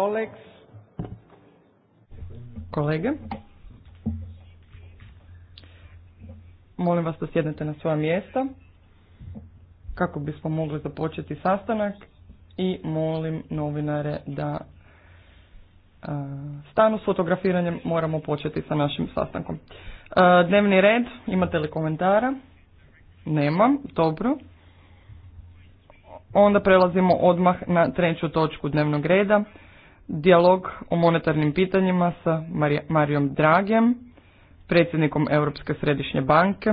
colleagues. Kolege. Molim vas da sjednete na svoja mjesta kako bismo mogli započeti sastanak i molim novinare da stanu s fotografiranjem moramo početi sa našim sastankom. Dnevni red, imate li komentara? Nema, dobro. Onda prelazimo odmah na treću točku dnevnog reda dijalog o monetarnim pitanjima sa Marijom Dragem, predsjednikom Europske središnje banke.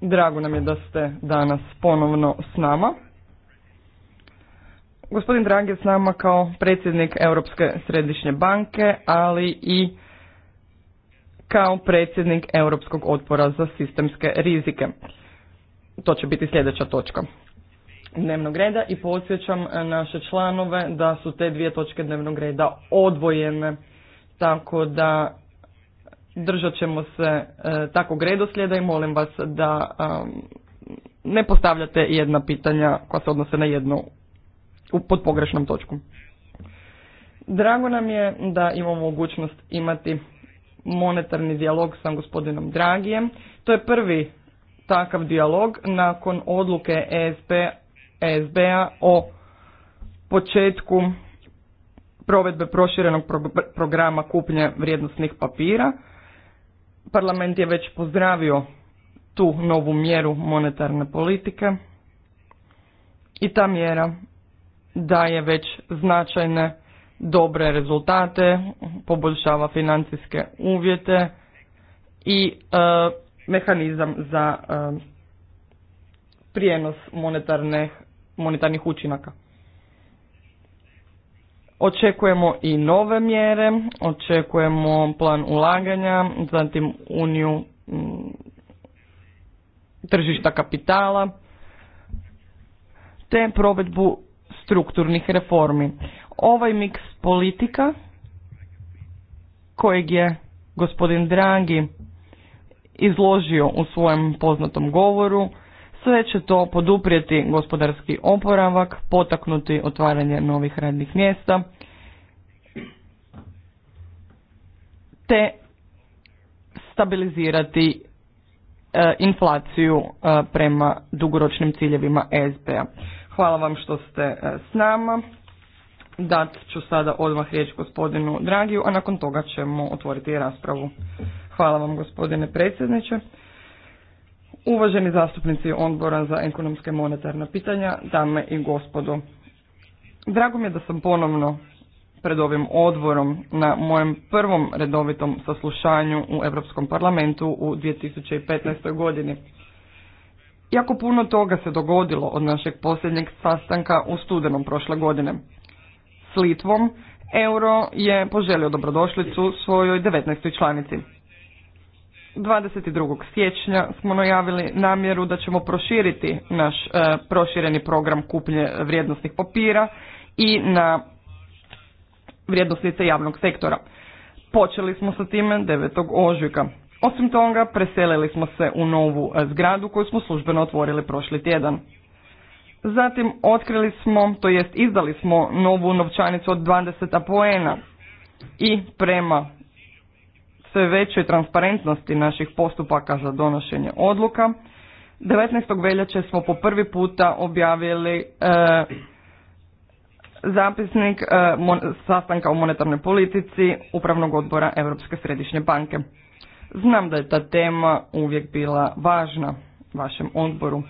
Drago nam je da ste danas ponovno s nama. Gospodin Drag je s nama kao predsjednik Europske središnje banke, ali i kao predsjednik Europskog otpora za sistemske rizike. To će biti sljedeća točka dnevnog reda i podsjećam e, naše članove da su te dvije točke dnevnog reda odvojene, tako da držat ćemo se e, takvog redoslijeda i molim vas da e, ne postavljate jedna pitanja koja se odnose na jednu pod pogrešnom točkom. Drago nam je da imamo mogućnost imati monetarni dijalog sa gospodinom Dragijem. To je prvi takav dijalog nakon odluke ESP sda o početku provedbe proširenog programa kupnje vrijednosnih papira. Parlament je već pozdravio tu novu mjeru monetarne politike i ta mjera daje već značajne dobre rezultate, poboljšava financijske uvjete i e, mehanizam za e, prijenos monetarne monetarnih učinaka. Očekujemo i nove mjere, očekujemo plan ulaganja, zatim uniju mm, tržišta kapitala, te provedbu strukturnih reformi. Ovaj miks politika kojeg je gospodin Dragi izložio u svojem poznatom govoru sve će to poduprijeti gospodarski oporavak, potaknuti otvaranje novih radnih mjesta, te stabilizirati e, inflaciju e, prema dugoročnim ciljevima ESB-a. Hvala vam što ste e, s nama. Dat ću sada odmah riječ gospodinu Dragiju, a nakon toga ćemo otvoriti raspravu. Hvala vam gospodine predsjedniče. Uvaženi zastupnici odbora za ekonomske monetarne pitanja, dame i gospodo. Drago mi je da sam ponovno pred ovim odborom na mojem prvom redovitom saslušanju u Europskom parlamentu u 2015. godini. Jako puno toga se dogodilo od našeg posljednjeg sastanka u studenom prošle godine. S Litvom euro je poželio dobrodošlicu svojoj 19. članici. 22. siječnja smo najavili namjeru da ćemo proširiti naš e, prošireni program kupnje vrijednosnih papira i na vrijednosnice javnog sektora. Počeli smo sa time 9. ožujka. Osim toga, preselili smo se u novu e, zgradu koju smo službeno otvorili prošli tjedan. Zatim otkrili smo, to jest izdali smo novu novčanicu od 20 poena. i prema sve većoj transparentnosti naših postupaka za donošenje odluka. 19. veljače smo po prvi puta objavili e, zapisnik e, sastanka o monetarnoj politici Upravnog odbora Europske središnje banke. Znam da je ta tema uvijek bila važna vašem odboru.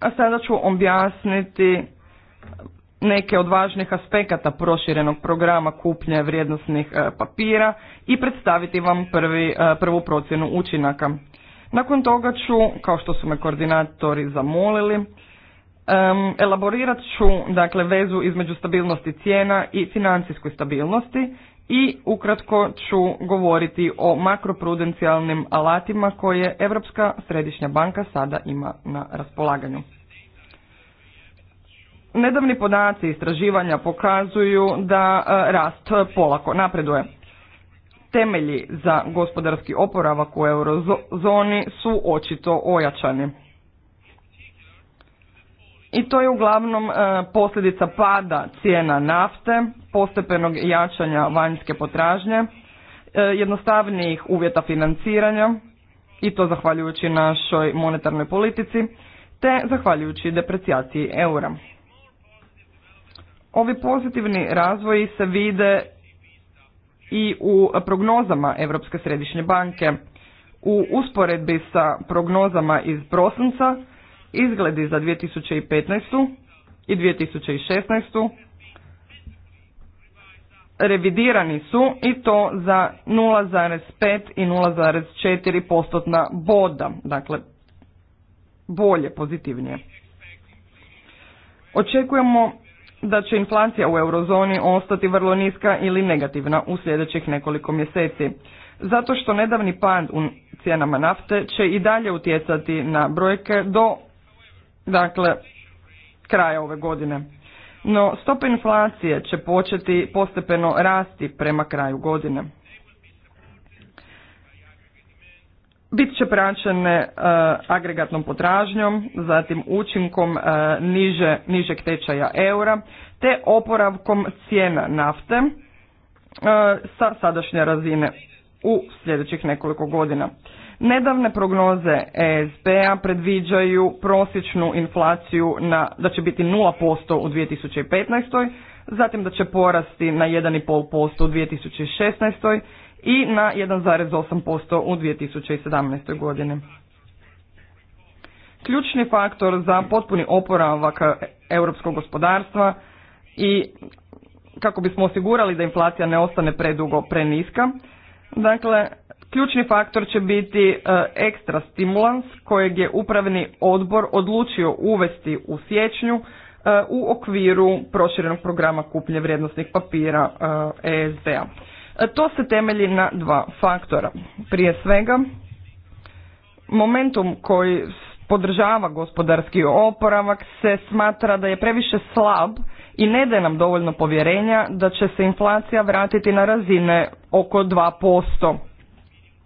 A sada ću objasniti neke od važnih aspekata proširenog programa kupnje vrijednosnih e, papira i predstaviti vam prvi, e, prvu procjenu učinaka. Nakon toga ću, kao što su me koordinatori zamolili, elaborirat ću dakle, vezu između stabilnosti cijena i financijskoj stabilnosti i ukratko ću govoriti o makroprudencijalnim alatima koje Europska središnja banka sada ima na raspolaganju. Nedavni podaci istraživanja pokazuju da e, rast polako napreduje. Temelji za gospodarski oporavak u eurozoni su očito ojačani. I to je uglavnom e, posljedica pada cijena nafte, postepenog jačanja vanjske potražnje, e, jednostavnijih uvjeta financiranja i to zahvaljujući našoj monetarnoj politici te zahvaljujući deprecijaciji eura. Ovi pozitivni razvoji se vide i u prognozama Europske središnje banke. U usporedbi sa prognozama iz prosinca, izgledi za 2015. i 2016. revidirani su i to za 0,5 i 0,4 postotna boda, dakle bolje, pozitivnije. Očekujemo da će inflacija u eurozoni ostati vrlo niska ili negativna u sljedećih nekoliko mjeseci. Zato što nedavni pad u cijenama nafte će i dalje utjecati na brojke do dakle kraja ove godine. No stopa inflacije će početi postepeno rasti prema kraju godine. bit će praćene e, agregatnom potražnjom, zatim učinkom e, niže, nižeg tečaja eura, te oporavkom cijena nafte e, sa sadašnje razine u sljedećih nekoliko godina. Nedavne prognoze ESB-a p-a predviđaju prosječnu inflaciju na, da će biti 0% u 2015. Zatim da će porasti na 1,5% u 2016 i na 1,8% u 2017. godini. Ključni faktor za potpuni oporavak europskog gospodarstva i kako bismo osigurali da inflacija ne ostane predugo preniska, dakle, ključni faktor će biti e, ekstra stimulans kojeg je upravni odbor odlučio uvesti u siječnju e, u okviru proširenog programa kupnje vrijednosnih papira ESD-a. E E, to se temelji na dva faktora. Prije svega, momentum koji podržava gospodarski oporavak se smatra da je previše slab i ne daje nam dovoljno povjerenja da će se inflacija vratiti na razine oko 2%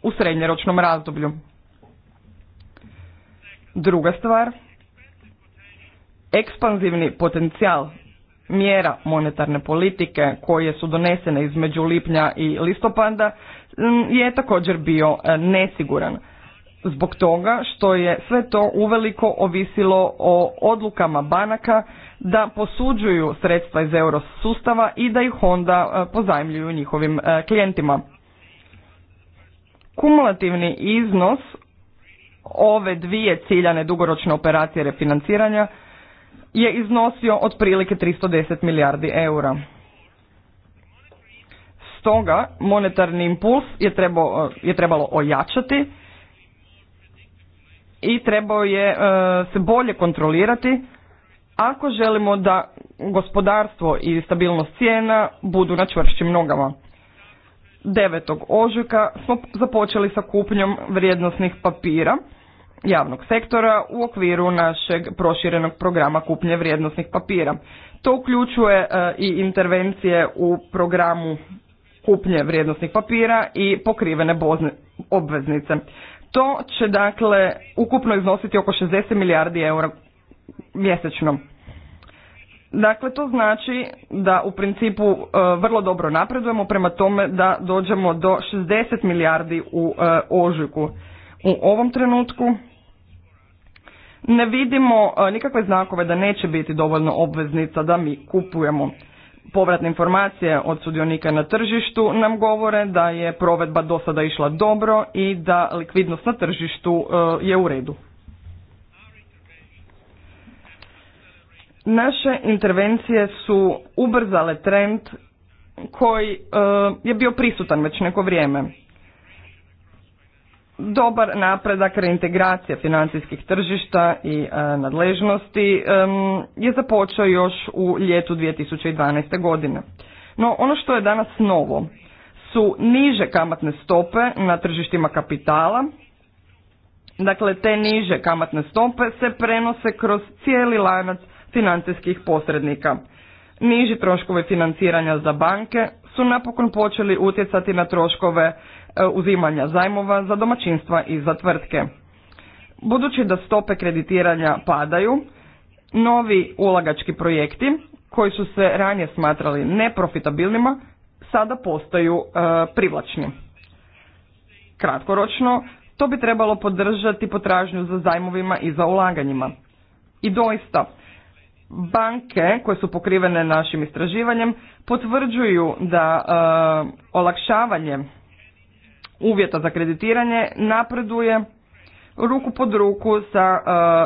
u srednjeročnom razdoblju. Druga stvar, ekspanzivni potencijal mjera monetarne politike koje su donesene između lipnja i listopada mm, je također bio e, nesiguran. Zbog toga što je sve to uveliko ovisilo o odlukama banaka da posuđuju sredstva iz euro sustava i da ih onda e, pozajmljuju njihovim e, klijentima. Kumulativni iznos ove dvije ciljane dugoročne operacije refinanciranja je iznosio otprilike 310 milijardi eura. Stoga monetarni impuls je, trebao, e, je trebalo ojačati i trebao je e, se bolje kontrolirati ako želimo da gospodarstvo i stabilnost cijena budu na čvršćim nogama. 9. ožujka smo započeli sa kupnjom vrijednosnih papira javnog sektora u okviru našeg proširenog programa kupnje vrijednosnih papira. To uključuje e, i intervencije u programu kupnje vrijednosnih papira i pokrivene obveznice. To će dakle ukupno iznositi oko 60 milijardi eura mjesečno. Dakle, to znači da u principu e, vrlo dobro napredujemo prema tome da dođemo do 60 milijardi u e, ožujku. U ovom trenutku ne vidimo e, nikakve znakove da neće biti dovoljno obveznica da mi kupujemo. Povratne informacije od sudionika na tržištu nam govore da je provedba do sada išla dobro i da likvidnost na tržištu e, je u redu. Naše intervencije su ubrzale trend koji e, je bio prisutan već neko vrijeme dobar napredak reintegracije financijskih tržišta i e, nadležnosti je započeo još u ljetu 2012. godine. No ono što je danas novo su niže kamatne stope na tržištima kapitala. Dakle, te niže kamatne stope se prenose kroz cijeli lanac financijskih posrednika. Niži troškovi financiranja za banke su napokon počeli utjecati na troškove E, uzimanja zajmova za domaćinstva i za tvrtke. Budući da stope kreditiranja padaju, novi ulagački projekti koji su se ranije smatrali neprofitabilnima sada postaju e, privlačni. Kratkoročno, to bi trebalo podržati potražnju za zajmovima i za ulaganjima. I doista, banke koje su pokrivene našim istraživanjem potvrđuju da e, olakšavanje uvjeta za kreditiranje napreduje ruku pod ruku sa e,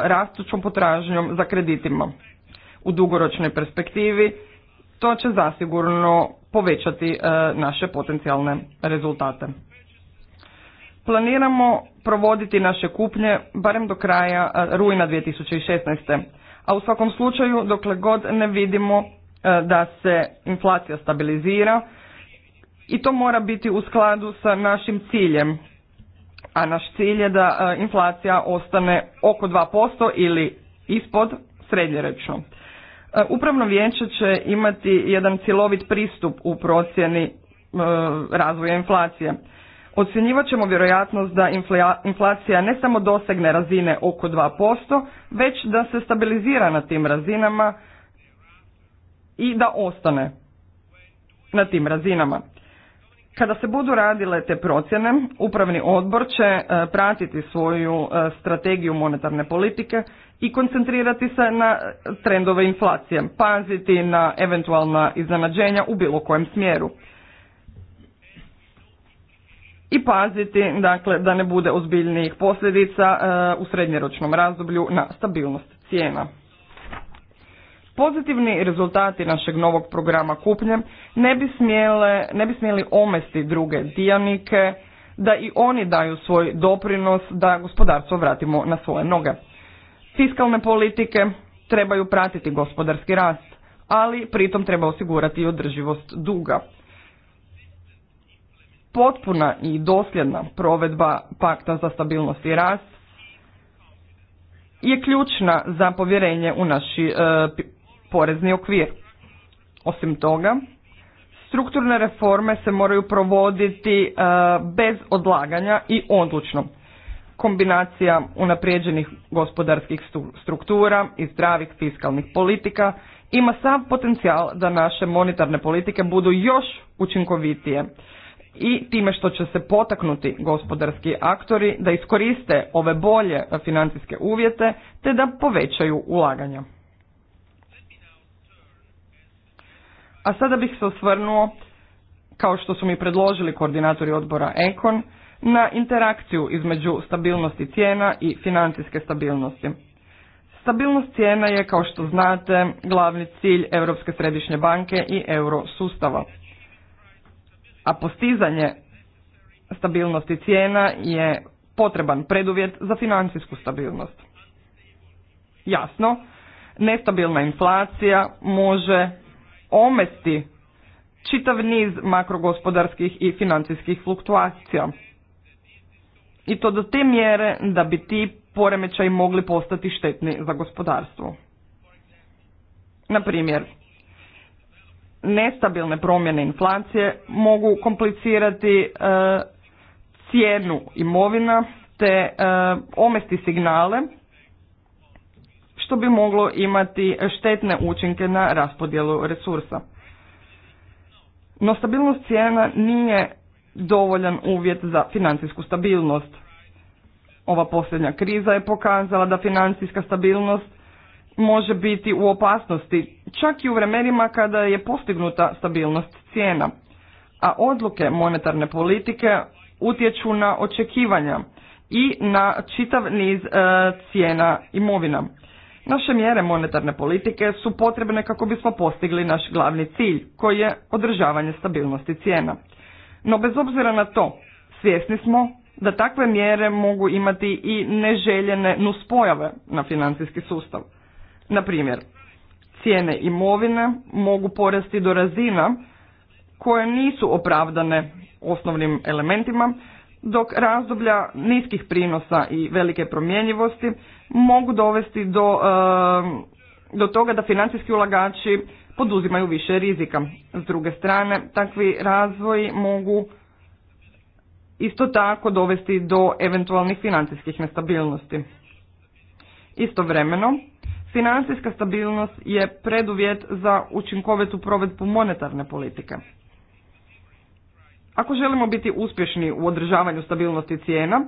rastućom potražnjom za kreditima. U dugoročnoj perspektivi to će zasigurno povećati e, naše potencijalne rezultate. Planiramo provoditi naše kupnje barem do kraja e, rujna 2016. A u svakom slučaju dokle god ne vidimo da se inflacija stabilizira, i to mora biti u skladu sa našim ciljem. A naš cilj je da e, inflacija ostane oko 2% ili ispod srednjerečno. E, upravno vijeće će imati jedan cilovit pristup u procjeni e, razvoja inflacije. Ocjenjivat ćemo vjerojatnost da inflacija ne samo dosegne razine oko 2%, već da se stabilizira na tim razinama i da ostane na tim razinama. Kada se budu radile te procjene, upravni odbor će e, pratiti svoju e, strategiju monetarne politike i koncentrirati se na trendove inflacije, paziti na eventualna iznenađenja u bilo kojem smjeru. I paziti dakle, da ne bude ozbiljnijih posljedica e, u srednjeročnom razdoblju na stabilnost cijena. Pozitivni rezultati našeg novog programa kupnje ne bi, smjele, ne bi smjeli omesti druge dijanike, da i oni daju svoj doprinos da gospodarstvo vratimo na svoje noge. Fiskalne politike trebaju pratiti gospodarski rast, ali pritom treba osigurati i održivost duga. Potpuna i dosljedna provedba pakta za stabilnost i rast je ključna za povjerenje u naši e, porezni okvir. Osim toga, strukturne reforme se moraju provoditi e, bez odlaganja i odlučno. Kombinacija unaprijeđenih gospodarskih struktura i zdravih fiskalnih politika ima sav potencijal da naše monetarne politike budu još učinkovitije i time što će se potaknuti gospodarski aktori da iskoriste ove bolje financijske uvjete te da povećaju ulaganja. A sada bih se osvrnuo, kao što su mi predložili koordinatori odbora Ekon, na interakciju između stabilnosti cijena i financijske stabilnosti. Stabilnost cijena je, kao što znate, glavni cilj Europske središnje banke i euro sustava. A postizanje stabilnosti cijena je potreban preduvjet za financijsku stabilnost. Jasno, nestabilna inflacija može omesti čitav niz makrogospodarskih i financijskih fluktuacija. I to do te mjere da bi ti poremećaj mogli postati štetni za gospodarstvo. Na primjer, nestabilne promjene inflacije mogu komplicirati e, cijenu imovina te e, omesti signale što bi moglo imati štetne učinke na raspodjelu resursa. No stabilnost cijena nije dovoljan uvjet za financijsku stabilnost. Ova posljednja kriza je pokazala da financijska stabilnost može biti u opasnosti, čak i u vremenima kada je postignuta stabilnost cijena, a odluke monetarne politike utječu na očekivanja i na čitav niz e, cijena imovina. Naše mjere monetarne politike su potrebne kako bismo postigli naš glavni cilj, koji je održavanje stabilnosti cijena. No bez obzira na to, svjesni smo da takve mjere mogu imati i neželjene nuspojave na financijski sustav. Na primjer, cijene imovine mogu porasti do razina koje nisu opravdane osnovnim elementima, dok razdoblja niskih prinosa i velike promjenjivosti mogu dovesti do, eh, do toga da financijski ulagači poduzimaju više rizika. S druge strane, takvi razvoji mogu isto tako dovesti do eventualnih financijskih nestabilnosti. Istovremeno, financijska stabilnost je preduvjet za učinkovitu provedbu monetarne politike. Ako želimo biti uspješni u održavanju stabilnosti cijena,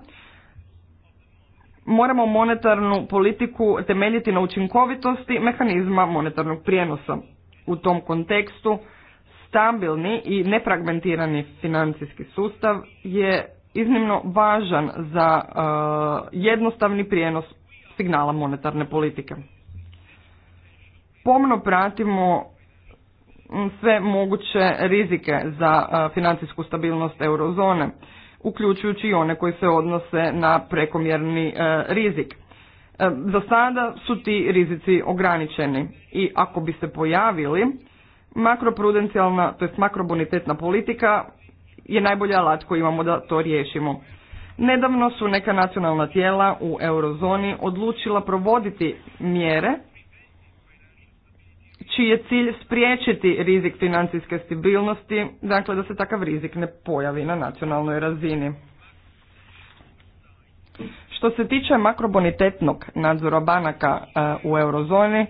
moramo monetarnu politiku temeljiti na učinkovitosti mehanizma monetarnog prijenosa. U tom kontekstu stabilni i nefragmentirani financijski sustav je iznimno važan za e, jednostavni prijenos signala monetarne politike. Pomno pratimo sve moguće rizike za financijsku stabilnost eurozone, uključujući i one koji se odnose na prekomjerni e, rizik. E, za sada su ti rizici ograničeni i ako bi se pojavili, makroprudencijalna, to jest makrobonitetna politika je najbolja alat koji imamo da to riješimo. Nedavno su neka nacionalna tijela u eurozoni odlučila provoditi mjere čiji je cilj spriječiti rizik financijske stabilnosti, dakle da se takav rizik ne pojavi na nacionalnoj razini. Što se tiče makrobonitetnog nadzora banaka eh, u eurozoni,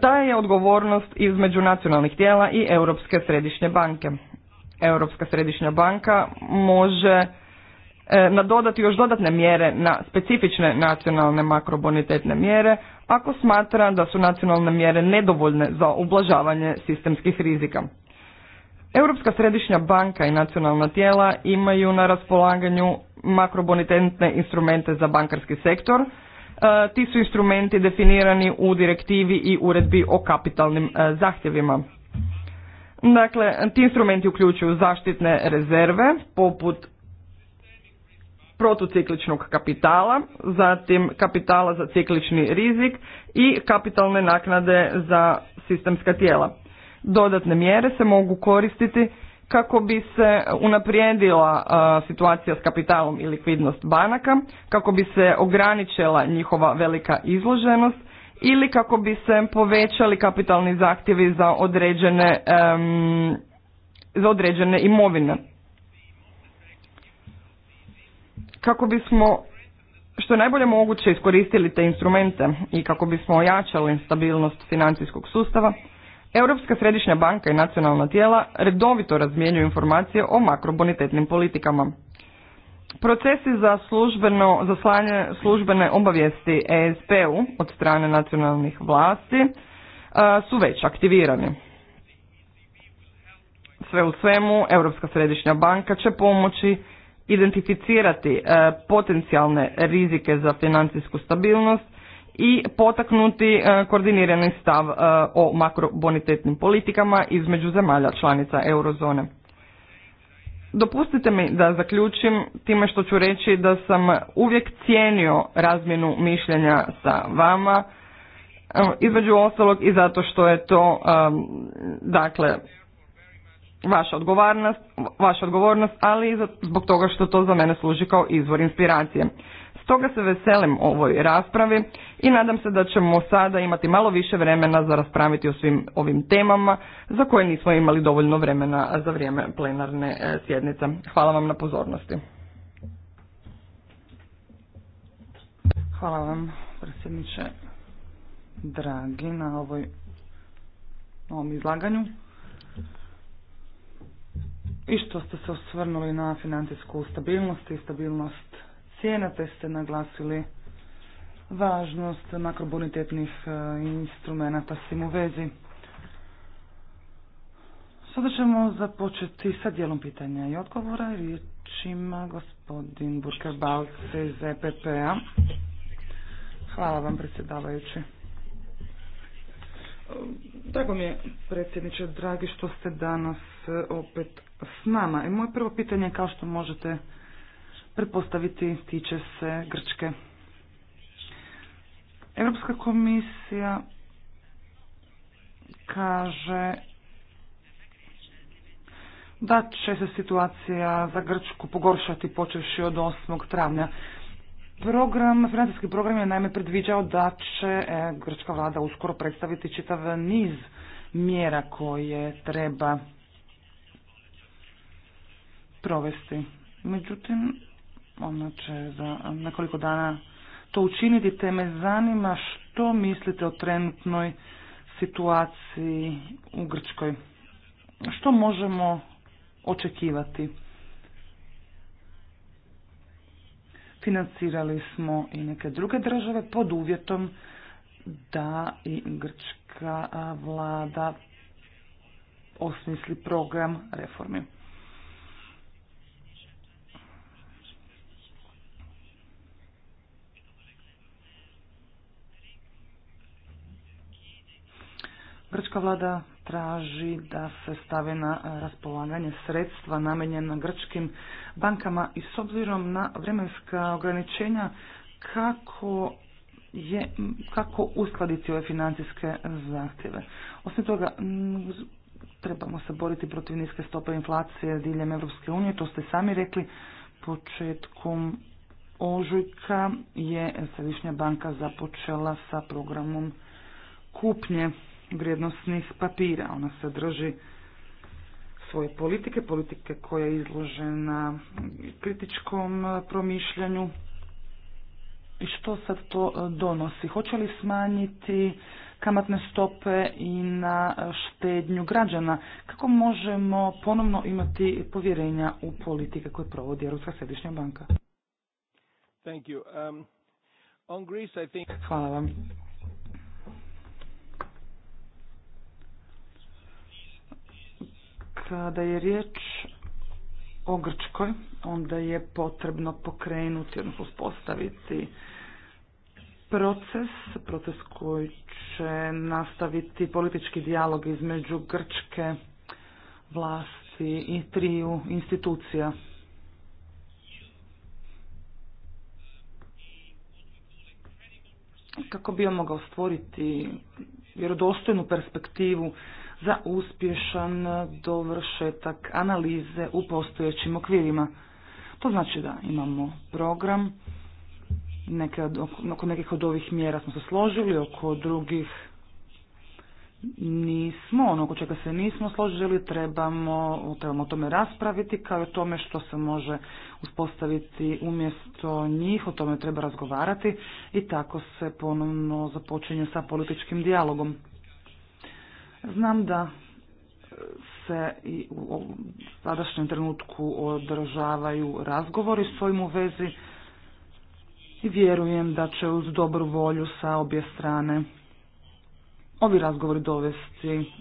ta je odgovornost između nacionalnih tijela i Europske središnje banke. Europska središnja banka može eh, nadodati još dodatne mjere na specifične nacionalne makrobonitetne mjere, ako smatra da su nacionalne mjere nedovoljne za ublažavanje sistemskih rizika. Europska središnja banka i nacionalna tijela imaju na raspolaganju makrobonitentne instrumente za bankarski sektor. E, ti su instrumenti definirani u direktivi i uredbi o kapitalnim e, zahtjevima. Dakle, ti instrumenti uključuju zaštitne rezerve poput protucikličnog kapitala, zatim kapitala za ciklični rizik i kapitalne naknade za sistemska tijela. Dodatne mjere se mogu koristiti kako bi se unaprijedila e, situacija s kapitalom i likvidnost banaka, kako bi se ograničila njihova velika izloženost ili kako bi se povećali kapitalni zahtjevi za određene, za određene imovine. kako bismo što najbolje moguće iskoristili te instrumente i kako bismo ojačali stabilnost financijskog sustava, Europska središnja banka i nacionalna tijela redovito razmjenjuju informacije o makrobonitetnim politikama. Procesi za službeno zaslanje službene obavijesti ESP-u od strane nacionalnih vlasti e, su već aktivirani. Sve u svemu, Europska središnja banka će pomoći identificirati e, potencijalne rizike za financijsku stabilnost i potaknuti e, koordinirani stav e, o makrobonitetnim politikama između zemalja članica eurozone. Dopustite mi da zaključim time što ću reći da sam uvijek cijenio razmjenu mišljenja sa vama, između ostalog i zato što je to, dakle, vaša odgovornost, vaša odgovornost, ali i zbog toga što to za mene služi kao izvor inspiracije. Stoga se veselim ovoj raspravi i nadam se da ćemo sada imati malo više vremena za raspraviti o svim ovim temama za koje nismo imali dovoljno vremena za vrijeme plenarne e, sjednice. Hvala vam na pozornosti. Hvala vam, predsjedniče, dragi, na ovoj, ovom izlaganju i što ste se osvrnuli na financijsku stabilnost i stabilnost cijena, te ste naglasili važnost makrobonitetnih e, instrumenta s tim u vezi. Sada ćemo započeti sa dijelom pitanja i odgovora. Riječ ima gospodin Burker Balce iz EPP-a. Hvala vam predsjedavajući. Drago mi je predsjedniče, dragi što ste danas e, opet s nama. I moje prvo pitanje, kao što možete pretpostaviti, tiče se Grčke. Europska komisija kaže da će se situacija za Grčku pogoršati počevši od 8. travnja. Program, financijski program je naime predviđao da će e, grčka vlada uskoro predstaviti čitav niz mjera koje treba provesti. Međutim, ona će za nekoliko dana to učiniti, te me zanima što mislite o trenutnoj situaciji u Grčkoj. Što možemo očekivati? Financirali smo i neke druge države pod uvjetom da i grčka vlada osmisli program reformi. Grčka vlada traži da se stave na raspolaganje sredstva namenjena grčkim bankama i s obzirom na vremenska ograničenja kako je kako uskladiti ove financijske zahtjeve. Osim toga, trebamo se boriti protiv niske stope inflacije diljem Europske unije, to ste sami rekli, početkom ožujka je Središnja banka započela sa programom kupnje vrijednostnih papira. Ona sadrži svoje politike, politike koja je izložena kritičkom e, promišljanju. I što sad to e, donosi? Hoće li smanjiti kamatne stope i na e, štednju građana? Kako možemo ponovno imati povjerenja u politike koje provodi Europska središnja banka? Um, Hvala vam. Kada je riječ o Grčkoj, onda je potrebno pokrenuti, odnosno uspostaviti proces, proces koji će nastaviti politički dijalog između grčke vlasti i triju institucija. Kako bi on mogao stvoriti vjerodostojnu perspektivu za uspješan dovršetak analize u postojećim okvirima. To znači da imamo program, neke, oko nekih od ovih mjera smo se složili, oko drugih nismo, ono oko čega se nismo složili, trebamo, trebamo o tome raspraviti, kao i o tome što se može uspostaviti umjesto njih, o tome treba razgovarati i tako se ponovno započinje sa političkim dijalogom. Znam da se i u sadašnjem trenutku održavaju razgovori s ovim u vezi i vjerujem da će uz dobru volju sa obje strane ovi razgovori dovesti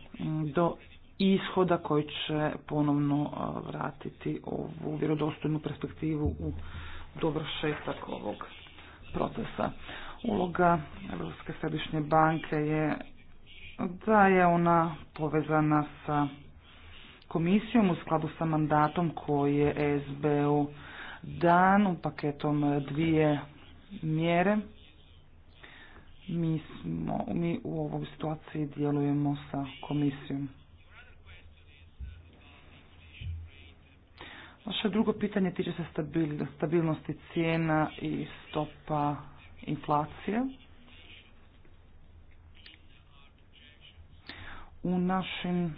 do ishoda koji će ponovno vratiti ovu vjerodostojnu perspektivu u dovršetak ovog procesa. Uloga Europske središnje banke je da je ona povezana sa komisijom u skladu sa mandatom koji je SBU dan u paketom dvije mjere. Mi, smo, mi u ovoj situaciji djelujemo sa komisijom. Vaše drugo pitanje tiče se stabilnosti cijena i stopa inflacije. u našim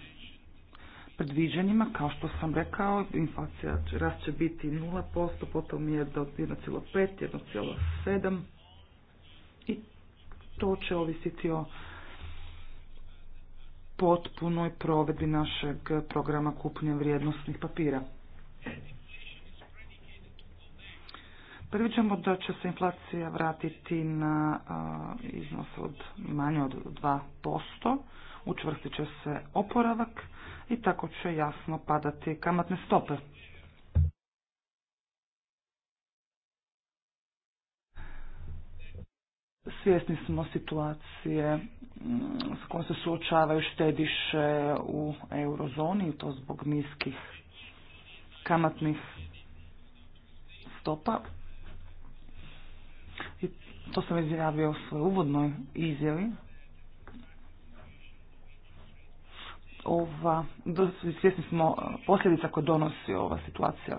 predviđenjima. kao što sam rekao, inflacija rast će biti 0%, potom je do 1,5, 1,7 i to će ovisiti o potpunoj provedbi našeg programa kupnje vrijednostnih papira. Predviđamo da će se inflacija vratiti na iznos od manje od 2%, učvrstit će se oporavak i tako će jasno padati kamatne stope. Svjesni smo situacije mm, s kojom se suočavaju štediše u eurozoni i to zbog niskih kamatnih stopa. I to sam izjavio u svojoj uvodnoj izjavi. ova, svjesni smo e, posljedica koje donosi ova situacija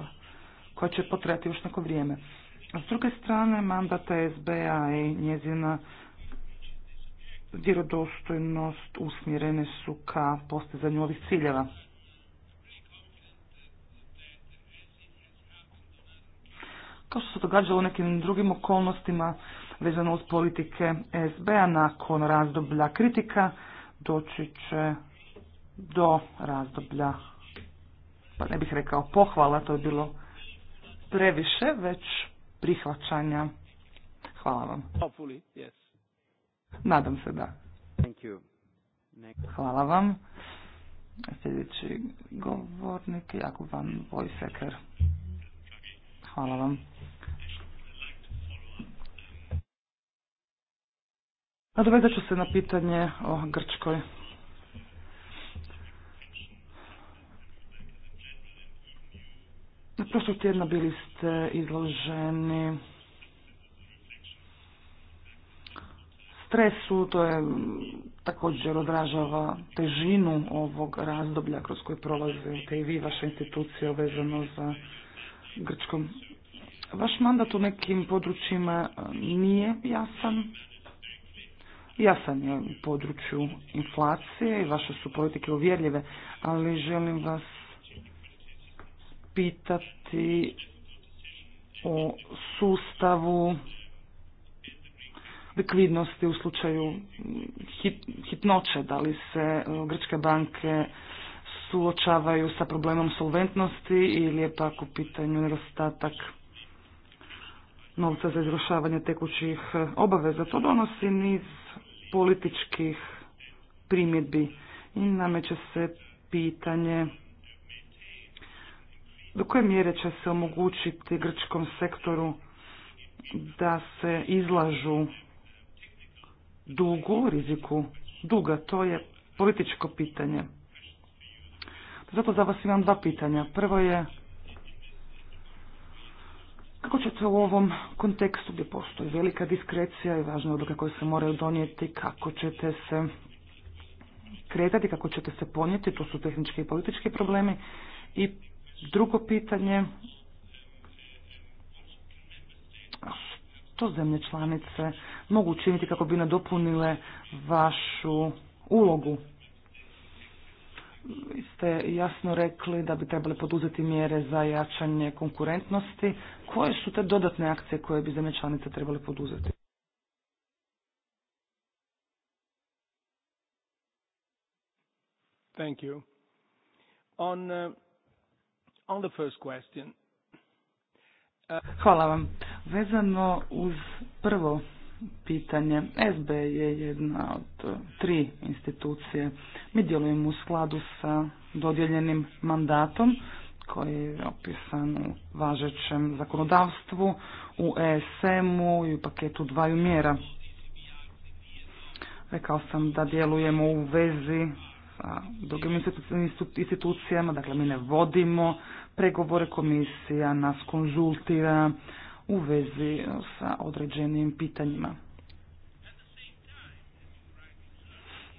koja će potreti još neko vrijeme. A s druge strane, mandat SBA i njezina vjerodostojnost usmjerene su ka postizanju ovih ciljeva. Kao što se događalo u nekim drugim okolnostima vezano uz politike SBA nakon razdoblja kritika, doći će do razdoblja, pa ne bih rekao pohvala, to je bilo previše, već prihvaćanja. Hvala vam. Nadam se da. Hvala vam. Sljedeći govornik Jakub Van Vojseker. Hvala vam. Nadovezat ću se na pitanje o Grčkoj. Prošlog tjedna bili ste izloženi stresu, to je također odražava težinu ovog razdoblja kroz koje prolazite i vi, vaša institucija vezano za Grčkom. Vaš mandat u nekim područjima nije jasan. Jasan je u području inflacije i vaše su politike uvjerljive, ali želim vas pitati o sustavu likvidnosti u slučaju hitnoće, da li se e, grčke banke suočavaju sa problemom solventnosti ili je pak u pitanju nedostatak novca za izvršavanje tekućih e, obaveza. To donosi niz političkih primjedbi i nameće se pitanje do koje mjere će se omogućiti grčkom sektoru da se izlažu dugu, riziku duga, to je političko pitanje. Zato za vas imam dva pitanja. Prvo je kako ćete u ovom kontekstu gdje postoji velika diskrecija i važne odluke koje se moraju donijeti, kako ćete se kretati, kako ćete se ponijeti, to su tehnički i politički problemi. I Drugo pitanje, što zemlje članice mogu učiniti kako bi nadopunile vašu ulogu? Vi ste jasno rekli da bi trebali poduzeti mjere za jačanje konkurentnosti. Koje su te dodatne akcije koje bi zemlje članice trebali poduzeti? Thank you. On, uh, on the first uh, Hvala vam. Vezano uz prvo pitanje, SB je jedna od tri institucije. Mi djelujemo u skladu sa dodjeljenim mandatom koji je opisan u važećem zakonodavstvu, u ESM-u i u paketu dvaju mjera. Rekao sam da djelujemo u vezi sa drugim institucijama, dakle mi ne vodimo pregovore, komisija nas konzultira u vezi sa određenim pitanjima.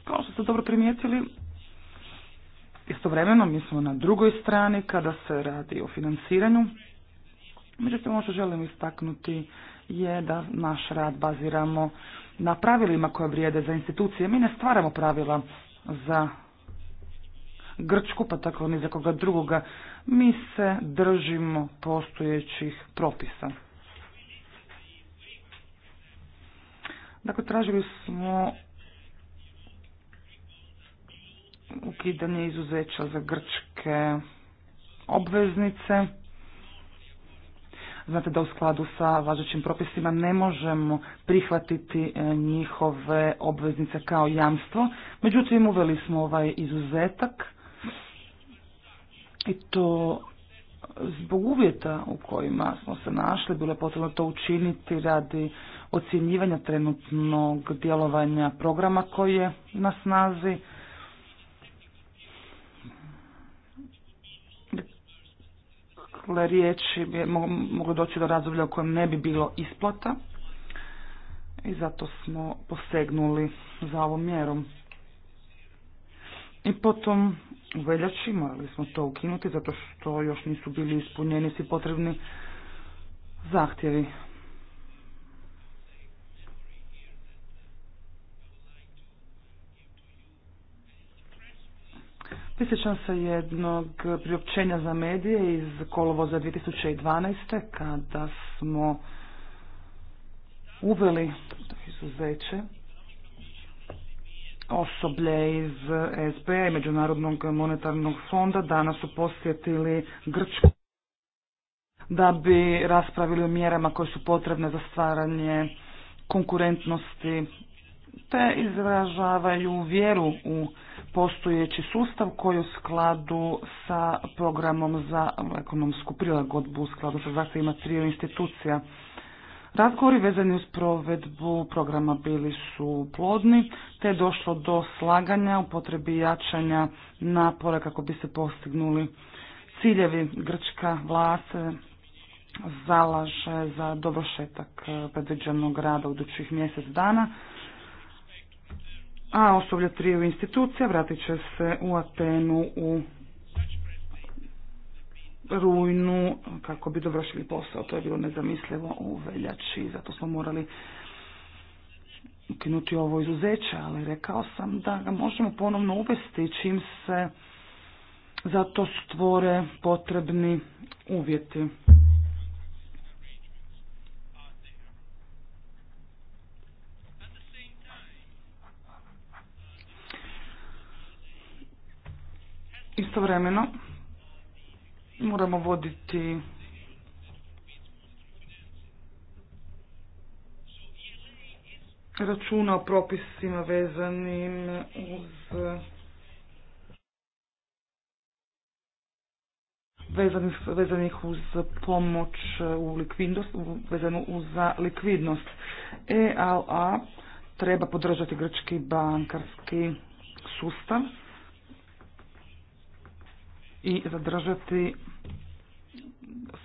Kao što ste dobro primijetili, istovremeno mi smo na drugoj strani kada se radi o financiranju. Međutim, ono što želim istaknuti je da naš rad baziramo na pravilima koje vrijede za institucije. Mi ne stvaramo pravila za Grčku, pa tako ni za koga drugoga. Mi se držimo postojećih propisa. Dakle, tražili smo ukidanje izuzeća za grčke obveznice. Znate da u skladu sa važećim propisima ne možemo prihvatiti e, njihove obveznice kao jamstvo. Međutim, uveli smo ovaj izuzetak i to zbog uvjeta u kojima smo se našli, bilo je potrebno to učiniti radi ocjenjivanja trenutnog djelovanja programa koji je na snazi. Dakle, riječi bi moglo doći do razdoblja u kojem ne bi bilo isplata i zato smo posegnuli za ovom mjerom. I potom veljači, morali smo to ukinuti zato što još nisu bili ispunjeni svi potrebni zahtjevi. Prisjećam se jednog priopćenja za medije iz kolovoza 2012. kada smo uveli izuzeće osoblje iz SBA i Međunarodnog monetarnog fonda danas su posjetili Grčku da bi raspravili o mjerama koje su potrebne za stvaranje konkurentnosti te izražavaju vjeru u postojeći sustav koji u skladu sa programom za ekonomsku prilagodbu, u skladu sa zahtjevima triju institucija. Razgovori vezani uz provedbu programa bili su plodni, te je došlo do slaganja u potrebi jačanja napora kako bi se postignuli ciljevi grčka vlast zalaže za dobrošetak e, predviđenog rada u dućih mjesec dana, a osoblja triju institucija vratit će se u Atenu u rujnu kako bi dovršili posao. To je bilo nezamislivo u veljači, zato smo morali ukinuti ovo izuzeće, ali rekao sam da ga možemo ponovno uvesti čim se za to stvore potrebni uvjeti. Istovremeno, Moramo voditi računa o propisima vezanim uz vezanih, uz pomoć u likvidnost, vezano uz likvidnost. EL-A treba podržati grčki bankarski sustav i zadržati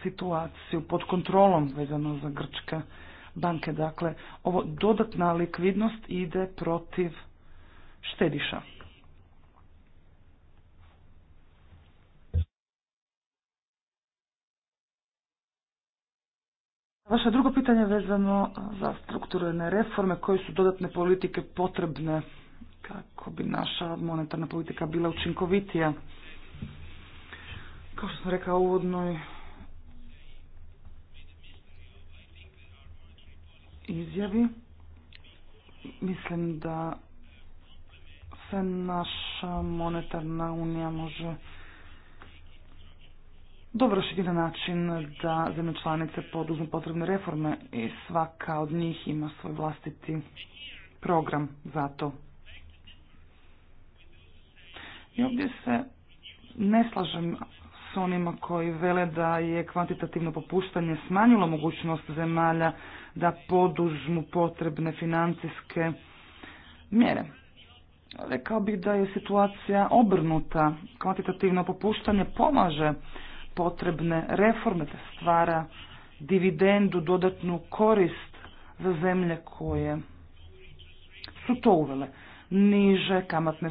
situaciju pod kontrolom vezano za grčke banke. Dakle, ovo dodatna likvidnost ide protiv štediša. Vaše drugo pitanje vezano za strukturne reforme, koje su dodatne politike potrebne kako bi naša monetarna politika bila učinkovitija. Kao što sam rekao u uvodnoj izjavi, mislim da se naša monetarna unija može dovršiti na način da zemlje članice poduzmu potrebne reforme i svaka od njih ima svoj vlastiti program za to. I ovdje se ne slažem s onima koji vele da je kvantitativno popuštanje smanjilo mogućnost zemalja da podužmu potrebne financijske mjere. Rekao bih da je situacija obrnuta. Kvantitativno popuštanje pomaže potrebne reforme, te stvara dividendu, dodatnu korist za zemlje koje su to uvele. Niže kamatne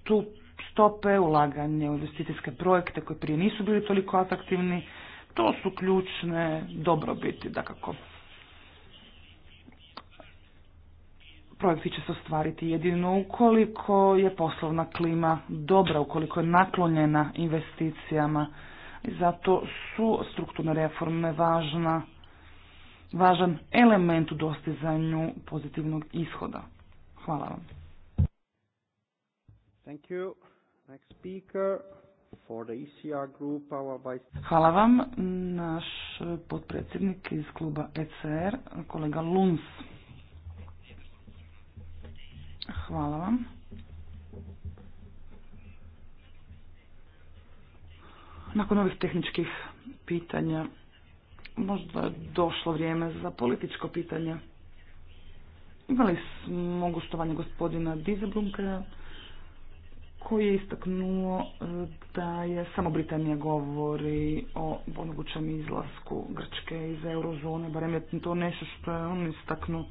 stupe stope, ulaganje u investicijske projekte koji prije nisu bili toliko atraktivni, to su ključne dobrobiti, dakako. Projekti će se ostvariti jedino ukoliko je poslovna klima dobra, ukoliko je naklonjena investicijama. I Zato su strukturne reforme važna, važan element u dostizanju pozitivnog ishoda. Hvala vam. Thank you. Next e Hvala vam, naš potpredsjednik iz kluba ECR, kolega Luns. Hvala vam. Nakon ovih tehničkih pitanja, možda je došlo vrijeme za političko pitanje. Imali smo gostovanje gospodina Dizeblumka, koji je istaknuo e, da je samo Britanija govori o mogućem izlasku Grčke iz eurozone, barem je to nešto što je on istaknuo.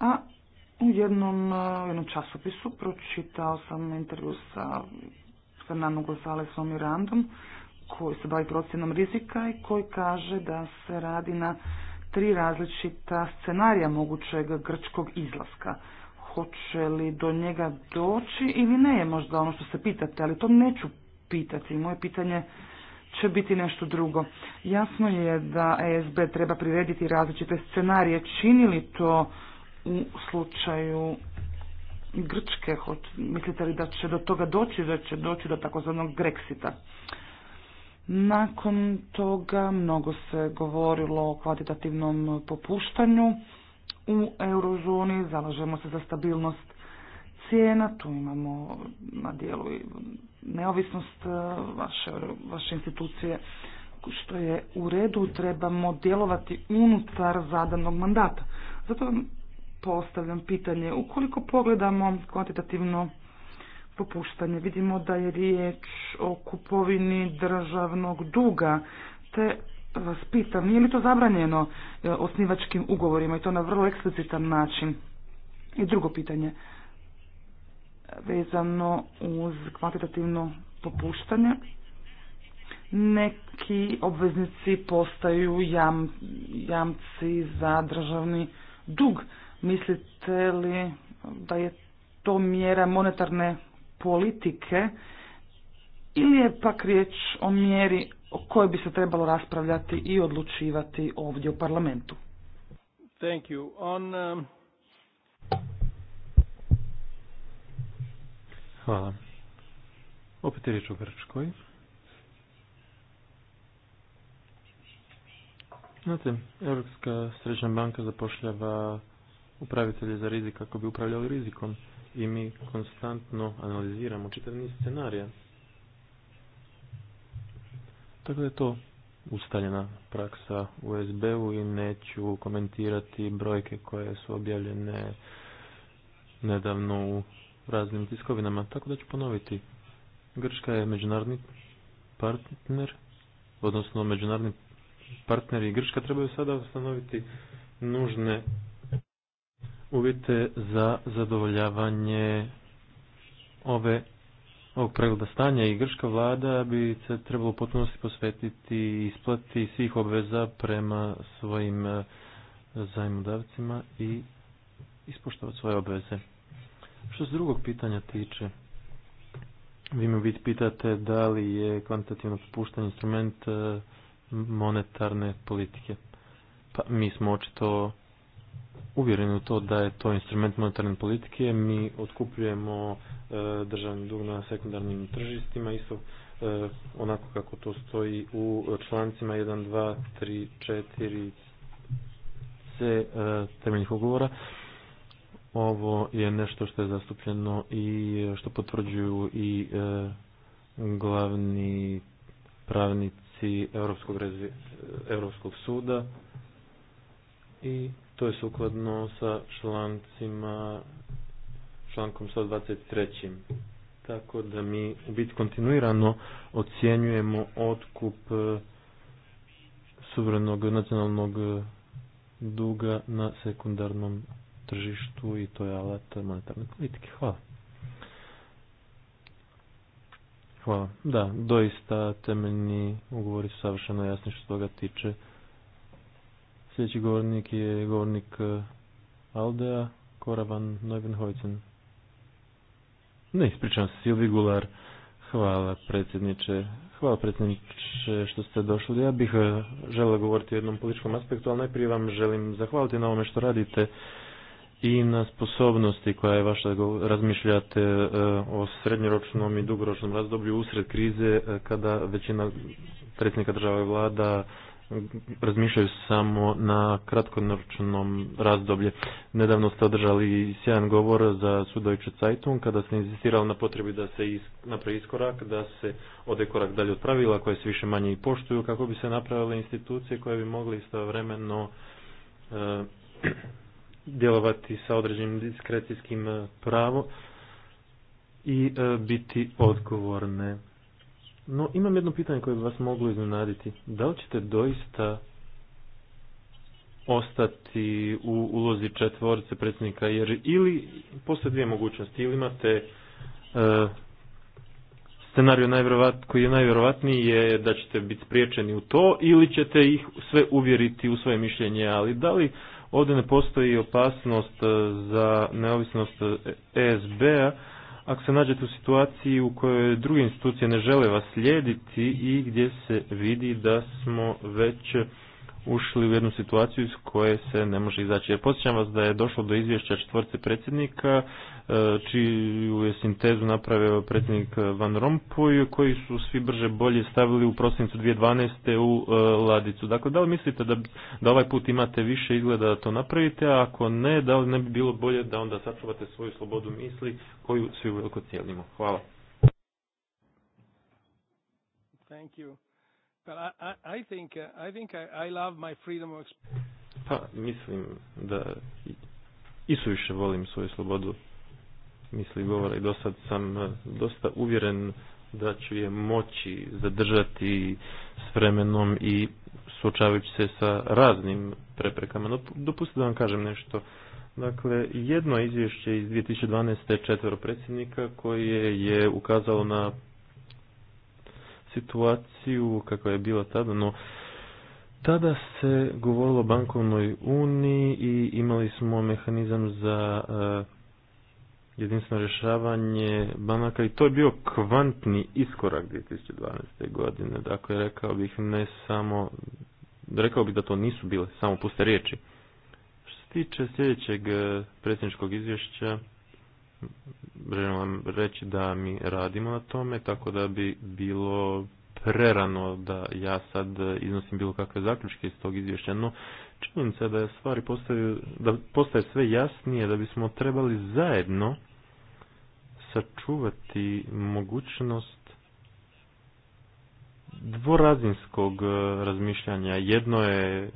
A u jednom, e, u jednom časopisu pročitao sam intervju sa Fernando Gonzalesom Random koji se bavi procjenom rizika i koji kaže da se radi na tri različita scenarija mogućeg grčkog izlaska hoće li do njega doći ili ne je možda ono što se pitate, ali to neću pitati. Moje pitanje će biti nešto drugo. Jasno je da ESB treba prirediti različite scenarije. Čini li to u slučaju Grčke? Mislite li da će do toga doći, da će doći do takozvanog Grexita? Nakon toga mnogo se govorilo o kvalitativnom popuštanju u eurozoni, zalažemo se za stabilnost cijena, tu imamo na dijelu i neovisnost e, vaše, vaše institucije, što je u redu, trebamo djelovati unutar zadanog mandata. Zato vam postavljam pitanje, ukoliko pogledamo kvantitativno popuštanje, vidimo da je riječ o kupovini državnog duga, te vas pitam, nije li to zabranjeno e, osnivačkim ugovorima i to na vrlo eksplicitan način? I drugo pitanje, vezano uz kvantitativno popuštanje, neki obveznici postaju jam, jamci za državni dug. Mislite li da je to mjera monetarne politike ili je pak riječ o mjeri o kojoj bi se trebalo raspravljati i odlučivati ovdje u parlamentu. Thank you. On, um, Hvala. Opet je riječ o Grčkoj. Znate, Europska središnja banka zapošljava upravitelje za rizik kako bi upravljali rizikom i mi konstantno analiziramo čitav niz scenarija. Tako da je to ustaljena praksa u SB-u i neću komentirati brojke koje su objavljene nedavno u raznim tiskovinama. Tako da ću ponoviti. Grška je međunarodni partner, odnosno međunarodni partner i Grčka trebaju sada ustanoviti nužne uvjete za zadovoljavanje ove ovog pregleda stanja i grška vlada bi se trebalo potpunosti posvetiti isplati svih obveza prema svojim eh, zajmodavcima i ispoštovati svoje obveze. Što se drugog pitanja tiče, vi mi biti pitate da li je kvantitativno popuštanje instrument eh, monetarne politike. Pa mi smo očito uvjereni u to da je to instrument monetarne politike. Mi otkupljujemo e, državni dug na sekundarnim tržištima, isto e, onako kako to stoji u člancima 1, 2, 3, 4, C e, temeljnih ugovora. Ovo je nešto što je zastupljeno i što potvrđuju i glavni pravnici Europskog, Europskog suda i to je sukladno sa člancima, člankom 123. Tako da mi u biti kontinuirano ocjenjujemo otkup e, suverenog nacionalnog e, duga na sekundarnom tržištu i to je alat monetarne politike. Hvala. Hvala. Da, doista temeljni ugovori su savršeno jasni što toga tiče. Sljedeći govornik je govornik e, Aldea Koravan Neubenhojcen. Ne, ispričavam se, Silvi Gular. Hvala predsjedniče. Hvala predsjedniče što ste došli. Ja bih e, želeo govoriti o jednom političkom aspektu, ali najprije vam želim zahvaliti na ovome što radite i na sposobnosti koja je vaša da razmišljate e, o srednjoročnom i dugoročnom razdoblju usred krize kada većina predsjednika države vlada razmišljaju samo na kratkonočnom razdoblje. Nedavno ste održali sjajan govor za sudojče Cajtun kada ste insistirali na potrebi da se is, napravi iskorak, da se ode korak dalje od pravila koje se više manje i poštuju kako bi se napravile institucije koje bi mogli istovremeno e, djelovati sa određenim diskrecijskim e, pravom i e, biti odgovorne. No, imam jedno pitanje koje bi vas moglo iznenaditi. Da li ćete doista ostati u ulozi četvorice predsjednika? Jer ili postoje dvije mogućnosti. Ili imate scenarij scenariju koji je najvjerovatniji je da ćete biti spriječeni u to ili ćete ih sve uvjeriti u svoje mišljenje, ali da li ovdje ne postoji opasnost e, za neovisnost e, e, ESB-a ako se nađete u situaciji u kojoj druge institucije ne žele vas slijediti i gdje se vidi da smo već ušli u jednu situaciju iz koje se ne može izaći. Jer posjećam vas da je došlo do izvješća četvorce predsjednika, e, čiju je sintezu napravio predsjednik Van Rompuy, koji su svi brže bolje stavili u prosincu 2012. u e, ladicu. Dakle, da li mislite da, da ovaj put imate više izgleda da to napravite, a ako ne, da li ne bi bilo bolje da onda sačuvate svoju slobodu misli koju svi veliko cijelimo? Hvala. Thank you. Pa, mislim da i suviše volim svoju slobodu misli govora i do sad sam uh, dosta uvjeren da ću je moći zadržati s vremenom i suočavajući se sa raznim preprekama. No, dopustite da vam kažem nešto. Dakle, jedno izvješće iz 2012. četvero predsjednika koje je ukazalo na situaciju kakva je bila tada, no tada se govorilo o bankovnoj uniji i imali smo mehanizam za eh, jedinstveno rješavanje banaka i to je bio kvantni iskorak 2012. godine. Dakle, rekao bih ne samo, rekao bih da to nisu bile samo puste riječi. Što se tiče sljedećeg eh, predsjedničkog izvješća, želim vam reći da mi radimo na tome, tako da bi bilo prerano da ja sad iznosim bilo kakve zaključke iz tog izvješća, no činjenica da stvari postaju, da postaje sve jasnije, da bismo trebali zajedno sačuvati mogućnost dvorazinskog eh, razmišljanja. Jedno je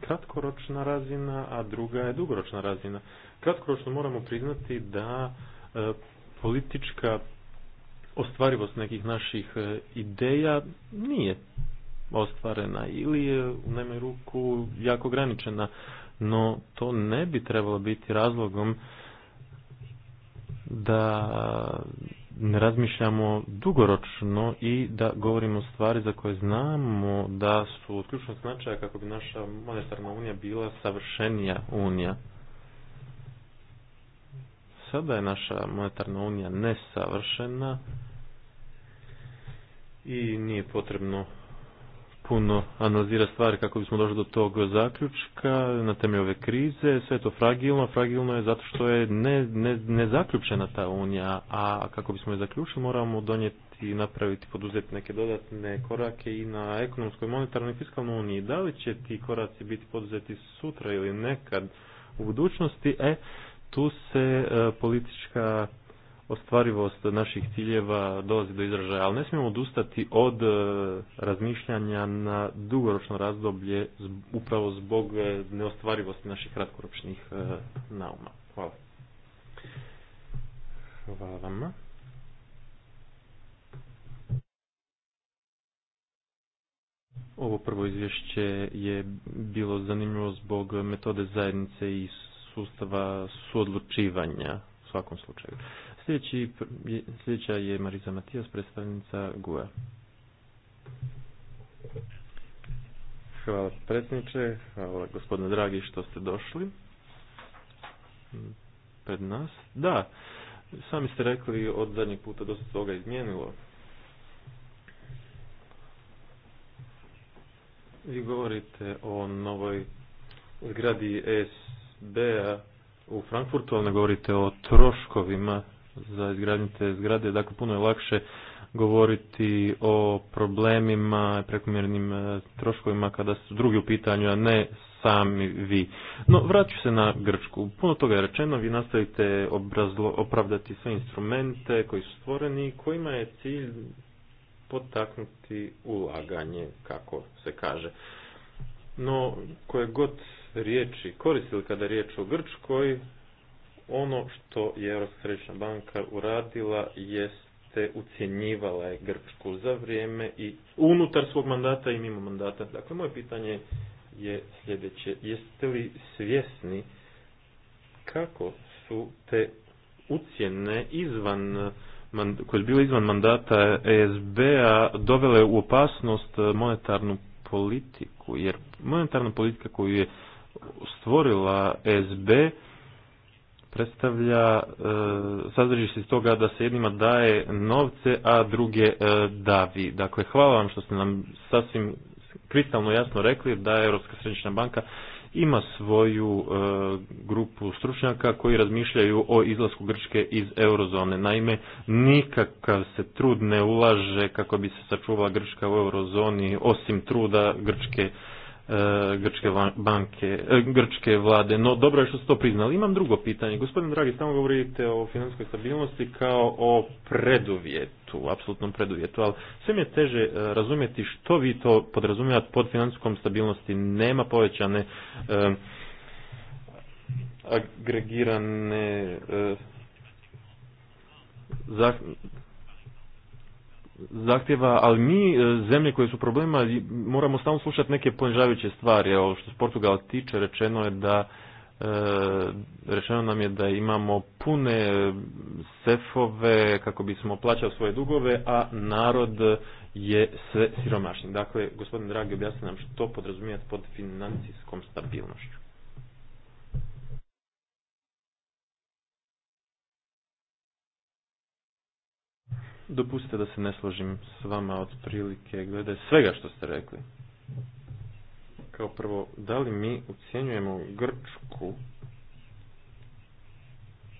kratkoročna razina, a druga je dugoročna razina. Kratkoročno moramo priznati da e, politička ostvarivost nekih naših e, ideja nije ostvarena ili je u najmanju ruku jako ograničena, no to ne bi trebalo biti razlogom da ne razmišljamo dugoročno i da govorimo stvari za koje znamo da su od ključnog značaja kako bi naša monetarna unija bila savršenija unija. Sada je naša monetarna unija nesavršena i nije potrebno puno analizira stvari kako bismo došli do tog zaključka na temelju ove krize. Sve je to fragilno. Fragilno je zato što je ne, ne, zaključena ta unija, a kako bismo je zaključili moramo donijeti i napraviti, poduzeti neke dodatne korake i na ekonomskoj, monetarnoj i fiskalnoj uniji. Da li će ti koraci biti poduzeti sutra ili nekad u budućnosti? E, tu se e, politička ostvarivost naših ciljeva dolazi do izražaja, ali ne smijemo odustati od e, razmišljanja na dugoročno razdoblje upravo zbog e, neostvarivosti naših kratkoročnih e, nauma. Hvala. Hvala vama. Ovo prvo izvješće je bilo zanimljivo zbog metode zajednice i sustava suodlučivanja u svakom slučaju. Sljedeći, sljedeća je Mariza Matijas, predstavnica GUA. E. Hvala predsjedniče, hvala gospodine dragi što ste došli pred nas. Da, sami ste rekli od zadnjeg puta dosta toga izmijenilo. Vi govorite o novoj zgradi SB-a u Frankfurtu, ali ne govorite o troškovima za izgradnje te zgrade. Dakle, puno je lakše govoriti o problemima, prekomjernim e, troškovima kada su drugi u pitanju, a ne sami vi. No, vraću se na Grčku. Puno toga je rečeno, vi nastavite obrazlo, opravdati sve instrumente koji su stvoreni, kojima je cilj potaknuti ulaganje, kako se kaže. No, koje god riječi koristili kada je riječ o Grčkoj, ono što je Europska središnja banka uradila jeste ucjenjivala je Grčku za vrijeme i unutar svog mandata i mimo mandata. Dakle, moje pitanje je sljedeće. Jeste li svjesni kako su te ucjene izvan koje su bile izvan mandata ESB-a dovele u opasnost monetarnu politiku, jer monetarna politika koju je stvorila ESB predstavlja, e, sadrži se iz toga da se jednima daje novce, a druge e, davi. Dakle, hvala vam što ste nam sasvim kristalno jasno rekli da je Europska središnja banka ima svoju e, grupu stručnjaka koji razmišljaju o izlasku Grčke iz eurozone. Naime, nikakav se trud ne ulaže kako bi se sačuvala Grčka u eurozoni, osim truda Grčke E, grčke, banke, e, grčke vlade, no dobro je što ste to priznali. Imam drugo pitanje. Gospodin Dragi, samo govorite o financijskoj stabilnosti kao o preduvjetu, apsolutnom preduvjetu, ali sve mi je teže e, razumjeti što vi to podrazumijate pod financijskom stabilnosti. Nema povećane agregirane zahtjeva, ali mi e, zemlje koje su problema moramo stalno slušati neke ponižavajuće stvari. Evo što se Portugal tiče rečeno je da e, rečeno nam je da imamo pune sefove kako bismo plaćali svoje dugove, a narod je sve siromašni. Dakle, gospodin Dragi, objasni nam što podrazumijete pod financijskom stabilnošću. Dopustite da se ne složim s vama otprilike glede svega što ste rekli. Kao prvo, da li mi ucijenjujemo Grčku?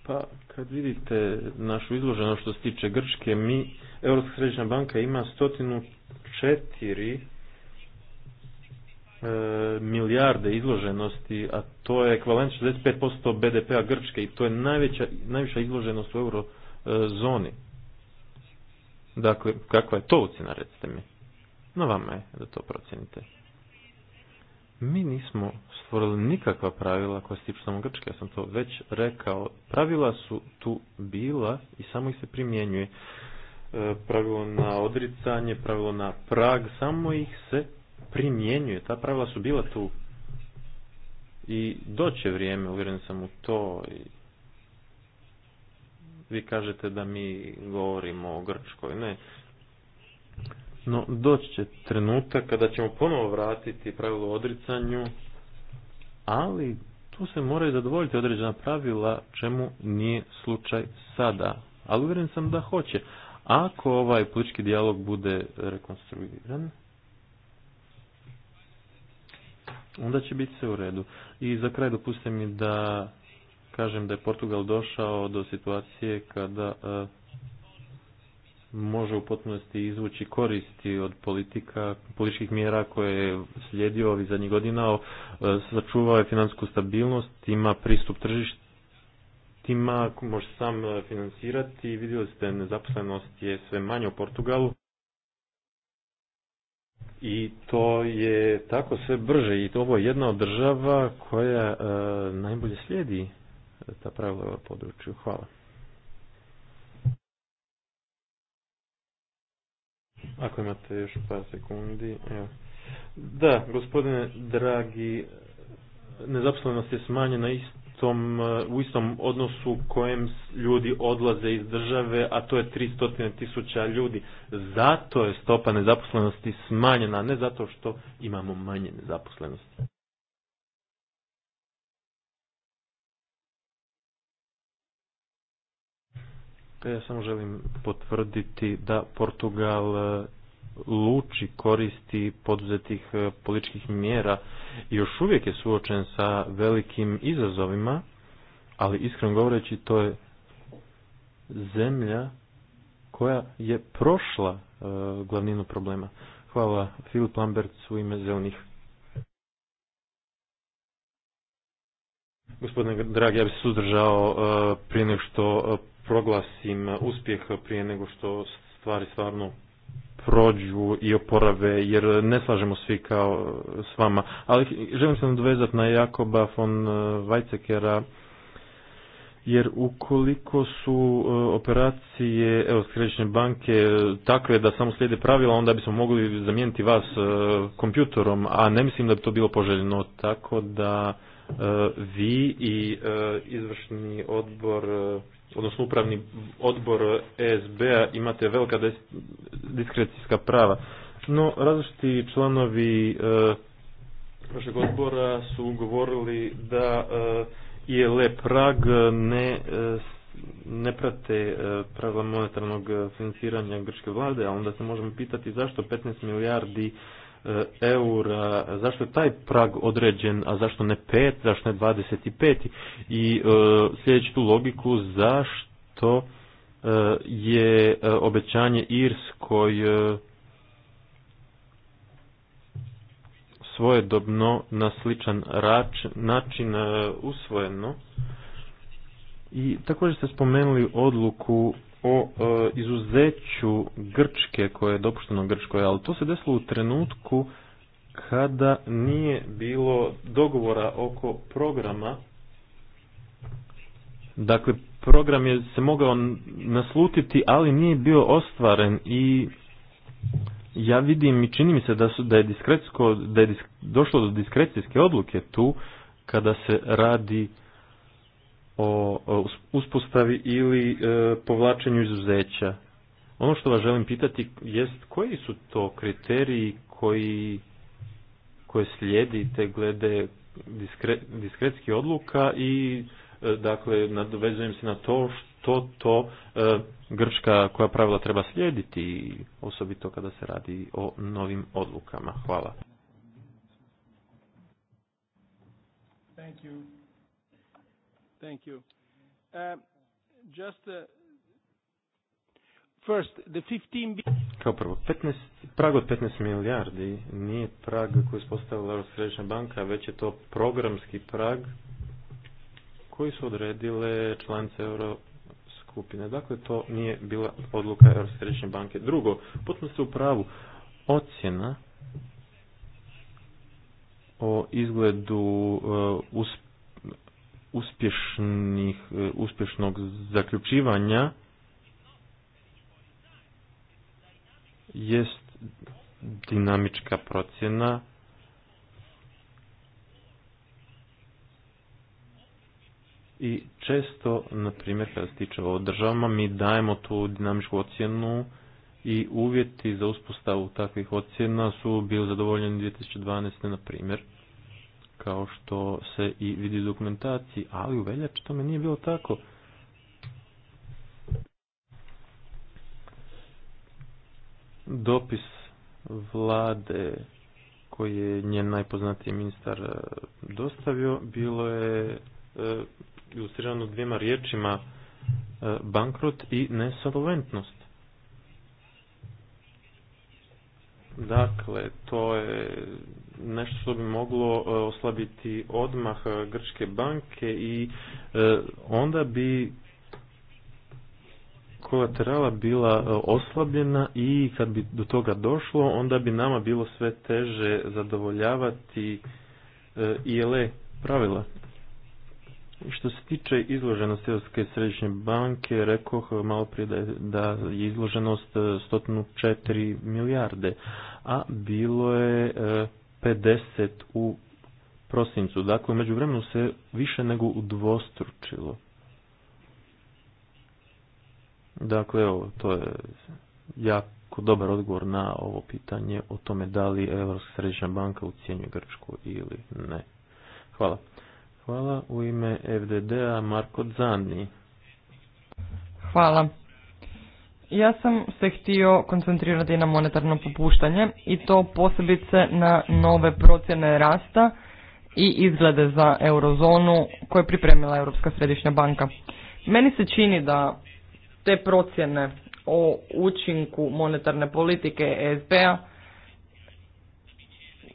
Pa, kad vidite našu izloženost što se tiče Grčke, mi, Europska središnja banka ima 104 e, milijarde izloženosti, a to je ekvalent 65% BDP-a Grčke i to je najveća, najviša izloženost u eurozoni. E, Dakle, kakva je to ucjena, recite mi. Na vama je da to procijenite. Mi nismo stvorili nikakva pravila koja se tiču samo Grčke, ja sam to već rekao. Pravila su tu bila i samo ih se primjenjuje. E, pravilo na odricanje, pravilo na prag, samo ih se primjenjuje. Ta pravila su bila tu. I doće vrijeme, uvjeren sam u to, i vi kažete da mi govorimo o Grčkoj, ne. No, doći će trenutak kada ćemo ponovo vratiti pravilo odricanju, ali tu se moraju zadovoljiti određena pravila, čemu nije slučaj sada. Ali uvjeren sam da hoće. Ako ovaj politički dijalog bude rekonstruiran, onda će biti sve u redu. I za kraj dopustite mi da kažem da je Portugal došao do situacije kada e, može u potpunosti izvući koristi od politika, političkih mjera koje je slijedio ovih zadnjih godina, e, sačuvao je financijsku stabilnost, ima pristup tržištima, može sam e, financirati, vidjeli ste nezaposlenost je sve manje u Portugalu. I to je tako sve brže i to ovo je jedna od država koja najbolje slijedi ta pravila u području. Hvala. Ako imate još par sekundi. Evo. Da, gospodine dragi, nezaposlenost je smanjena istom, u istom odnosu kojem ljudi odlaze iz države, a to je 300 tisuća ljudi. Zato je stopa nezaposlenosti smanjena, ne zato što imamo manje nezaposlenosti. Ja samo želim potvrditi da Portugal e, luči koristi poduzetih e, političkih mjera i još uvijek je suočen sa velikim izazovima, ali iskreno govoreći to je zemlja koja je prošla e, glavninu problema. Hvala Filip Lambert u ime zelenih. Gospodine dragi, ja bih se suzdržao prije nego što proglasim uspjeh prije nego što stvari stvarno prođu i oporave, jer ne slažemo svi kao s vama. Ali želim se nadvezati na Jakoba von e, Weizsäckera, jer ukoliko su e, operacije evo, banke takve da samo slijede pravila, onda bismo mogli zamijeniti vas e, kompjutorom, a ne mislim da bi to bilo poželjno. Tako da vi i izvršni odbor odnosno upravni odbor ESB-a imate velika diskrecijska prava. No, različiti članovi e, odbora su govorili da eh, e, ILE Prag ne, eh, ne prate pravila monetarnog financiranja grčke vlade, a onda se možemo pitati zašto 15 milijardi E, eura, zašto je taj prag određen, a zašto ne 5, zašto ne 25 i e, sljedeći tu logiku zašto e, je obećanje Irskoj svojedobno na sličan rač, način usvojeno. I također ste spomenuli odluku o e, izuzeću Grčke koje je dopušteno Grčkoj, ali to se desilo u trenutku kada nije bilo dogovora oko programa. Dakle, program je se mogao naslutiti, ali nije bio ostvaren i ja vidim i čini mi se da su da je diskretsko da je došlo do diskrecijske odluke tu kada se radi o uspostavi ili e, povlačenju izuzeća. Ono što vas želim pitati jest koji su to kriteriji koji koje slijedite glede diskre, diskretskih odluka i e, dakle nadovezujem se na to što to e, Grčka koja pravila treba slijediti osobito kada se radi o novim odlukama. Hvala. Thank you. Thank you. Uh, uh, kao prvo, prag od 15 milijardi nije prag koji je uspostavila Europska središnja banka, već je to programski prag koji su odredile članice euro skupine. Dakle, to nije bila odluka Europske središnje banke. Drugo, potpuno ste u pravu, ocjena o izgledu u uh, uspješnih, e, uspješnog zaključivanja jest dinamička procjena i često, na primjer, kada se tiče o državama, mi dajemo tu dinamičku ocjenu i uvjeti za uspostavu takvih ocjena su bili zadovoljeni 2012. na primjer kao što se i vidi u dokumentaciji, ali u veljači tome nije bilo tako. Dopis vlade koji je njen najpoznatiji ministar e, dostavio, bilo je e, ilustrirano dvijema riječima e, bankrot i nesolventnost. Dakle, to je nešto što bi moglo e, oslabiti odmah e, grčke banke i e, onda bi kolaterala bila oslabljena i kad bi do toga došlo, onda bi nama bilo sve teže zadovoljavati ILE pravila. Što se tiče izloženosti Europske središnje banke, rekoh malo prije da je, da je izloženost 104 milijarde, a bilo je 50 u prosincu. Dakle, među vremenu se više nego udvostručilo. Dakle, evo, to je jako dobar odgovor na ovo pitanje o tome da li Evropska središnja banka ucijenjuje Grčku ili ne. Hvala. Hvala u ime FDD-a Marko Zani. Hvala. Ja sam se htio koncentrirati na monetarno popuštanje i to posebice na nove procjene rasta i izglede za eurozonu koje je pripremila Europska središnja banka. Meni se čini da te procjene o učinku monetarne politike ESB-a p-a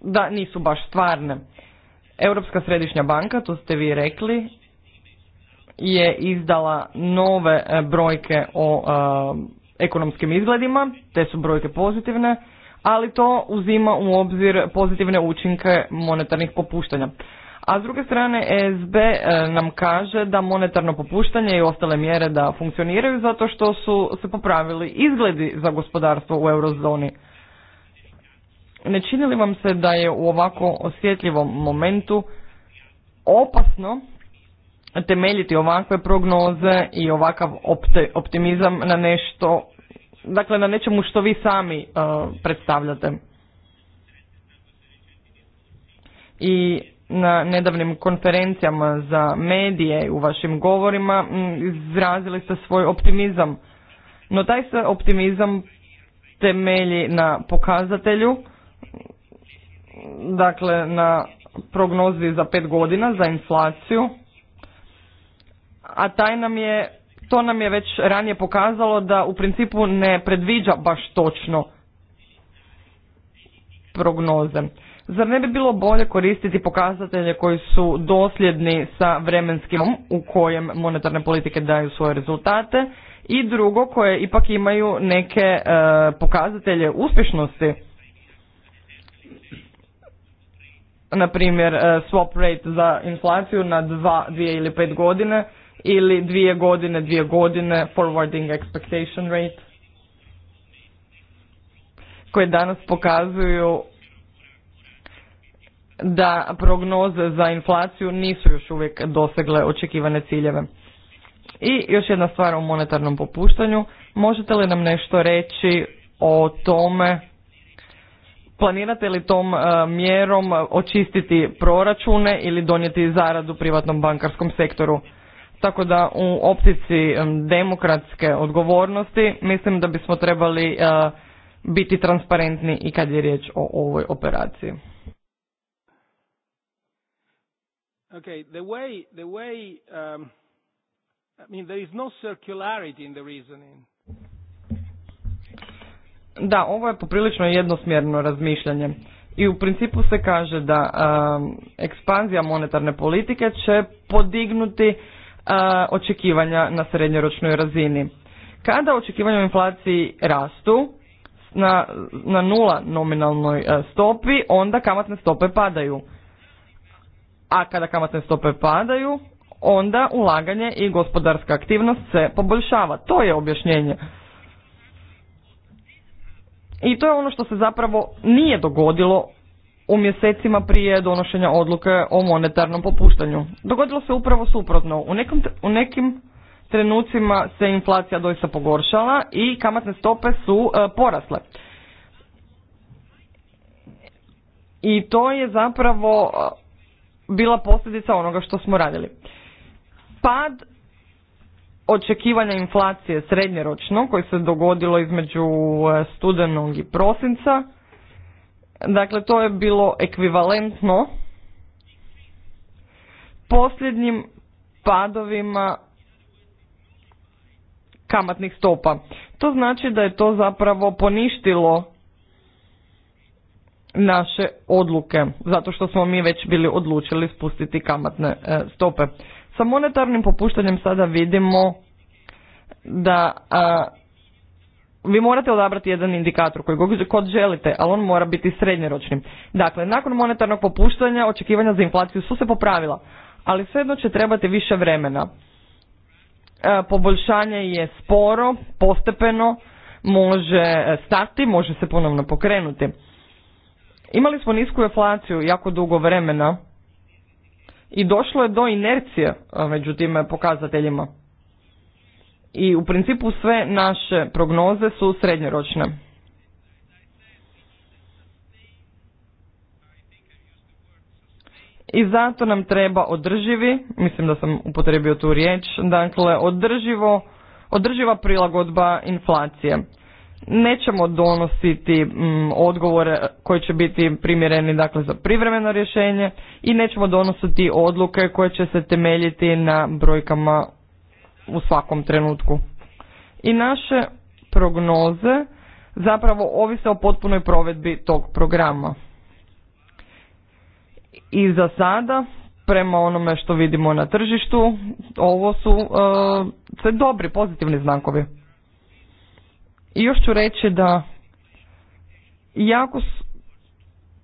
da nisu baš stvarne. Europska središnja banka, to ste vi rekli, je izdala nove e, brojke o e, ekonomskim izgledima, te su brojke pozitivne, ali to uzima u obzir pozitivne učinke monetarnih popuštanja. A s druge strane, ESB e, nam kaže da monetarno popuštanje i ostale mjere da funkcioniraju zato što su se popravili izgledi za gospodarstvo u eurozoni. Ne čini li vam se da je u ovako osjetljivom momentu opasno temeljiti ovakve prognoze i ovakav optimizam na nešto dakle na nečemu što vi sami e, predstavljate. I na nedavnim konferencijama za medije u vašim govorima izrazili ste svoj optimizam. No taj se optimizam temelji na pokazatelju, dakle na prognozi za pet godina za inflaciju, a taj nam je to nam je već ranije pokazalo da u principu ne predviđa baš točno prognoze. Zar ne bi bilo bolje koristiti pokazatelje koji su dosljedni sa vremenskim u kojem monetarne politike daju svoje rezultate i drugo koje ipak imaju neke e, pokazatelje uspješnosti na primjer e, swap rate za inflaciju na dva, dvije ili pet godine ili dvije godine, dvije godine, forwarding expectation rate, koje danas pokazuju da prognoze za inflaciju nisu još uvijek dosegle očekivane ciljeve. I još jedna stvar o monetarnom popuštanju. Možete li nam nešto reći o tome, planirate li tom e, mjerom očistiti proračune ili donijeti zaradu privatnom bankarskom sektoru? Tako da u optici demokratske odgovornosti mislim da bismo trebali e, biti transparentni i kad je riječ o ovoj operaciji. Okay, the way, the way, um, I mean, there is no circularity in the reasoning. Da, ovo je poprilično jednosmjerno razmišljanje. I u principu se kaže da ekspanzija monetarne politike će podignuti očekivanja na srednjoročnoj razini. Kada očekivanja u inflaciji rastu na, na nula nominalnoj e, stopi, onda kamatne stope padaju. A kada kamatne stope padaju, onda ulaganje i gospodarska aktivnost se poboljšava. To je objašnjenje. I to je ono što se zapravo nije dogodilo u mjesecima prije donošenja odluke o monetarnom popuštanju. Dogodilo se upravo suprotno. U nekim, u nekim trenucima se inflacija doista pogoršala i kamatne stope su e, porasle. I to je zapravo e, bila posljedica onoga što smo radili. Pad očekivanja inflacije srednjeročno koji se dogodilo između e, studenog i prosinca Dakle, to je bilo ekvivalentno posljednjim padovima kamatnih stopa. To znači da je to zapravo poništilo naše odluke, zato što smo mi već bili odlučili spustiti kamatne e, stope. Sa monetarnim popuštanjem sada vidimo da vi morate odabrati jedan indikator koji god želite, ali on mora biti srednjeročnim. Dakle, nakon monetarnog popuštanja očekivanja za inflaciju su se popravila, ali svejedno će trebati više vremena. E, poboljšanje je sporo, postepeno, može e, stati, može se ponovno pokrenuti. Imali smo nisku inflaciju jako dugo vremena i došlo je do inercije e, među tim pokazateljima i u principu sve naše prognoze su srednjoročne. I zato nam treba održivi, mislim da sam upotrebio tu riječ, dakle održivo, održiva prilagodba inflacije. Nećemo donositi mm, odgovore koji će biti primjereni dakle za privremeno rješenje i nećemo donositi odluke koje će se temeljiti na brojkama u svakom trenutku. I naše prognoze zapravo ovise o potpunoj provedbi tog programa. I za sada, prema onome što vidimo na tržištu, ovo su e, sve dobri, pozitivni znakovi. I još ću reći da jako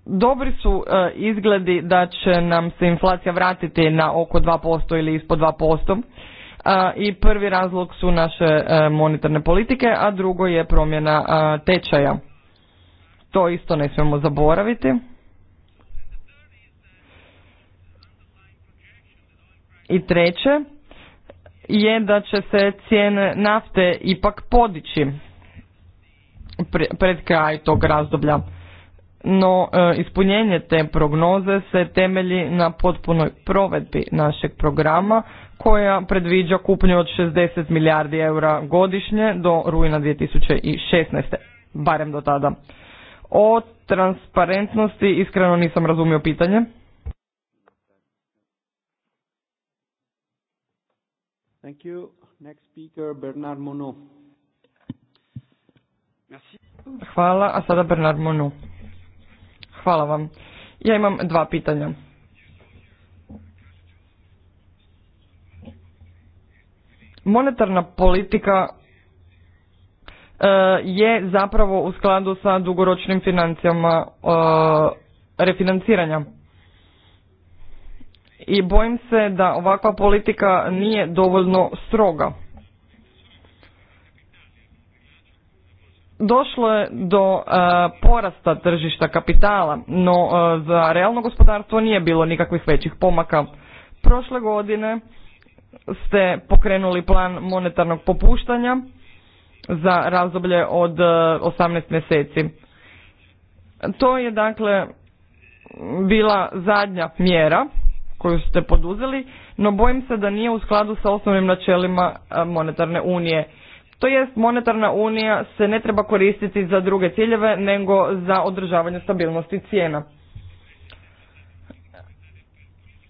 dobri su e, izgledi da će nam se inflacija vratiti na oko 2% ili ispod 2% i prvi razlog su naše e, monetarne politike, a drugo je promjena tečaja. To isto ne smijemo zaboraviti. I treće je da će se cijene nafte ipak podići pred kraj tog razdoblja. No e, ispunjenje te prognoze se temelji na potpunoj provedbi našeg programa koja predviđa kupnju od 60 milijardi eura godišnje do rujna 2016. Barem do tada. O transparentnosti iskreno nisam razumio pitanje. Thank you. Next speaker, Bernard Merci. Hvala, a sada Bernard Monod. Hvala vam. Ja imam dva pitanja. Monetarna politika e, je zapravo u skladu sa dugoročnim financijama e, refinanciranja. I bojim se da ovakva politika nije dovoljno stroga. Došlo je do e, porasta tržišta kapitala, no za realno gospodarstvo nije bilo nikakvih većih pomaka. Prošle godine ste pokrenuli plan monetarnog popuštanja za razdoblje od 18 e, mjeseci. To je dakle bila zadnja mjera koju ste poduzeli, no bojim se da nije u skladu sa osnovnim načelima e, monetarne unije. To jest, monetarna unija se ne treba koristiti za druge ciljeve nego za održavanje stabilnosti cijena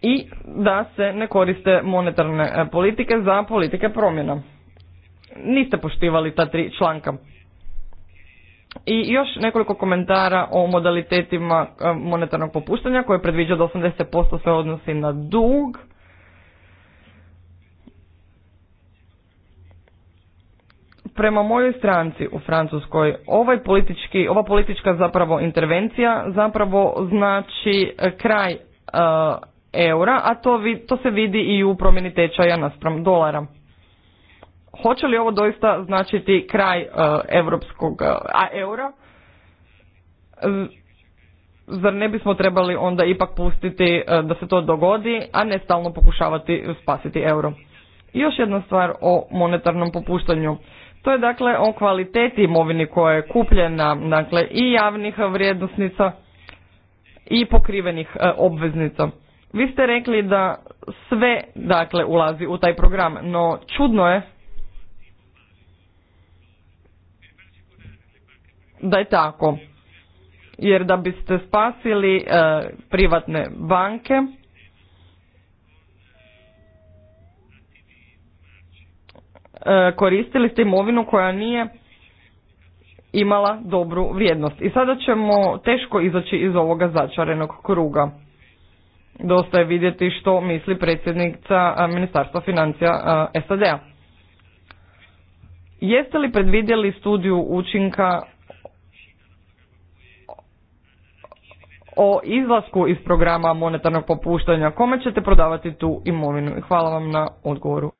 i da se ne koriste monetarne e, politike za politike promjena. Niste poštivali ta tri članka. I još nekoliko komentara o modalitetima e, monetarnog popuštanja koje predviđa da 80% se odnosi na dug. Prema mojoj stranci u Francuskoj ovaj politički, ova politička zapravo intervencija zapravo znači e, kraj eura, a to, to se vidi i u promjeni tečaja naspram dolara. Hoće li ovo doista značiti kraj europskog e, a eura? Zar ne bismo trebali onda ipak pustiti e, da se to dogodi, a ne stalno pokušavati spasiti euro? I još jedna stvar o monetarnom popuštanju. To je dakle o kvaliteti imovine koja je kupljena, dakle i javnih vrijednosnica i pokrivenih e, obveznica. Vi ste rekli da sve dakle ulazi u taj program, no čudno je da je tako. Jer da biste spasili e, privatne banke e, koristili ste imovinu koja nije imala dobru vrijednost. I sada ćemo teško izaći iz ovoga začarenog kruga. Dosta je vidjeti što misli predsjednica Ministarstva financija SAD-a. Jeste li predvidjeli studiju učinka o izlasku iz programa monetarnog popuštanja? Kome ćete prodavati tu imovinu? Hvala vam na odgovoru.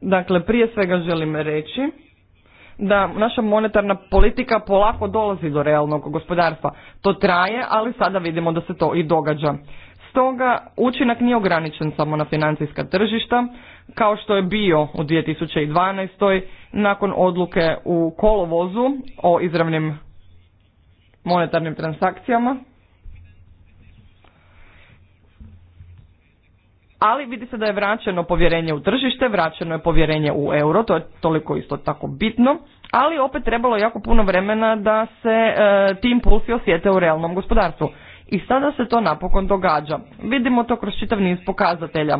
Dakle, prije svega želim reći da naša monetarna politika polako dolazi do realnog gospodarstva. To traje, ali sada vidimo da se to i događa. Stoga učinak nije ograničen samo na financijska tržišta, kao što je bio u 2012. nakon odluke u kolovozu o izravnim monetarnim transakcijama. ali vidi se da je vraćeno povjerenje u tržište, vraćeno je povjerenje u euro, to je toliko isto tako bitno, ali opet trebalo jako puno vremena da se e, ti impulsi osjete u realnom gospodarstvu. I sada se to napokon događa. Vidimo to kroz čitav niz pokazatelja.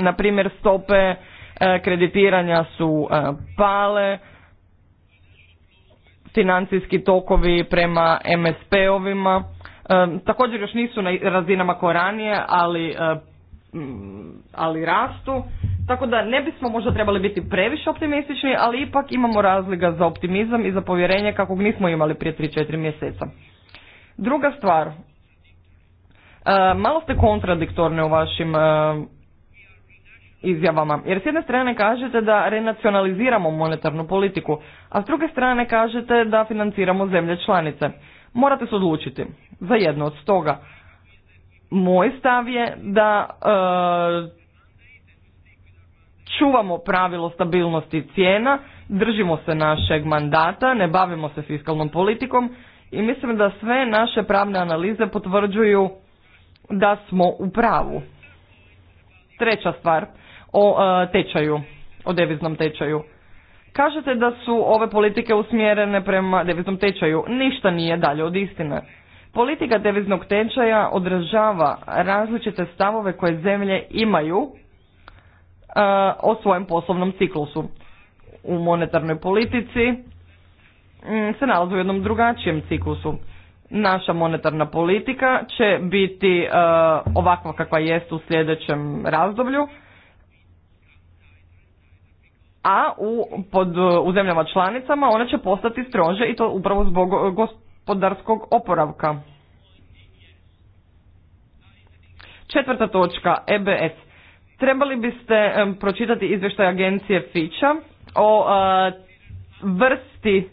Na stope e, kreditiranja su e, pale, financijski tokovi prema MSP-ovima, e, također još nisu na razinama koranije, ranije, ali Mm, ali rastu. Tako da ne bismo možda trebali biti previše optimistični, ali ipak imamo razlika za optimizam i za povjerenje kakvog nismo imali prije 3-4 mjeseca. Druga stvar, e, malo ste kontradiktorni u vašim e, izjavama. Jer s jedne strane kažete da renacionaliziramo monetarnu politiku, a s druge strane kažete da financiramo zemlje članice. Morate se odlučiti za jedno od stoga moj stav je da e, čuvamo pravilo stabilnosti cijena, držimo se našeg mandata, ne bavimo se fiskalnom politikom i mislim da sve naše pravne analize potvrđuju da smo u pravu. Treća stvar o e, tečaju, o deviznom tečaju. Kažete da su ove politike usmjerene prema deviznom tečaju. Ništa nije dalje od istine. Politika deviznog tečaja odražava različite stavove koje zemlje imaju e, o svojem poslovnom ciklusu. U monetarnoj politici mm, se nalazi u jednom drugačijem ciklusu. Naša monetarna politika će biti e, ovakva kakva jest u sljedećem razdoblju, a u, pod, u zemljama članicama one će postati strože i to upravo zbog e, gospodarskog oporavka. Četvrta točka, EBS. Trebali biste pročitati izvještaj agencije Fića o e, vrsti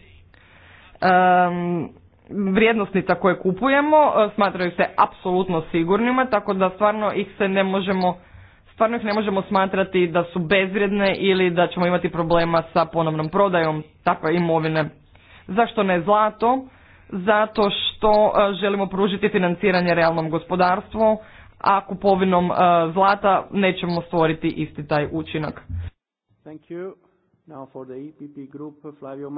vrijednosnica koje kupujemo, e, smatraju se apsolutno sigurnima, tako da stvarno ih se ne možemo stvarno ih ne možemo smatrati da su bezvrijedne ili da ćemo imati problema sa ponovnom prodajom takve imovine. Zašto ne zlato? zato što e, želimo pružiti financiranje realnom gospodarstvu, a kupovinom e, zlata nećemo stvoriti isti taj učinak. Thank you. Now for the e Flavio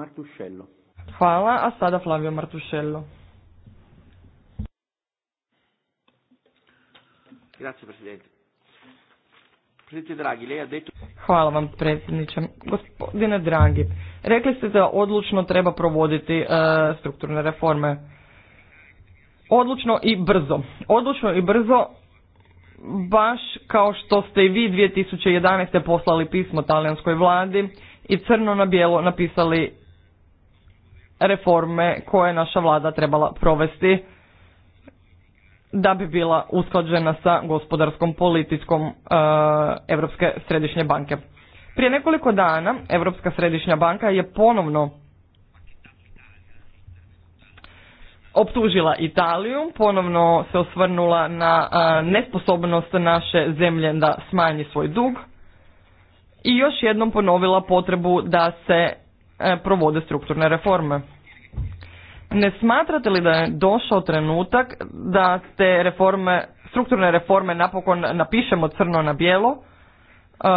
Hvala, a sada Flavio Martuscello. Grazie Presidente. Hvala vam predsjedniče. Gospodine Dragi, rekli ste da odlučno treba provoditi e, strukturne reforme. Odlučno i brzo. Odlučno i brzo baš kao što ste i vi 2011. poslali pismo talijanskoj vladi i crno na bijelo napisali reforme koje naša vlada trebala provesti da bi bila usklađena sa gospodarskom politikom e, Europske središnje banke. Prije nekoliko dana Europska središnja banka je ponovno optužila Italiju, ponovno se osvrnula na e, nesposobnost naše zemlje da smanji svoj dug i još jednom ponovila potrebu da se e, provode strukturne reforme. Ne smatrate li da je došao trenutak da te reforme, strukturne reforme napokon napišemo crno na bijelo, uh,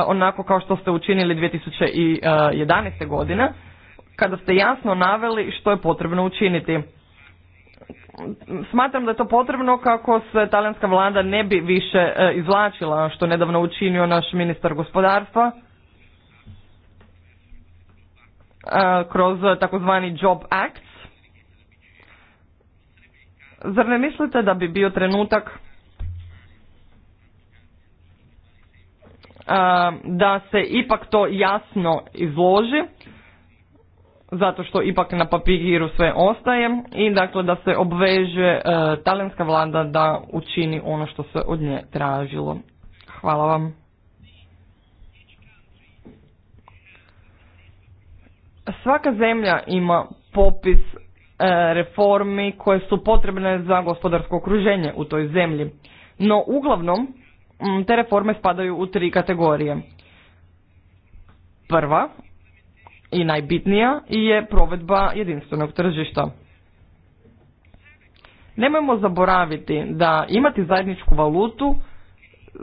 onako kao što ste učinili 2011. Uh, godine, kada ste jasno naveli što je potrebno učiniti? Smatram da je to potrebno kako se talijanska vlada ne bi više uh, izvlačila, što nedavno učinio naš ministar gospodarstva kroz takozvani Job Act, Zar ne mislite da bi bio trenutak da se ipak to jasno izloži, zato što ipak na papiru sve ostaje i dakle da se obveže e, talijanska vlada da učini ono što se od nje tražilo. Hvala vam. Svaka zemlja ima popis E, reformi koje su potrebne za gospodarsko okruženje u toj zemlji. No uglavnom te reforme spadaju u tri kategorije. Prva i najbitnija je provedba jedinstvenog tržišta. Nemojmo zaboraviti da imati zajedničku valutu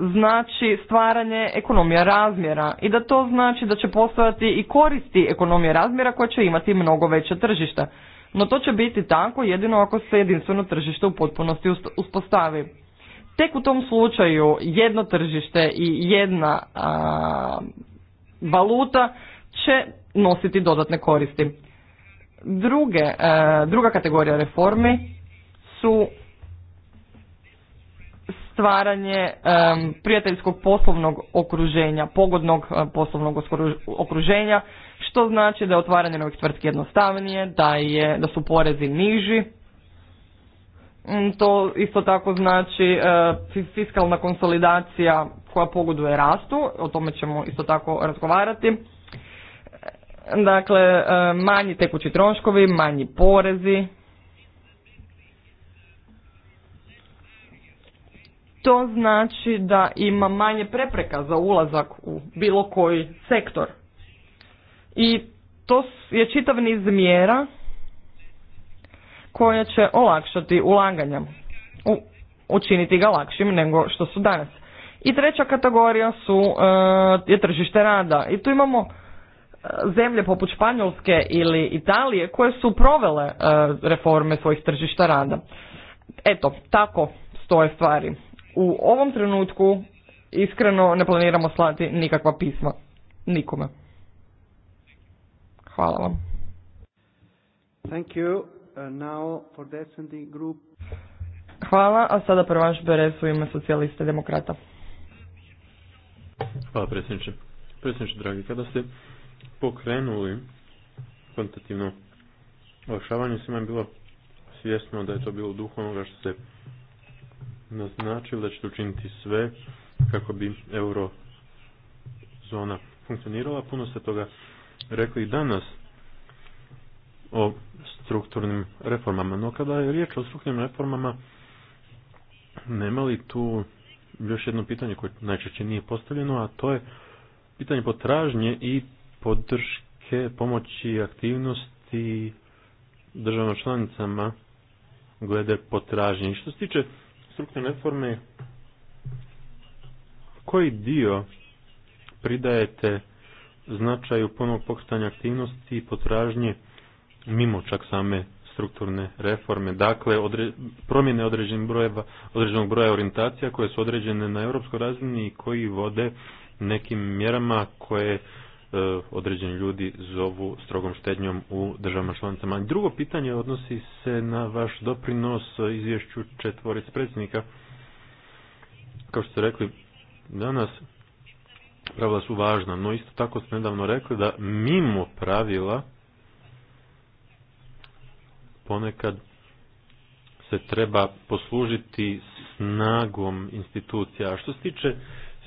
znači stvaranje ekonomija razmjera i da to znači da će postojati i koristi ekonomije razmjera koja će imati mnogo veće tržišta. No to će biti tako jedino ako se jedinstveno tržište u potpunosti uspostavi. Tek u tom slučaju jedno tržište i jedna valuta će nositi dodatne koristi. Druge, e, druga kategorija reformi su stvaranje prijateljskog poslovnog okruženja, pogodnog poslovnog okruženja, što znači da je otvaranje novih tvrtki jednostavnije, da, je, da su porezi niži, mm, to isto tako znači fiskalna konsolidacija koja pogoduje rastu, o tome ćemo isto tako razgovarati. Dakle, manji tekući troškovi, manji porezi, To znači da ima manje prepreka za ulazak u bilo koji sektor. I to je čitav niz mjera koje će olakšati ulaganja, učiniti ga lakšim nego što su danas. I treća kategorija su e, je tržište rada. I tu imamo e, zemlje poput Španjolske ili Italije koje su provele e, reforme svojih tržišta rada. Eto, tako stoje stvari u ovom trenutku iskreno ne planiramo slati nikakva pisma. Nikome. Hvala vam. Thank you. Uh, now for group. Hvala, a sada prvaš beres u ime socijaliste demokrata. Hvala predsjedniče. Predsjedniče, dragi, kada ste pokrenuli kvantitativno ulašavanje, svima je bilo svjesno da je to bilo duh onoga što se naznačili da ćete učiniti sve kako bi euro zona funkcionirala. Puno ste toga rekli danas o strukturnim reformama. No kada je riječ o strukturnim reformama, nema li tu još jedno pitanje koje najčešće nije postavljeno, a to je pitanje potražnje i podrške, pomoći aktivnosti državama članicama glede potražnje. I što se tiče strukturne reforme koji dio pridajete značaju ponovog pokretanja aktivnosti i potražnje mimo čak same strukturne reforme, dakle odre, promjene određen brojeva, određenog broja orijentacija koje su određene na europskoj razini i koji vode nekim mjerama koje E, određeni ljudi zovu strogom štednjom u državama članicama. Drugo pitanje odnosi se na vaš doprinos izvješću četvoric predsjednika. Kao što ste rekli danas, pravila su važna, no isto tako ste nedavno rekli da mimo pravila ponekad se treba poslužiti snagom institucija. A što se tiče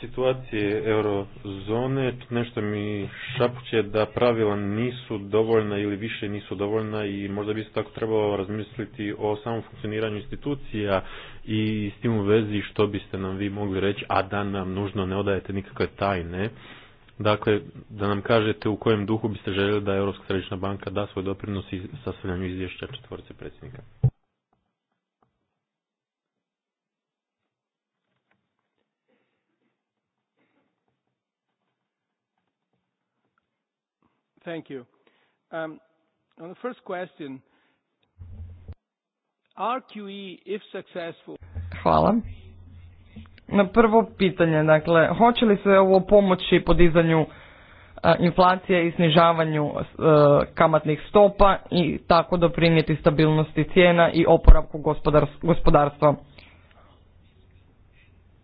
situacije eurozone, nešto mi šapuće da pravila nisu dovoljna ili više nisu dovoljna i možda bi se tako trebalo razmisliti o samom funkcioniranju institucija i s tim u vezi što biste nam vi mogli reći, a da nam nužno ne odajete nikakve tajne. Dakle, da nam kažete u kojem duhu biste željeli da Europska središnja banka da svoj doprinos i sastavljanju izvješća četvorce predsjednika. Thank you. Um, on the first question, e, if successful... Hvala. Na prvo pitanje, dakle, hoće li se ovo pomoći podizanju e, inflacije i snižavanju e, kamatnih stopa i tako doprinijeti stabilnosti cijena i oporavku gospodarstva.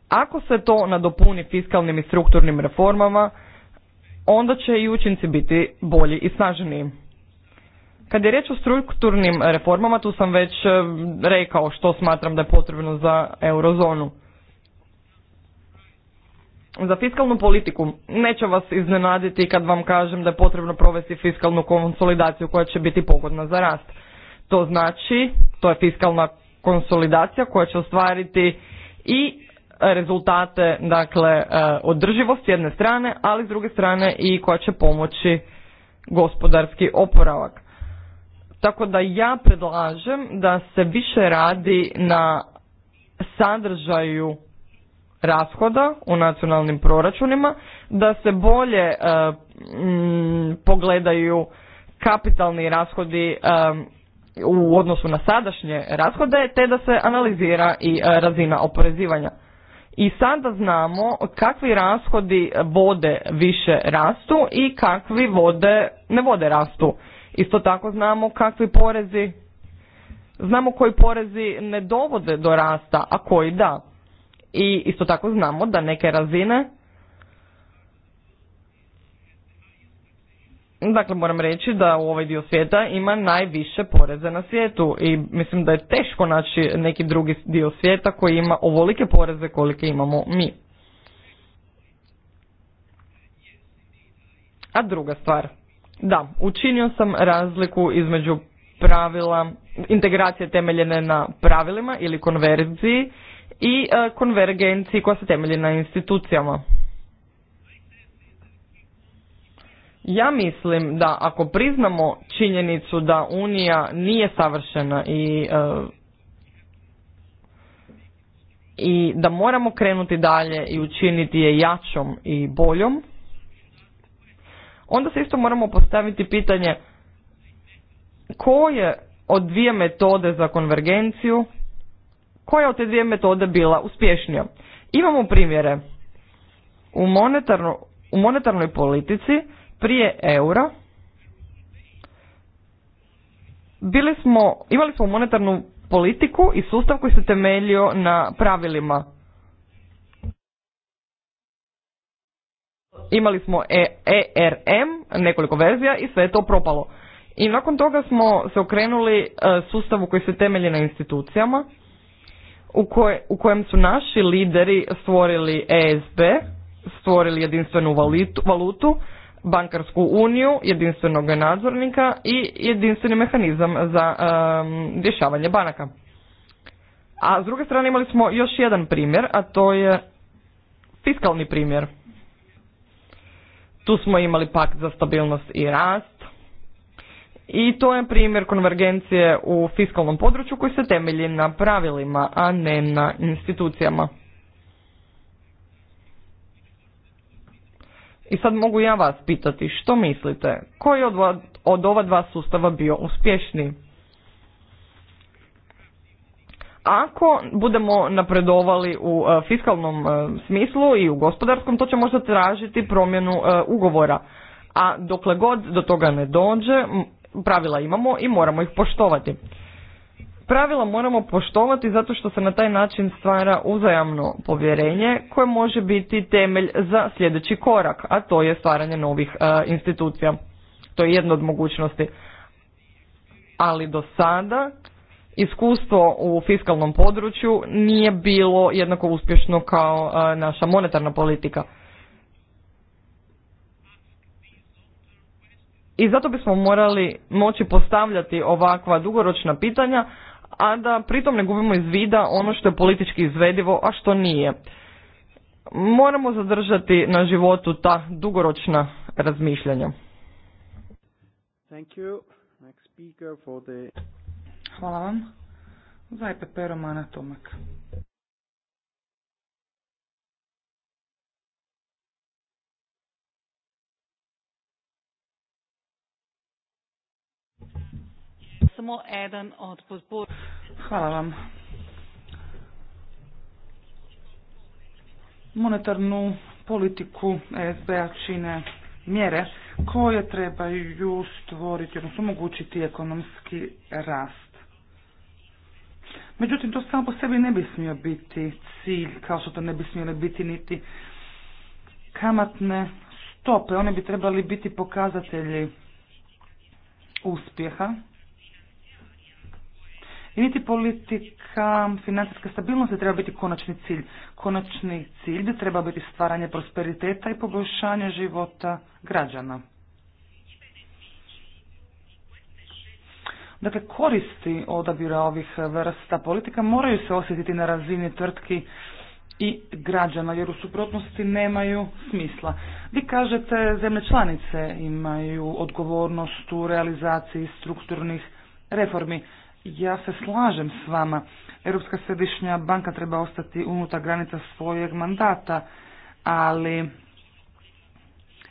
Ako se to nadopuni fiskalnim i strukturnim reformama, onda će i učinci biti bolji i snažniji. Kad je riječ o strukturnim reformama, tu sam već e, rekao što smatram da je potrebno za eurozonu. Za fiskalnu politiku neću vas iznenaditi kad vam kažem da je potrebno provesti fiskalnu konsolidaciju koja će biti pogodna za rast. To znači, to je fiskalna konsolidacija koja će ostvariti i rezultate dakle e, održivost s jedne strane, ali s druge strane i koja će pomoći gospodarski oporavak. Tako da ja predlažem da se više radi na sadržaju rashoda u nacionalnim proračunima, da se bolje e, pogledaju kapitalni rashodi e, u odnosu na sadašnje rashode, te da se analizira i razina oporezivanja i sada znamo kakvi rashodi vode više rastu i kakvi vode ne vode rastu. Isto tako znamo kakvi porezi, znamo koji porezi ne dovode do rasta, a koji da. I isto tako znamo da neke razine Dakle, moram reći da u ovaj dio svijeta ima najviše poreze na svijetu i mislim da je teško naći neki drugi dio svijeta koji ima ovolike poreze kolike imamo mi. A druga stvar, da, učinio sam razliku između pravila, integracije temeljene na pravilima ili konverziji i e, konvergenciji koja se temelji na institucijama. Ja mislim da ako priznamo činjenicu da Unija nije savršena i, e, i da moramo krenuti dalje i učiniti je jačom i boljom, onda se isto moramo postaviti pitanje koje od dvije metode za konvergenciju, koja od te dvije metode bila uspješnija. Imamo primjere. U, monetarno, u monetarnoj politici prije eura bili smo, imali smo monetarnu politiku i sustav koji se temeljio na pravilima. Imali smo ERM, nekoliko verzija i sve je to propalo. I nakon toga smo se okrenuli e, sustavu koji se temelji na institucijama u, koje, u kojem su naši lideri stvorili ESB, stvorili jedinstvenu valutu bankarsku uniju, jedinstvenog nadzornika i jedinstveni mehanizam za um, rješavanje banaka. A s druge strane imali smo još jedan primjer, a to je fiskalni primjer. Tu smo imali pakt za stabilnost i rast. I to je primjer konvergencije u fiskalnom području koji se temelji na pravilima, a ne na institucijama. I sad mogu ja vas pitati, što mislite? Koji od, od ova dva sustava bio uspješni? Ako budemo napredovali u e, fiskalnom e, smislu i u gospodarskom, to će možda tražiti promjenu e, ugovora. A dokle god do toga ne dođe, pravila imamo i moramo ih poštovati. Pravila moramo poštovati zato što se na taj način stvara uzajamno povjerenje koje može biti temelj za sljedeći korak, a to je stvaranje novih e, institucija. To je jedna od mogućnosti. Ali do sada iskustvo u fiskalnom području nije bilo jednako uspješno kao e, naša monetarna politika. I zato bismo morali moći postavljati ovakva dugoročna pitanja a da pritom ne gubimo iz vida ono što je politički izvedivo, a što nije. Moramo zadržati na životu ta dugoročna razmišljanja. Thank you. Next for the... Hvala vam. E Tomak. samo od Hvala vam. Monetarnu politiku SBA čine mjere koje trebaju stvoriti, odnosno omogućiti ekonomski rast. Međutim, to samo po sebi ne bi smio biti cilj, kao što to ne bi smjele biti niti kamatne stope. One bi trebali biti pokazatelji uspjeha. I niti politika financijske stabilnosti treba biti konačni cilj. Konačni cilj treba biti stvaranje prosperiteta i poboljšanje života građana. Dakle, koristi odabira ovih vrsta politika moraju se osjetiti na razini tvrtki i građana, jer u suprotnosti nemaju smisla. Vi kažete, zemlje članice imaju odgovornost u realizaciji strukturnih reformi. Ja se slažem s vama. Europska središnja banka treba ostati unutar granica svojeg mandata, ali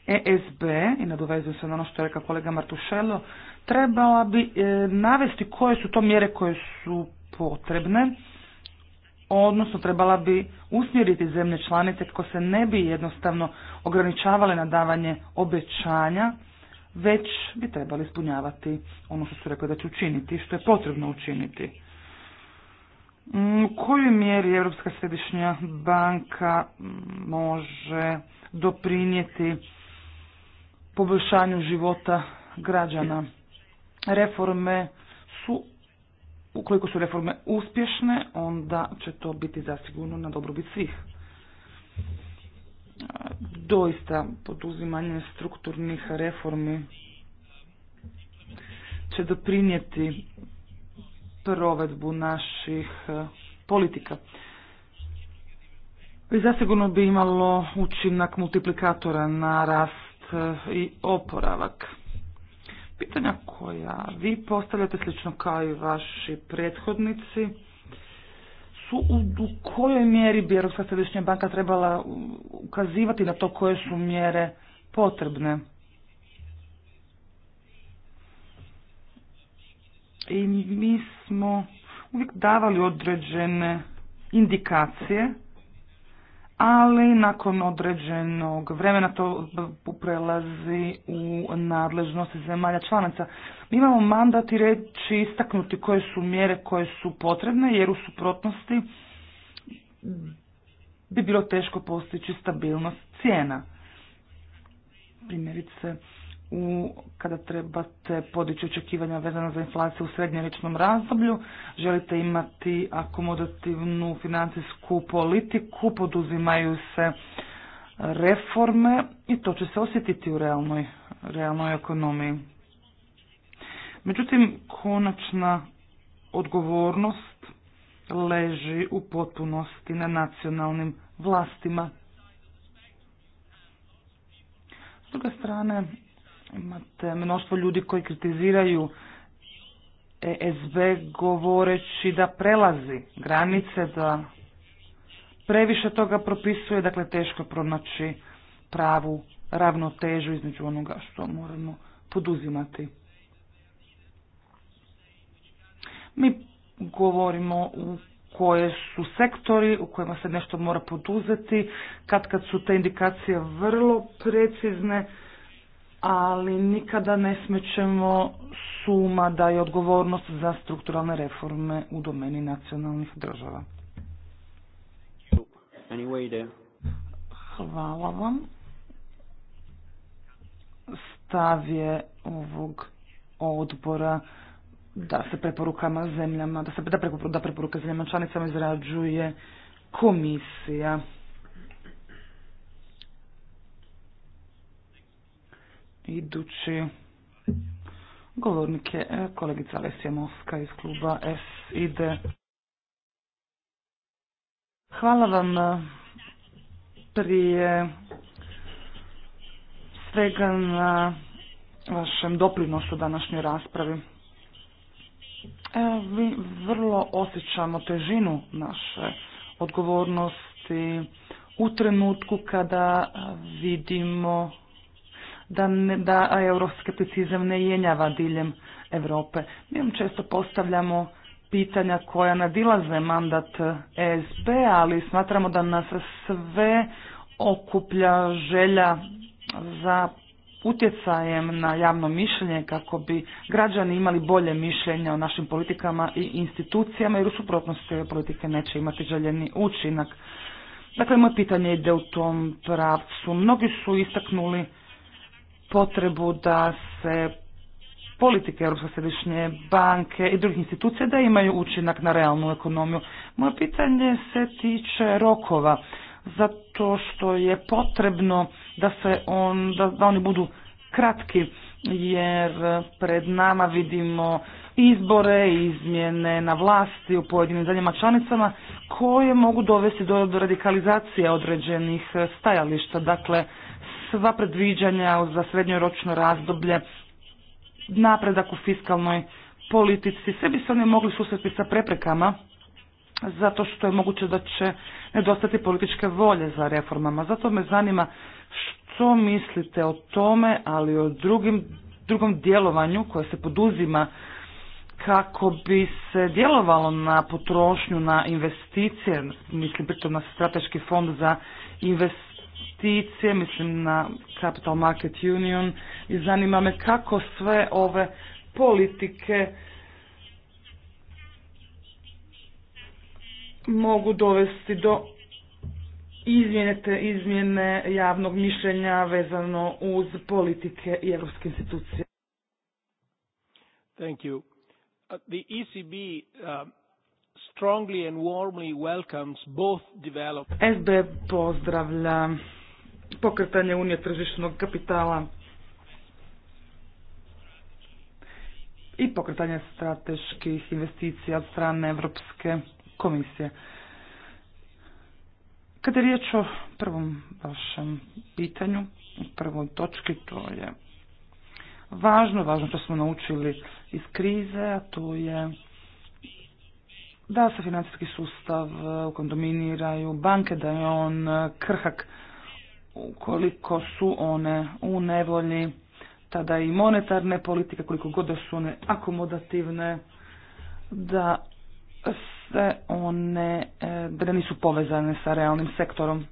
ESB, i nadovezujem se na ono što je rekao kolega Martušelo, trebala bi e, navesti koje su to mjere koje su potrebne, odnosno trebala bi usmjeriti zemlje članice kako se ne bi jednostavno ograničavale na davanje obećanja, već bi trebali ispunjavati ono što su rekli da će učiniti, što je potrebno učiniti. Mm, u kojoj mjeri Europska središnja banka može doprinijeti poboljšanju života građana? Reforme su, ukoliko su reforme uspješne, onda će to biti zasigurno na dobrobit svih doista poduzimanje strukturnih reformi će doprinijeti provedbu naših e, politika. I zasigurno bi imalo učinak multiplikatora na rast e, i oporavak. Pitanja koja vi postavljate slično kao i vaši prethodnici su, u, u kojoj mjeri bi Europska središnja banka trebala ukazivati na to koje su mjere potrebne. I mi smo uvijek davali određene indikacije ali nakon određenog vremena to prelazi u nadležnost zemalja članica. Mi imamo mandat i reći istaknuti koje su mjere koje su potrebne jer u suprotnosti bi bilo teško postići stabilnost cijena. Primjerice, u, kada trebate podići očekivanja vezano za inflaciju u srednjeričnom razdoblju, želite imati akomodativnu financijsku politiku, poduzimaju se reforme i to će se osjetiti u realnoj, realnoj ekonomiji. Međutim, konačna odgovornost leži u potpunosti na nacionalnim vlastima. S druge strane, Imate mnoštvo ljudi koji kritiziraju ESB govoreći da prelazi granice, da previše toga propisuje, dakle teško pronaći pravu ravnotežu između onoga što moramo poduzimati. Mi govorimo u koje su sektori u kojima se nešto mora poduzeti, kad kad su te indikacije vrlo precizne, ali nikada ne smećemo suma da je odgovornost za strukturalne reforme u domeni nacionalnih država. Hvala vam. Stav je ovog odbora da se preporukama zemljama, da se da preporuke zemljama članicama izrađuje komisija. Idući govornik je e, kolegica Lesija iz kluba SID. Hvala vam e, prije svega na vašem doprinosu današnjoj raspravi. vi e, vrlo osjećamo težinu naše odgovornosti u trenutku kada vidimo da, ne, da euroskepticizam ne jenjava diljem Europe. Mi vam često postavljamo pitanja koja nadilaze mandat ESP, ali smatramo da nas sve okuplja želja za utjecajem na javno mišljenje kako bi građani imali bolje mišljenje o našim politikama i institucijama jer u suprotnosti ove politike neće imati željeni učinak. Dakle, moje pitanje ide u tom pravcu. Mnogi su istaknuli potrebu da se politike Europske središnje banke i drugih institucija da imaju učinak na realnu ekonomiju. Moje pitanje se tiče rokova, zato što je potrebno da, se on, da, oni budu kratki, jer pred nama vidimo izbore izmjene na vlasti u pojedinim zemljama članicama koje mogu dovesti do radikalizacije određenih stajališta. Dakle, sva predviđanja za srednjoročno razdoblje, napredak u fiskalnoj politici, sve bi se oni mogli susreti sa preprekama zato što je moguće da će nedostati političke volje za reformama. Zato me zanima što mislite o tome, ali o drugim, drugom djelovanju koje se poduzima kako bi se djelovalo na potrošnju, na investicije, mislim pritom na strateški fond za investicije investicije, mislim na Capital Market Union i zanima me kako sve ove politike mogu dovesti do izmjene, izmjene javnog mišljenja vezano uz politike i europske institucije. Thank you. Uh, the ECB uh, strongly and warmly welcomes both developed. SB pozdravlja pokretanje unije tržišnog kapitala i pokretanje strateških investicija od strane Europske komisije. Kada je riječ o prvom vašem pitanju, prvoj točki, to je važno, važno što smo naučili iz krize, a to je da se financijski sustav u kondominiraju banke, da je on krhak ukoliko su one u nevolji, tada i monetarne politike, koliko god da su one akomodativne, da se one, e, da nisu povezane sa realnim sektorom.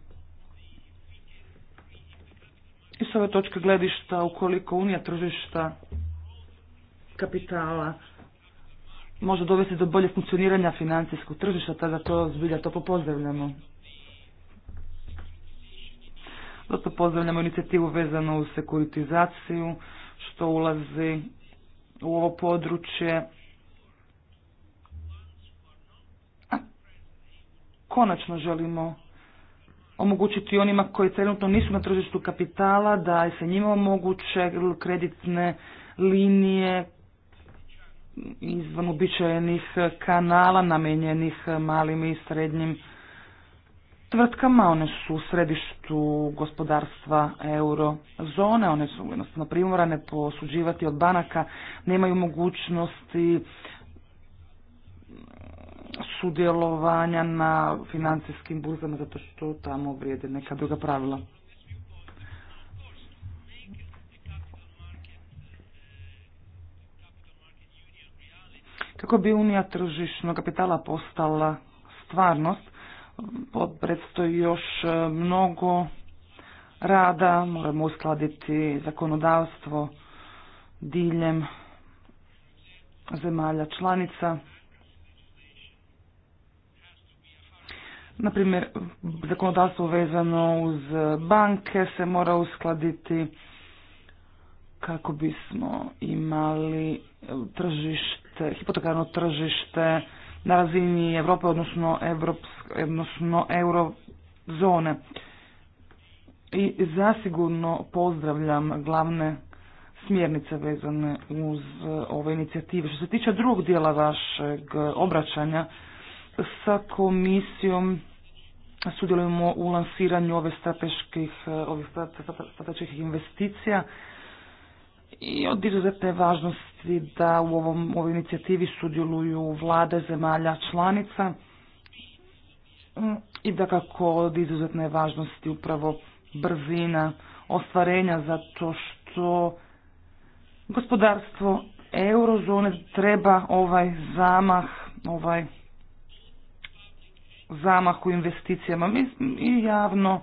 I s ove točke gledišta, ukoliko unija tržišta kapitala može dovesti do bolje funkcioniranja financijskog tržišta, tada to zbilja to popozdravljamo. Zato pozdravljamo inicijativu vezanu u sekuritizaciju što ulazi u ovo područje. konačno želimo omogućiti onima koji trenutno nisu na tržištu kapitala da se njima omoguće kreditne linije izvan uobičajenih kanala namenjenih malim i srednjim tvrtkama, one su u središtu gospodarstva eurozone, one su jednostavno primorane posuđivati od banaka, nemaju mogućnosti sudjelovanja na financijskim burzama zato što tamo vrijede neka druga pravila. Kako bi Unija tržišnog kapitala postala stvarnost, predstoji još e, mnogo rada, moramo uskladiti zakonodavstvo diljem zemalja članica. Naprimjer, zakonodavstvo vezano uz banke se mora uskladiti kako bismo imali tržište, hipotekarno tržište na razini Europe, odnosno, Evropsk, odnosno eurozone. I zasigurno pozdravljam glavne smjernice vezane uz e, ove inicijative. Što se tiče drugog dijela vašeg obraćanja, sa komisijom sudjelujemo u lansiranju ove strateških, e, ovih strateških investicija i od izuzetne važnosti da u ovom, ovoj inicijativi sudjeluju vlade zemalja članica mm, i da kako od izuzetne važnosti upravo brzina ostvarenja zato što gospodarstvo eurozone treba ovaj zamah, ovaj zamah u investicijama i javno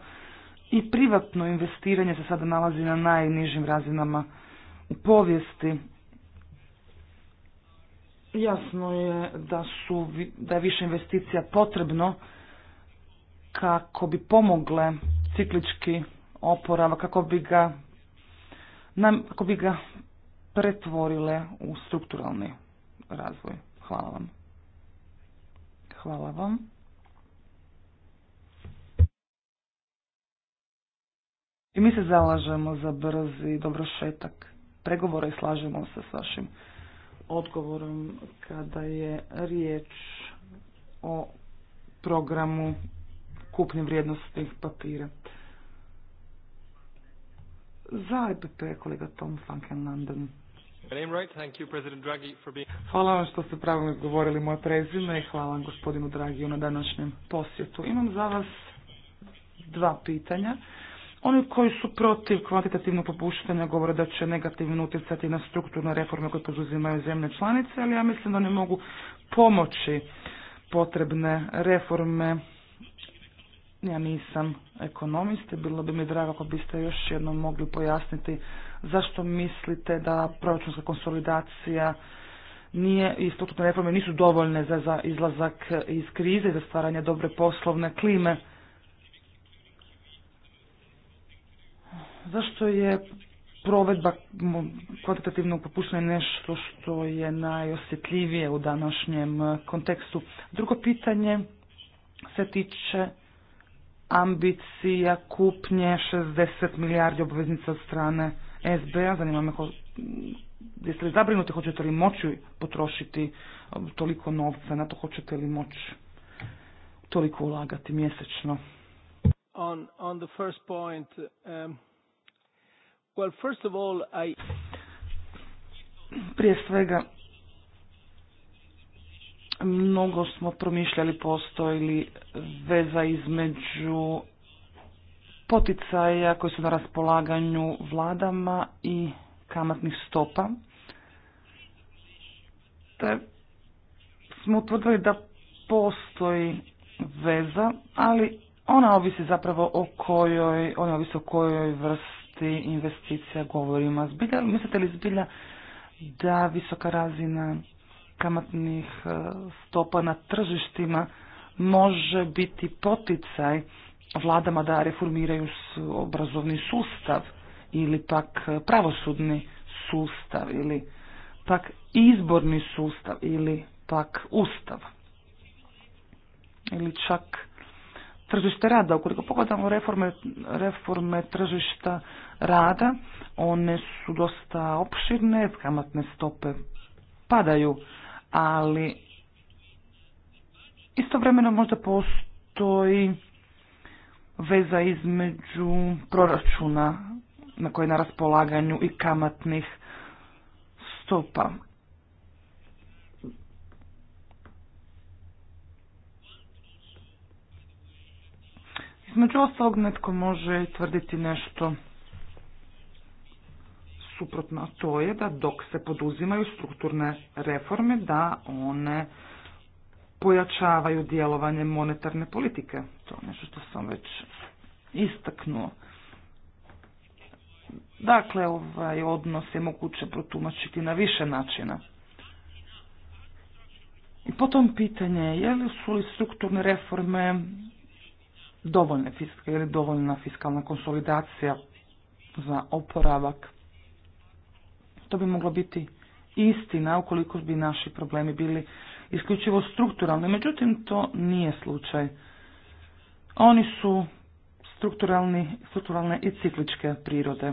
i privatno investiranje se sada nalazi na najnižim razinama povijesti jasno je da, su, da je više investicija potrebno kako bi pomogle ciklički oporava, kako bi ga, nam, kako bi ga pretvorile u strukturalni razvoj. Hvala vam. Hvala vam. I mi se zalažemo za brzi dobrošetak pregovora i slažemo se s vašim odgovorom kada je riječ o programu kupnje vrijednosti papira. Za e kolega Tom Hvala vam što ste pravilno govorili moje prezime i hvala vam gospodinu Dragiju na današnjem posjetu. Imam za vas dva pitanja. Oni koji su protiv kvantitativnog popuštanja govore da će negativno utjecati na strukturne reforme koje poduzimaju zemlje članice, ali ja mislim da oni mogu pomoći potrebne reforme. Ja nisam ekonomist i bilo bi mi drago ako biste još jednom mogli pojasniti zašto mislite da proračunska konsolidacija nije i strukturne reforme nisu dovoljne za, za izlazak iz krize, za stvaranje dobre poslovne klime. Zašto je provedba kvantitativnog popuštenja nešto što je najosjetljivije u današnjem kontekstu? Drugo pitanje se tiče ambicija kupnje 60 milijardi obveznica od strane SBA. Zanima me jeste li zabrinuti, hoćete li moći potrošiti um, toliko novca na to, hoćete li moći toliko ulagati mjesečno? On, on the um, first Prije svega, mnogo smo promišljali postoji li veza između poticaja koji su na raspolaganju vladama i kamatnih stopa. Te smo utvrdili da postoji veza, ali ona ovisi zapravo o kojoj, ona ovisi o kojoj vrsti investicija govorimo. Zbilja, mislite li zbilja da visoka razina kamatnih e, stopa na tržištima može biti poticaj vladama da reformiraju obrazovni sustav ili pak e, pravosudni sustav ili pak izborni sustav ili pak ustav ili čak tržište rada. Ukoliko pogledamo reforme, reforme tržišta rada, one su dosta opširne, kamatne stope padaju, ali istovremeno možda postoji veza između proračuna na koje je na raspolaganju i kamatnih stopa. Između ostalog netko može tvrditi nešto suprotno, to je da dok se poduzimaju strukturne reforme, da one pojačavaju djelovanje monetarne politike. To je nešto što sam već istaknuo. Dakle, ovaj odnos je moguće protumačiti na više načina. I potom pitanje je li su li strukturne reforme dovoljne fiske ili dovoljna fiskalna konsolidacija za oporavak. To bi moglo biti istina ukoliko bi naši problemi bili isključivo strukturalni, međutim to nije slučaj. Oni su strukturalni, strukturalne i cikličke prirode.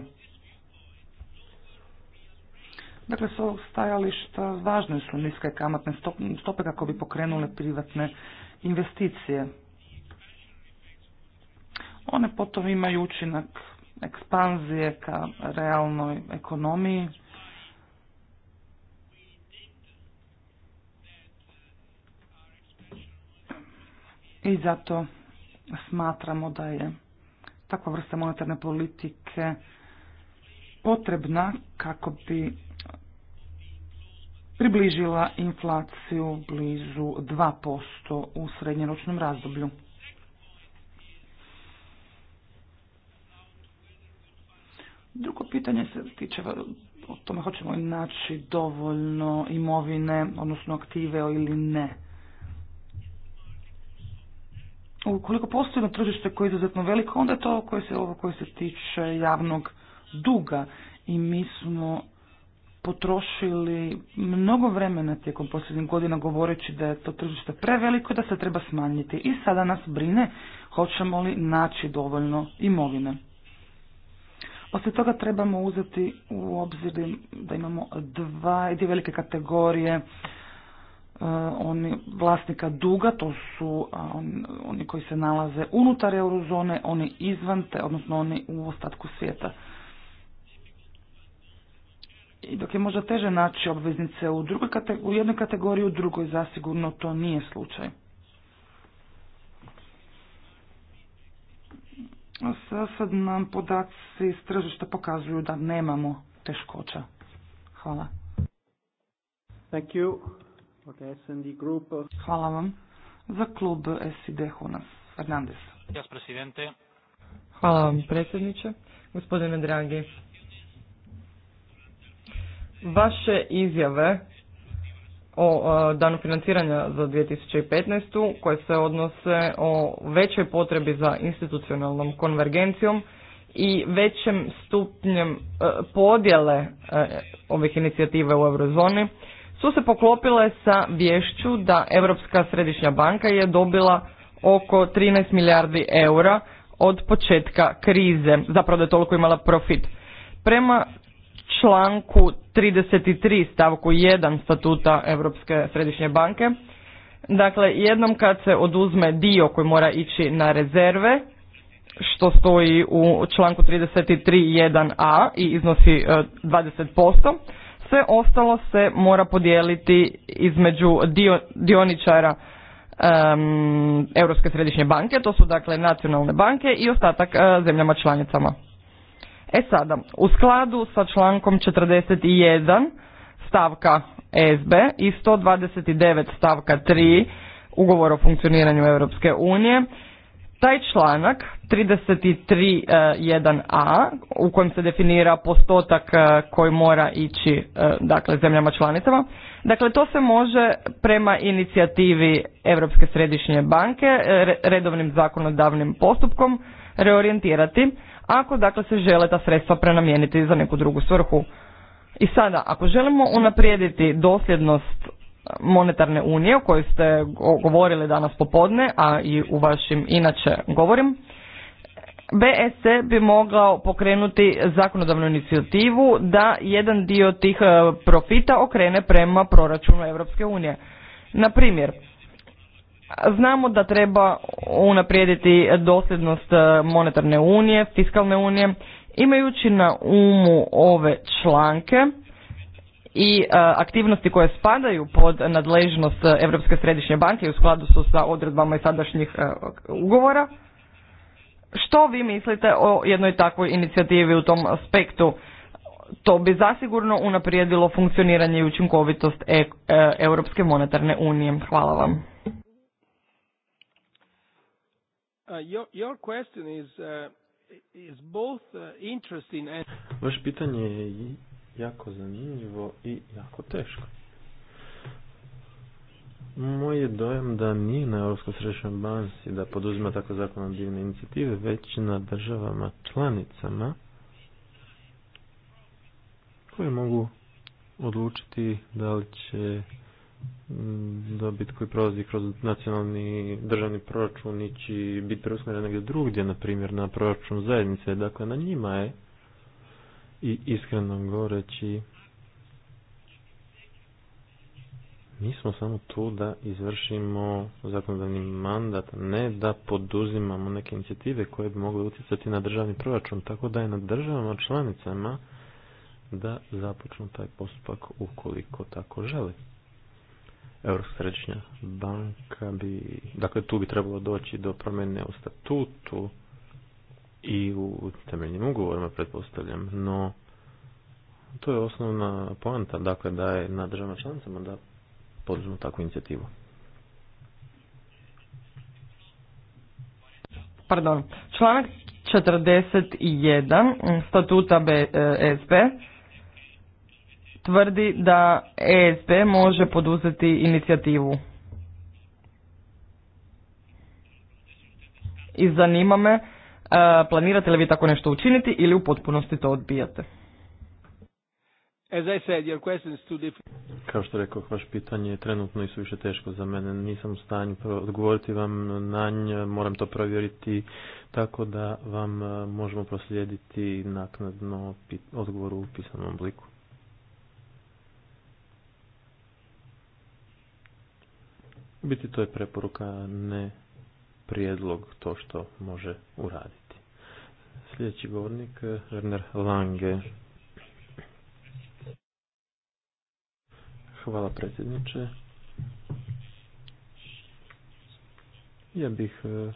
Dakle, s ovog stajališta važne su niske kamatne stope kako bi pokrenule privatne investicije. One potom imaju učinak ekspanzije ka realnoj ekonomiji. I zato smatramo da je takva vrsta monetarne politike potrebna kako bi približila inflaciju blizu 2% u srednjeročnom razdoblju. Drugo pitanje se tiče o tome hoćemo li naći dovoljno imovine, odnosno aktive ili ne. Ukoliko postoji na tržište koje je izuzetno veliko, onda je to koje se, ovo koje se tiče javnog duga i mi smo potrošili mnogo vremena tijekom posljednjih godina govoreći da je to tržište preveliko da se treba smanjiti i sada nas brine hoćemo li naći dovoljno imovine. Osim toga trebamo uzeti u obzir da imamo dva, dvije velike kategorije e, oni vlasnika duga, to su oni koji se nalaze unutar eurozone, oni izvan, te, odnosno oni u ostatku svijeta. I dok je možda teže naći obveznice u, drugoj u jednoj kategoriji, u drugoj zasigurno to nije slučaj. Sad nam podaci iz tržišta pokazuju da nemamo teškoća. Hvala. Thank you. Okay, SND group. Hvala vam. Za klub SID Hunas. Fernandez. Yes, presidente. Hvala vam predsjedniče. Gospodine dragi, vaše izjave o danu financiranja za 2015. koje se odnose o većoj potrebi za institucionalnom konvergencijom i većem stupnjem e, podjele e, ovih inicijative u eurozoni su se poklopile sa vješću da Europska središnja banka je dobila oko 13 milijardi eura od početka krize, zapravo da je toliko imala profit. Prema članku 33 stavku 1 statuta Europske središnje banke. Dakle, jednom kad se oduzme dio koji mora ići na rezerve, što stoji u članku 1 a i iznosi 20%, e, sve ostalo se mora podijeliti između dio, dioničara um, Europske središnje banke, to su dakle nacionalne banke i ostatak e, zemljama članicama. E sada, u skladu sa člankom 41 stavka SB i 129 stavka 3 ugovora o funkcioniranju Europske unije, taj članak 33.1a u kojem se definira postotak e, koji mora ići e, dakle, zemljama članicama, dakle to se može prema inicijativi Europske središnje banke e, redovnim zakonodavnim postupkom reorijentirati ako dakle se žele ta sredstva prenamijeniti za neku drugu svrhu. I sada, ako želimo unaprijediti dosljednost monetarne unije o kojoj ste govorili danas popodne, a i u vašim inače govorim, BSC bi mogao pokrenuti zakonodavnu inicijativu da jedan dio tih e, profita okrene prema proračunu Europske unije. Na primjer, Znamo da treba unaprijediti dosljednost e, monetarne unije, fiskalne unije, imajući na umu ove članke i e, aktivnosti koje spadaju pod nadležnost Europske središnje banke u skladu su sa odredbama i sadašnjih e, ugovora. Što vi mislite o jednoj takvoj inicijativi u tom aspektu? To bi zasigurno unaprijedilo funkcioniranje i učinkovitost Europske monetarne unije. Hvala vam. Uh, your, question is, uh, uh, Vaše pitanje je jako zanimljivo i jako teško. Moj je dojam da nije na Europskoj središnjoj banci da poduzima tako zakonodavne inicijative, već na državama članicama koje mogu odlučiti da li će Mm, dobit koji prolazi kroz nacionalni državni proračun će biti preusmjeren negdje drugdje, na primjer na proračun zajednice. Dakle, na njima je i iskreno govoreći mi smo samo tu da izvršimo zakonodavni mandat, ne da poduzimamo neke inicijative koje bi mogle utjecati na državni proračun, tako da je na državama članicama da započnu taj postupak ukoliko tako žele. Europska središnja banka bi, dakle tu bi trebalo doći do promjene u statutu i u temeljnim ugovorima pretpostavljam, no to je osnovna poanta, dakle da je na državama članicama da poduzmu takvu inicijativu. Pardon, članak 41 statuta BSB e, tvrdi da ESB može poduzeti inicijativu. I zanima me, e, planirate li vi tako nešto učiniti ili u potpunosti to odbijate? Kao što rekao, vaše pitanje je trenutno i su više teško za mene. Nisam u stanju odgovoriti vam na nje, moram to provjeriti tako da vam e, možemo proslijediti naknadno odgovor u pisanom obliku. biti to je preporuka, ne prijedlog to što može uraditi. Sljedeći govornik, Werner Lange. Hvala predsjedniče. Ja bih e,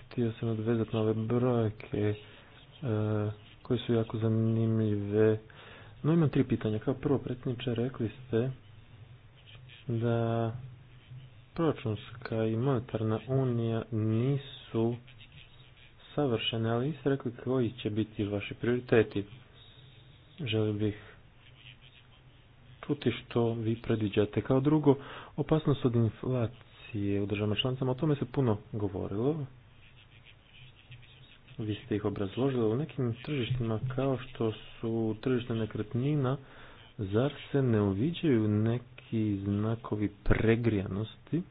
htio se nadvezati na ove brojke e, koje su jako zanimljive. No imam tri pitanja. Kao prvo predsjedniče rekli ste da proračunska i monetarna unija nisu savršene, ali ste rekli koji će biti vaši prioriteti. Želio bih čuti što vi predviđate. Kao drugo, opasnost od inflacije u državama članicama, o tome se puno govorilo. Vi ste ih obrazložili u nekim tržištima kao što su tržište nekretnina, zar se ne uviđaju neke neki znakovi pregrijanosti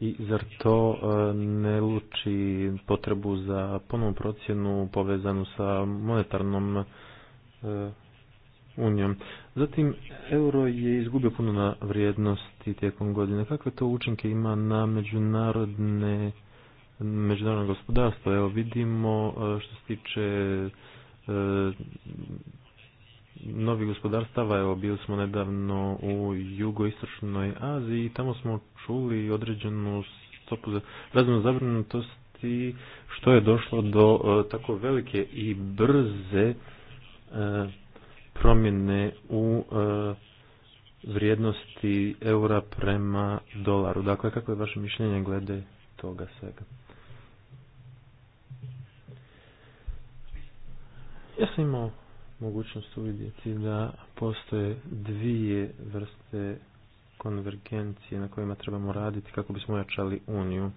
i zar to e, ne luči potrebu za ponovnu procjenu povezanu sa monetarnom e, unijom. Zatim, euro je izgubio puno na vrijednosti tijekom godine. Kakve to učinke ima na međunarodne međunarodno gospodarstvo? Evo vidimo e, što se tiče novih gospodarstava. Evo, bili smo nedavno u jugoistočnoj Aziji i tamo smo čuli određenu stopu razinu zabrinutosti što je došlo do e, tako velike i brze e, promjene u e, vrijednosti eura prema dolaru. Dakle, kako je vaše mišljenje glede toga svega? Ja sam imao mogućnost uvidjeti da postoje dvije vrste konvergencije na kojima trebamo raditi kako bismo ojačali Uniju.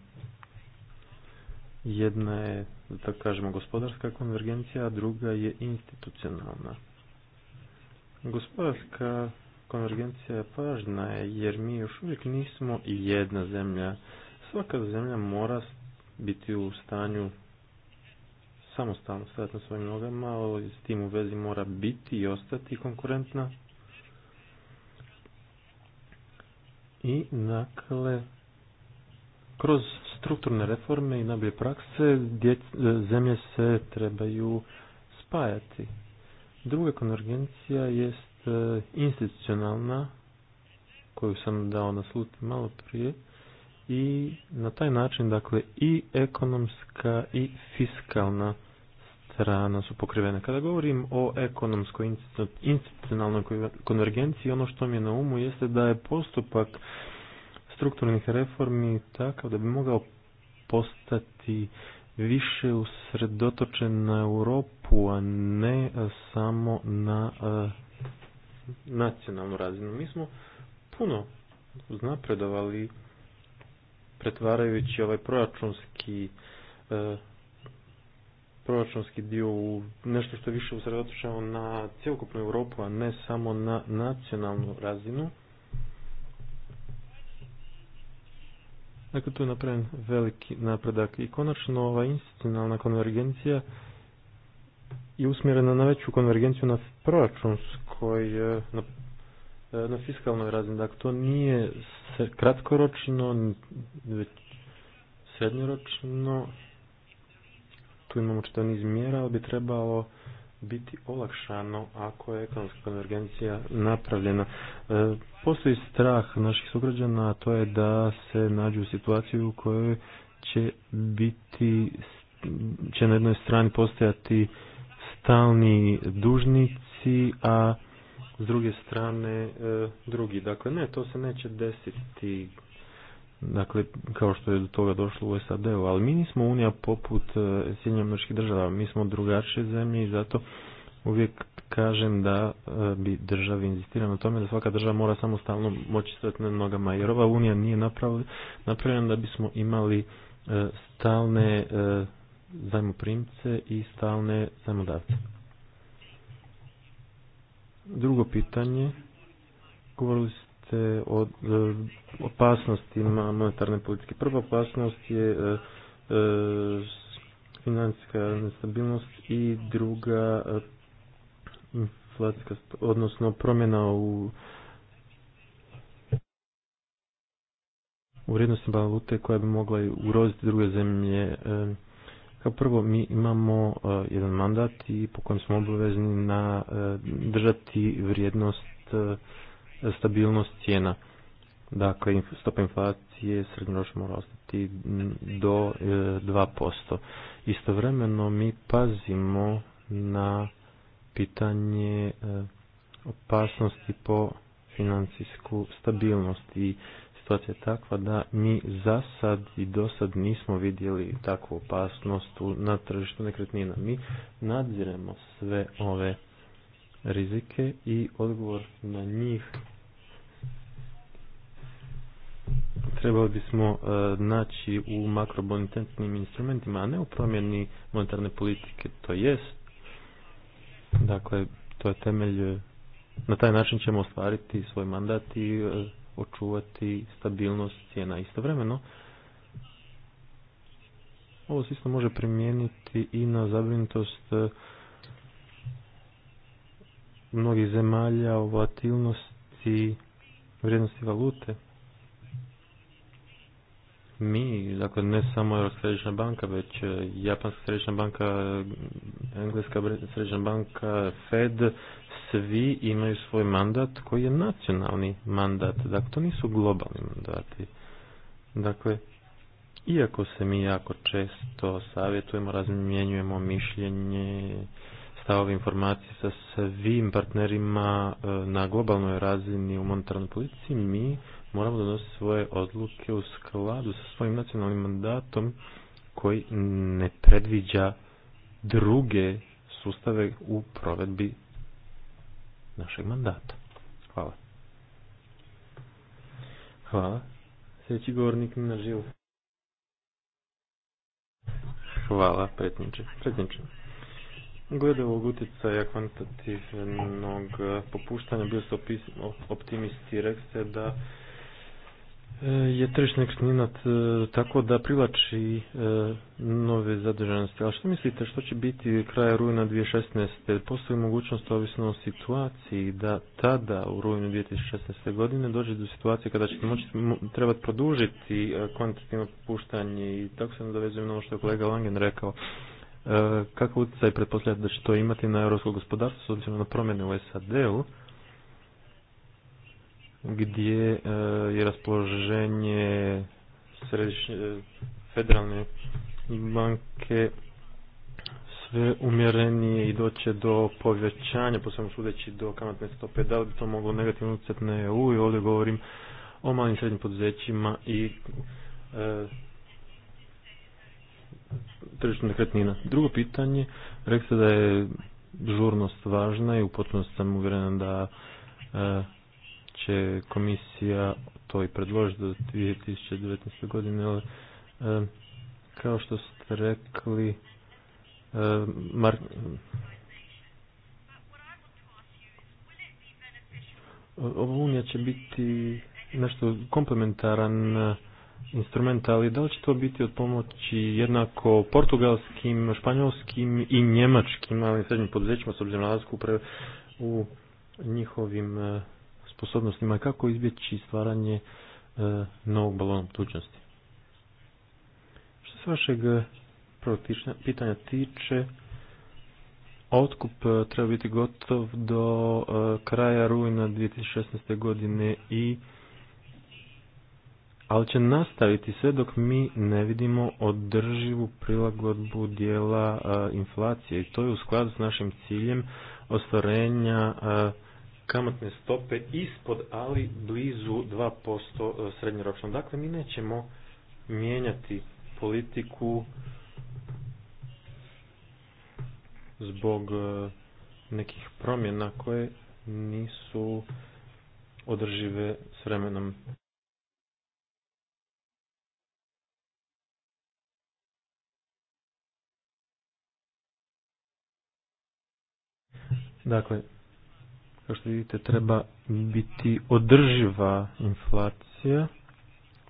Jedna je, da tako kažemo, gospodarska konvergencija, a druga je institucionalna. Gospodarska konvergencija je važna jer mi još uvijek nismo jedna zemlja. Svaka zemlja mora biti u stanju samostalno stajati na svojim nogama, ali s tim u vezi mora biti i ostati konkurentna. I nakle, kroz strukturne reforme i najbolje prakse zemlje se trebaju spajati. Druga konvergencija jest eh, institucionalna, koju sam dao na sluti malo prije, i na taj način dakle i ekonomska i fiskalna strana su pokrivene. Kada govorim o ekonomskoj institucionalnoj konvergenciji, ono što mi je na umu jeste da je postupak strukturnih reformi takav da bi mogao postati više usredotočen na Europu, a ne samo na nacionalnu razinu. Mi smo puno uznapredovali pretvarajući ovaj proračunski e, proračunski dio u nešto što više usredotočeno na cjelokupnu Europu, a ne samo na nacionalnu razinu. Dakle, tu je napravljen veliki napredak i konačno ova institucionalna konvergencija je usmjerena na veću konvergenciju na proračunskoj, e, na E, na fiskalnoj razini. Dakle, to nije kratkoročno, već srednjoročno. Tu imamo čitav niz mjera, ali bi trebalo biti olakšano ako je ekonomska konvergencija napravljena. E, postoji strah naših sugrađana, a to je da se nađu u situaciju u kojoj će biti će na jednoj strani postojati stalni dužnici, a s druge strane e, drugi. Dakle, ne, to se neće desiti dakle, kao što je do toga došlo u SAD-u, ali mi nismo Unija poput e, mnoških država, mi smo drugačije zemlje i zato uvijek kažem da e, bi državi inzistira na tome da svaka država mora samostalno moći stati na nogama, jer ova Unija nije napravljena da bismo imali stalne zajmoprimce i stalne zajmodavce. Drugo pitanje, govorili ste o e, opasnostima monetarne politike. Prva opasnost je e, e, financijska nestabilnost i druga inflacijska, odnosno promjena u u vrijednosti valute koja bi mogla uroziti druge zemlje kao prvo, mi imamo e, jedan mandat i po kojem smo obavezni na e, držati vrijednost, e, stabilnost cijena. Dakle, stopa inflacije srednjoročno mora ostati do 2%. Istovremeno mi pazimo na pitanje opasnosti po financijsku stabilnost i situacija je takva da mi za sad i do sad nismo vidjeli takvu opasnost na tržištu nekretnina. Mi nadziremo sve ove rizike i odgovor na njih trebali bismo e, naći u makrobonitentnim instrumentima, a ne u promjeni monetarne politike. To jest, dakle, to je temelj, e, na taj način ćemo ostvariti svoj mandat i e, očuvati stabilnost cijena. Istovremeno, ovo se isto može primijeniti i na zabrinutost e, mnogih zemalja o volatilnosti vrijednosti valute. Mi, dakle ne samo Europska središnja banka, već e, Japanska središnja banka, Engleska središnja banka, Fed, svi imaju svoj mandat koji je nacionalni mandat. Dakle, to nisu globalni mandati. Dakle, iako se mi jako često savjetujemo, razmjenjujemo mišljenje, stavove informacije sa svim partnerima e, na globalnoj razini u monetarnoj politici, mi moramo donositi svoje odluke u skladu sa svojim nacionalnim mandatom koji ne predviđa druge sustave u provedbi našeg mandata. Hvala. Hvala. Sljedeći govornik na živu. Hvala, pretniče. Glede ovog utjecaja kvantitativnog popuštanja, bio se optimisti, rekse da E, je tržišna nekretnina e, tako da privlači e, nove zadržanosti. Ali što mislite što će biti kraja rujna 2016. Postoji mogućnost ovisno o situaciji da tada u rujnu 2016. godine dođe do situacije kada ćete moći trebati produžiti kvantitativno popuštanje i tako se nadovezujem na ono što je kolega Langen rekao. Kako utjecaj pretpostavljate da će to imati na europsko gospodarstvo s obzirom na promjene u SAD-u? gdje e, je raspoloženje središnje e, federalne banke sve umjerenije i doće do povećanja, posebno sudeći do kamatne stope, da li bi to moglo negativno utjecati na EU i ovdje govorim o malim srednjim poduzećima i e, tržištu nekretnina. Drugo pitanje, rekli ste da je žurnost važna i u potpunosti sam uvjeren da e, će komisija to i predložiti do 2019. godine, ali kao što ste rekli, ova unija će biti nešto komplementaran eh, instrument, ali da li će to biti od pomoći jednako portugalskim, španjolskim i njemačkim ali srednjim poduzećima s obzirom na u njihovim eh, sposobnostima, kako izbjeći stvaranje e, novog balona budućnosti. Što se vašeg e, prvog pitanja tiče, otkup e, treba biti gotov do kraja rujna 2016. godine i ali će nastaviti sve dok mi ne vidimo održivu prilagodbu dijela inflacije i to je u skladu s našim ciljem ostvarenja kamatne stope ispod, ali blizu 2% e, srednjoročno. Dakle, mi nećemo mijenjati politiku zbog e, nekih promjena koje nisu održive s vremenom. Dakle, što vidite, treba biti održiva inflacija.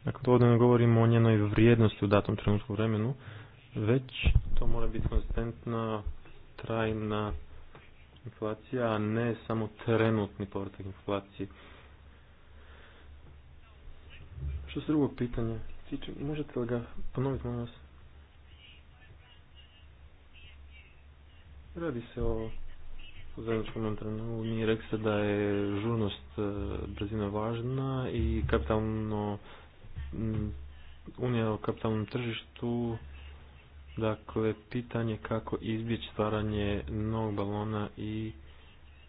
Dakle, to ne govorimo o njenoj vrijednosti u datom trenutku vremenu, već to mora biti konstantna, trajna inflacija, a ne samo trenutni povratak inflaciji. Što se drugog pitanja tiče, možete li ga ponoviti na vas? Radi se o zajedničkom trenutku mi rekli ste da je žurnost e, brzina važna i kapitalno unija o kapitalnom tržištu dakle pitanje kako izbjeći stvaranje novog balona i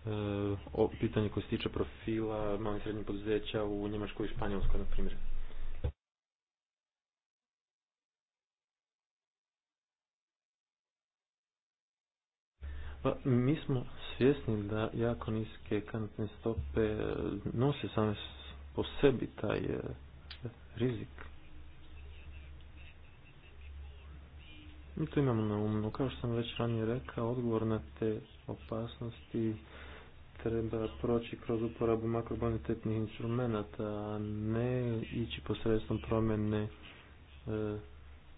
e, pitanje koje se tiče profila malih srednjih poduzeća u Njemačkoj i Španjolskoj na primjer. Pa, mi smo svjesni da jako niske kamatne stope e, nose same po sebi taj e, rizik. Mi to imamo na umu, kao što sam već ranije rekao, odgovor na te opasnosti treba proći kroz uporabu makrobonitetnih instrumenta, a ne ići posredstvom promjene e,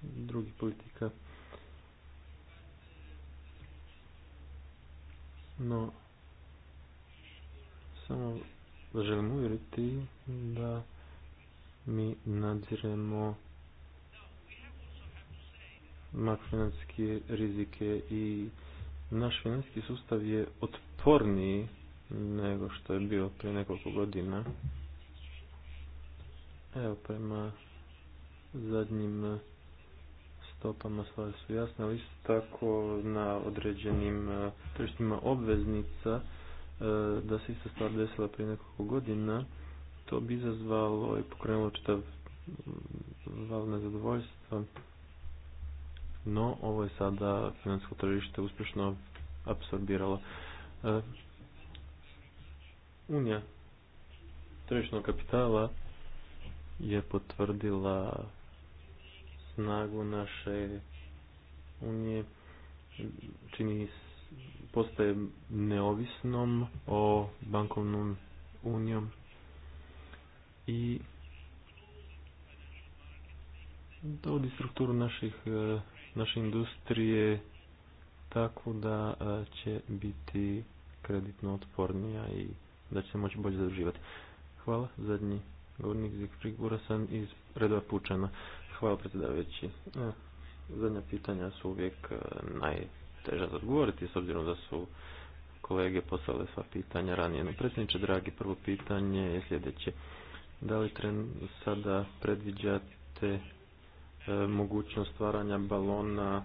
drugih politika. No, samo želim uvjeriti da mi nadziremo makrofinanske rizike i naš financijski sustav je otporniji nego što je bio prije nekoliko godina. Evo prema zadnjim stopama svoje su jasne, ali isto tako na određenim e, tržištima obveznica e, da se ista stvar desila prije nekoliko godina, to bi izazvalo i pokrenulo čitav mm, val nezadovoljstva. No, ovo je sada financijsko tržište uspješno apsorbiralo. E, Unija tržišnog kapitala je potvrdila snagu naše unije čini postaje neovisnom o bankovnom unijom i dovodi strukturu naših, e, naše industrije tako da e, će biti kreditno otpornija i da će se moći bolje zaduživati. Hvala, zadnji govornik Zikfrig Burasan iz redova Pučana. Hvala predsjedavajući. E, zadnja pitanja su uvijek e, najteža za odgovoriti s obzirom da su kolege poslale sva pitanja ranije. predsjedniče, dragi, prvo pitanje je sljedeće. Da li tren sada predviđate e, mogućnost stvaranja balona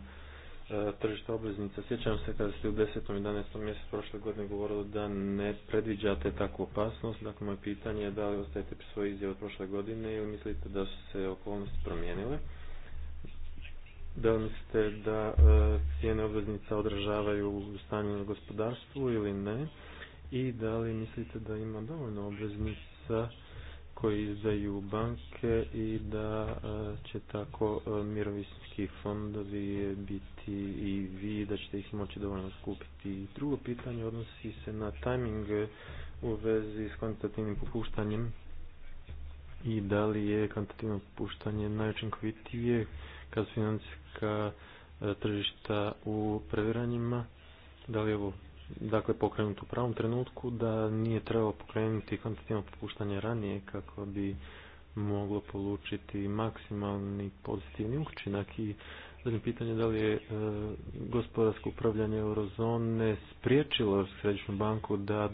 E, tržište obveznica. Sjećam se kada ste u 10. i 11. mjesecu prošle godine govorili da ne predviđate takvu opasnost. Dakle, moje pitanje je da li ostajete pri svojoj od prošle godine ili mislite da su se okolnosti promijenile? Da li mislite da e, cijene obveznica odražavaju stanje na gospodarstvu ili ne? I da li mislite da ima dovoljno obveznica koji izdaju banke i da e, će tako e, mirovinski fondovi biti i vi, da ćete ih moći dovoljno skupiti. Drugo pitanje odnosi se na timing e, u vezi s kvantitativnim popuštanjem i da li je kvantitativno popuštanje najučinkovitije kad su financijska tržišta u previranjima, da li je ovo dakle pokrenut u pravom trenutku, da nije trebalo pokrenuti kvantitativno popuštanje ranije kako bi moglo polučiti maksimalni pozitivni učinak i zadnje pitanje da li je e, gospodarsko upravljanje eurozone spriječilo središnju banku da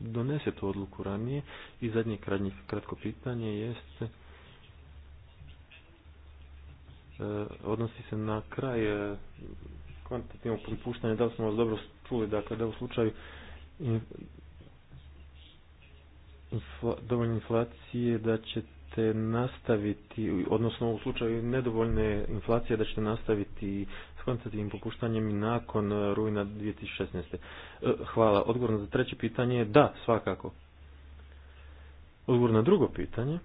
donese tu odluku ranije i zadnje kratko pitanje jeste odnosi se na kraj e, kvantitativnog popuštanja, da li smo vas dobro čuli, dakle da u slučaju dovoljne inflacije da ćete nastaviti, odnosno u slučaju nedovoljne inflacije da ćete nastaviti s kvantitativnim popuštanjem i nakon e, rujna 2016. E, hvala. Odgovor za treće pitanje je da, svakako. Odgovor na drugo pitanje.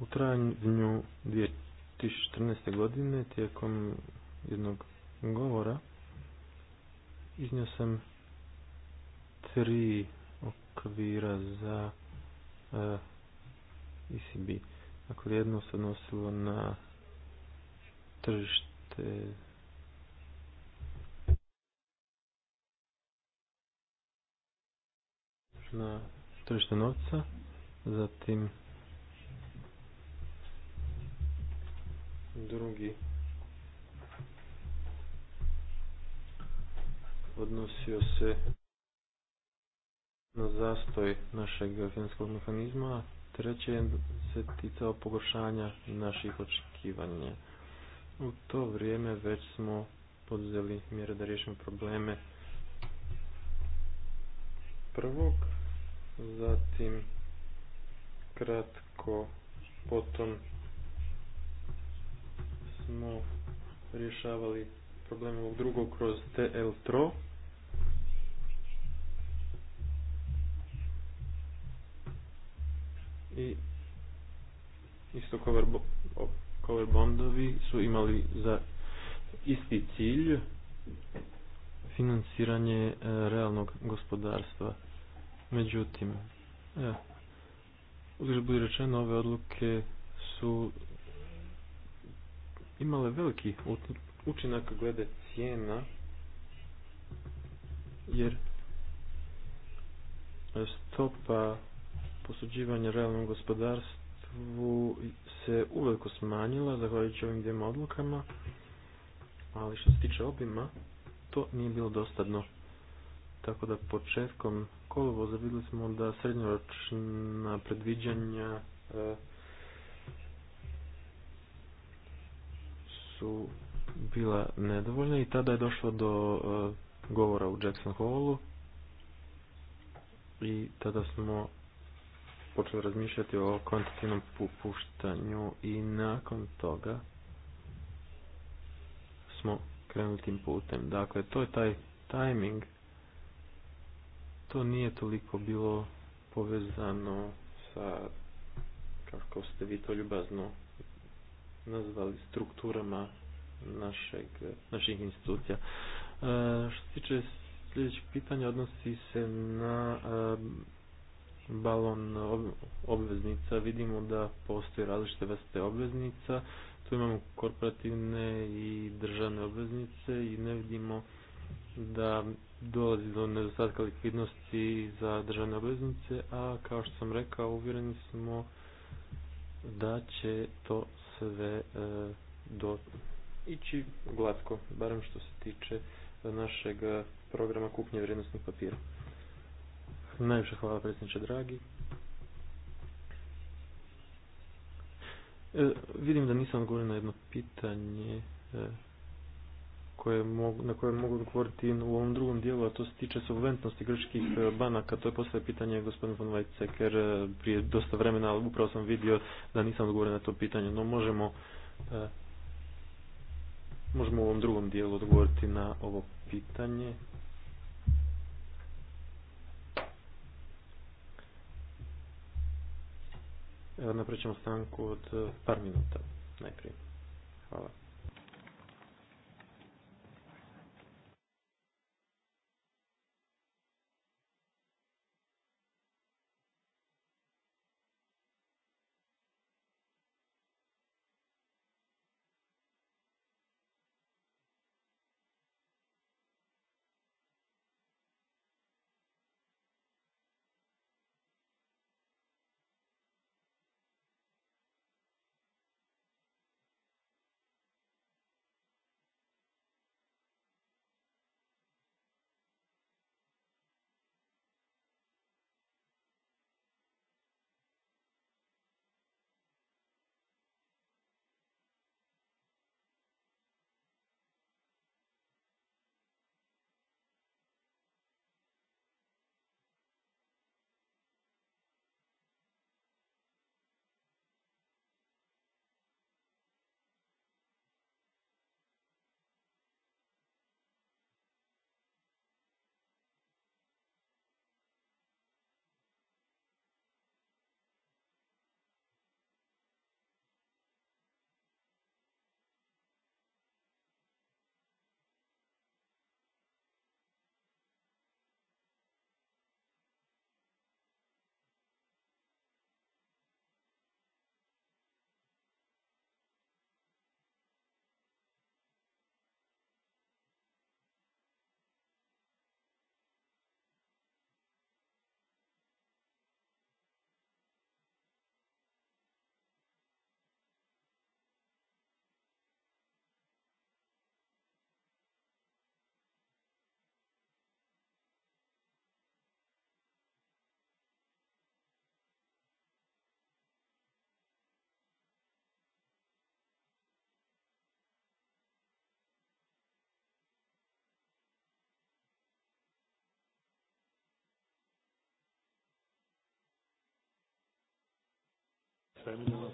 U trajanju 2014. godine tijekom jednog govora iznio sam tri okvira za ICB. E, e ECB. Dakle, jedno se odnosilo na tržište na tržište novca, zatim drugi odnosio se na zastoj našeg financijskog mehanizma, treće se ticao pogoršanja naših očekivanja. U to vrijeme već smo poduzeli mjere da riješimo probleme prvog, zatim kratko potom smo rješavali problem ovog drugog kroz TL TRO. I isto cover, bo bondovi su imali za isti cilj financiranje e, realnog gospodarstva. Međutim, ja, e, uzgled rečeno, ove odluke su imale veliki učinak glede cijena jer e, stopa posuđivanja realnom gospodarstvu se uveliko smanjila zahvaljujući ovim dvijema odlukama ali što se tiče obima to nije bilo dostatno tako da početkom kolovoza vidjeli smo da srednjoročna predviđanja e, su bila nedovoljna i tada je došlo do e, govora u Jackson Hallu i tada smo počeli razmišljati o kvantitivnom puštanju i nakon toga smo krenuli tim putem. Dakle, to je taj timing. To nije toliko bilo povezano sa, kako ste vi to ljubazno nazvali strukturama našeg, naših institucija. E, što se tiče sljedećeg pitanja, odnosi se na e, balon obveznica. Vidimo da postoje različite vrste obveznica. Tu imamo korporativne i državne obveznice i ne vidimo da dolazi do nedostatka likvidnosti za državne obveznice, a kao što sam rekao, uvjereni smo da će to sve e, do ići glatko, barem što se tiče našeg programa kupnje vrijednostnih papira. Najviše hvala predsjedniče dragi. E, vidim da nisam odgovorio na jedno pitanje. E, koje na koje mogu odgovoriti u ovom drugom dijelu, a to se tiče solventnosti grčkih e, banaka. To je postoje pitanje gospodin von Weizsäcker e, prije dosta vremena, ali upravo sam vidio da nisam odgovorio na to pitanje. No možemo, e, možemo u ovom drugom dijelu odgovoriti na ovo pitanje. Evo naprećemo stanku od par minuta najprije. Hvala. Zwei Minuten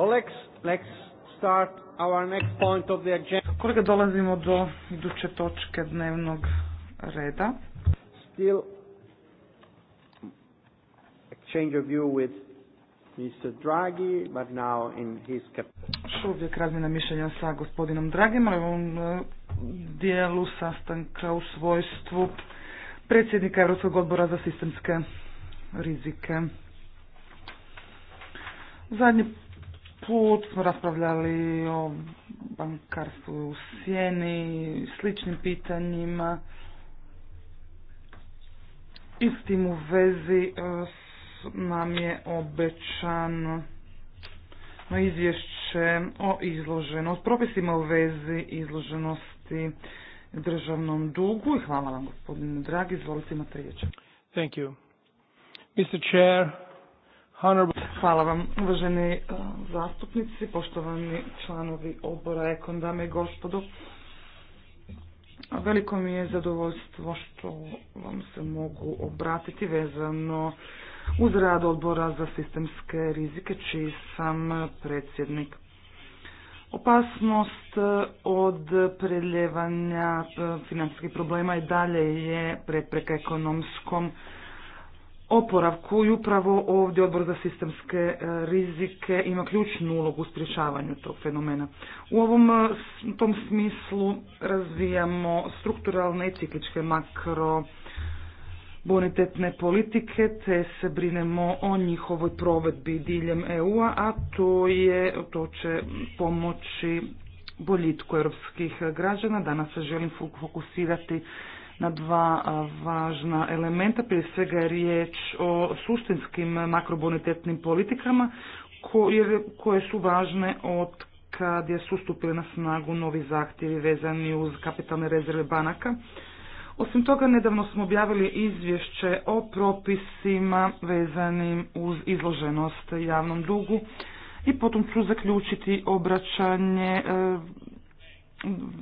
let's start our next point of the Kolega, dolazimo do iduće točke dnevnog reda. Still exchange of view with Mr. uvijek razmjena mišljenja sa gospodinom Dragim, ali on e, dijelu sastanka u svojstvu predsjednika Europskog odbora za sistemske rizike. Zadnji put smo raspravljali o bankarstvu u sjeni, sličnim pitanjima i s tim u vezi e, nam je obećano izvješće o izloženosti, propisima u vezi izloženosti državnom dugu i hvala vam gospodine Dragi, izvolite imate riječ. Thank Hvala vam, uvaženi e, zastupnici, poštovani članovi odbora Ekon, dame i gospodo. Veliko mi je zadovoljstvo što vam se mogu obratiti vezano uz rad odbora za sistemske rizike, čiji sam predsjednik. Opasnost od prelijevanja e, financijskih problema i dalje je prepreka ekonomskom oporavku i upravo ovdje odbor za sistemske e, rizike ima ključnu ulogu u sprječavanju tog fenomena. U ovom e, tom smislu razvijamo strukturalne i cikličke makro bonitetne politike te se brinemo o njihovoj provedbi diljem EU-a, a to, je, to će pomoći boljitku europskih građana. Danas se želim fokusirati na dva važna elementa. Prije svega je riječ o suštinskim makrobonitetnim politikama koje su važne od kad je sustupili na snagu novi zahtjevi vezani uz kapitalne rezerve banaka. Osim toga, nedavno smo objavili izvješće o propisima vezanim uz izloženost javnom dugu i potom ću zaključiti obraćanje e,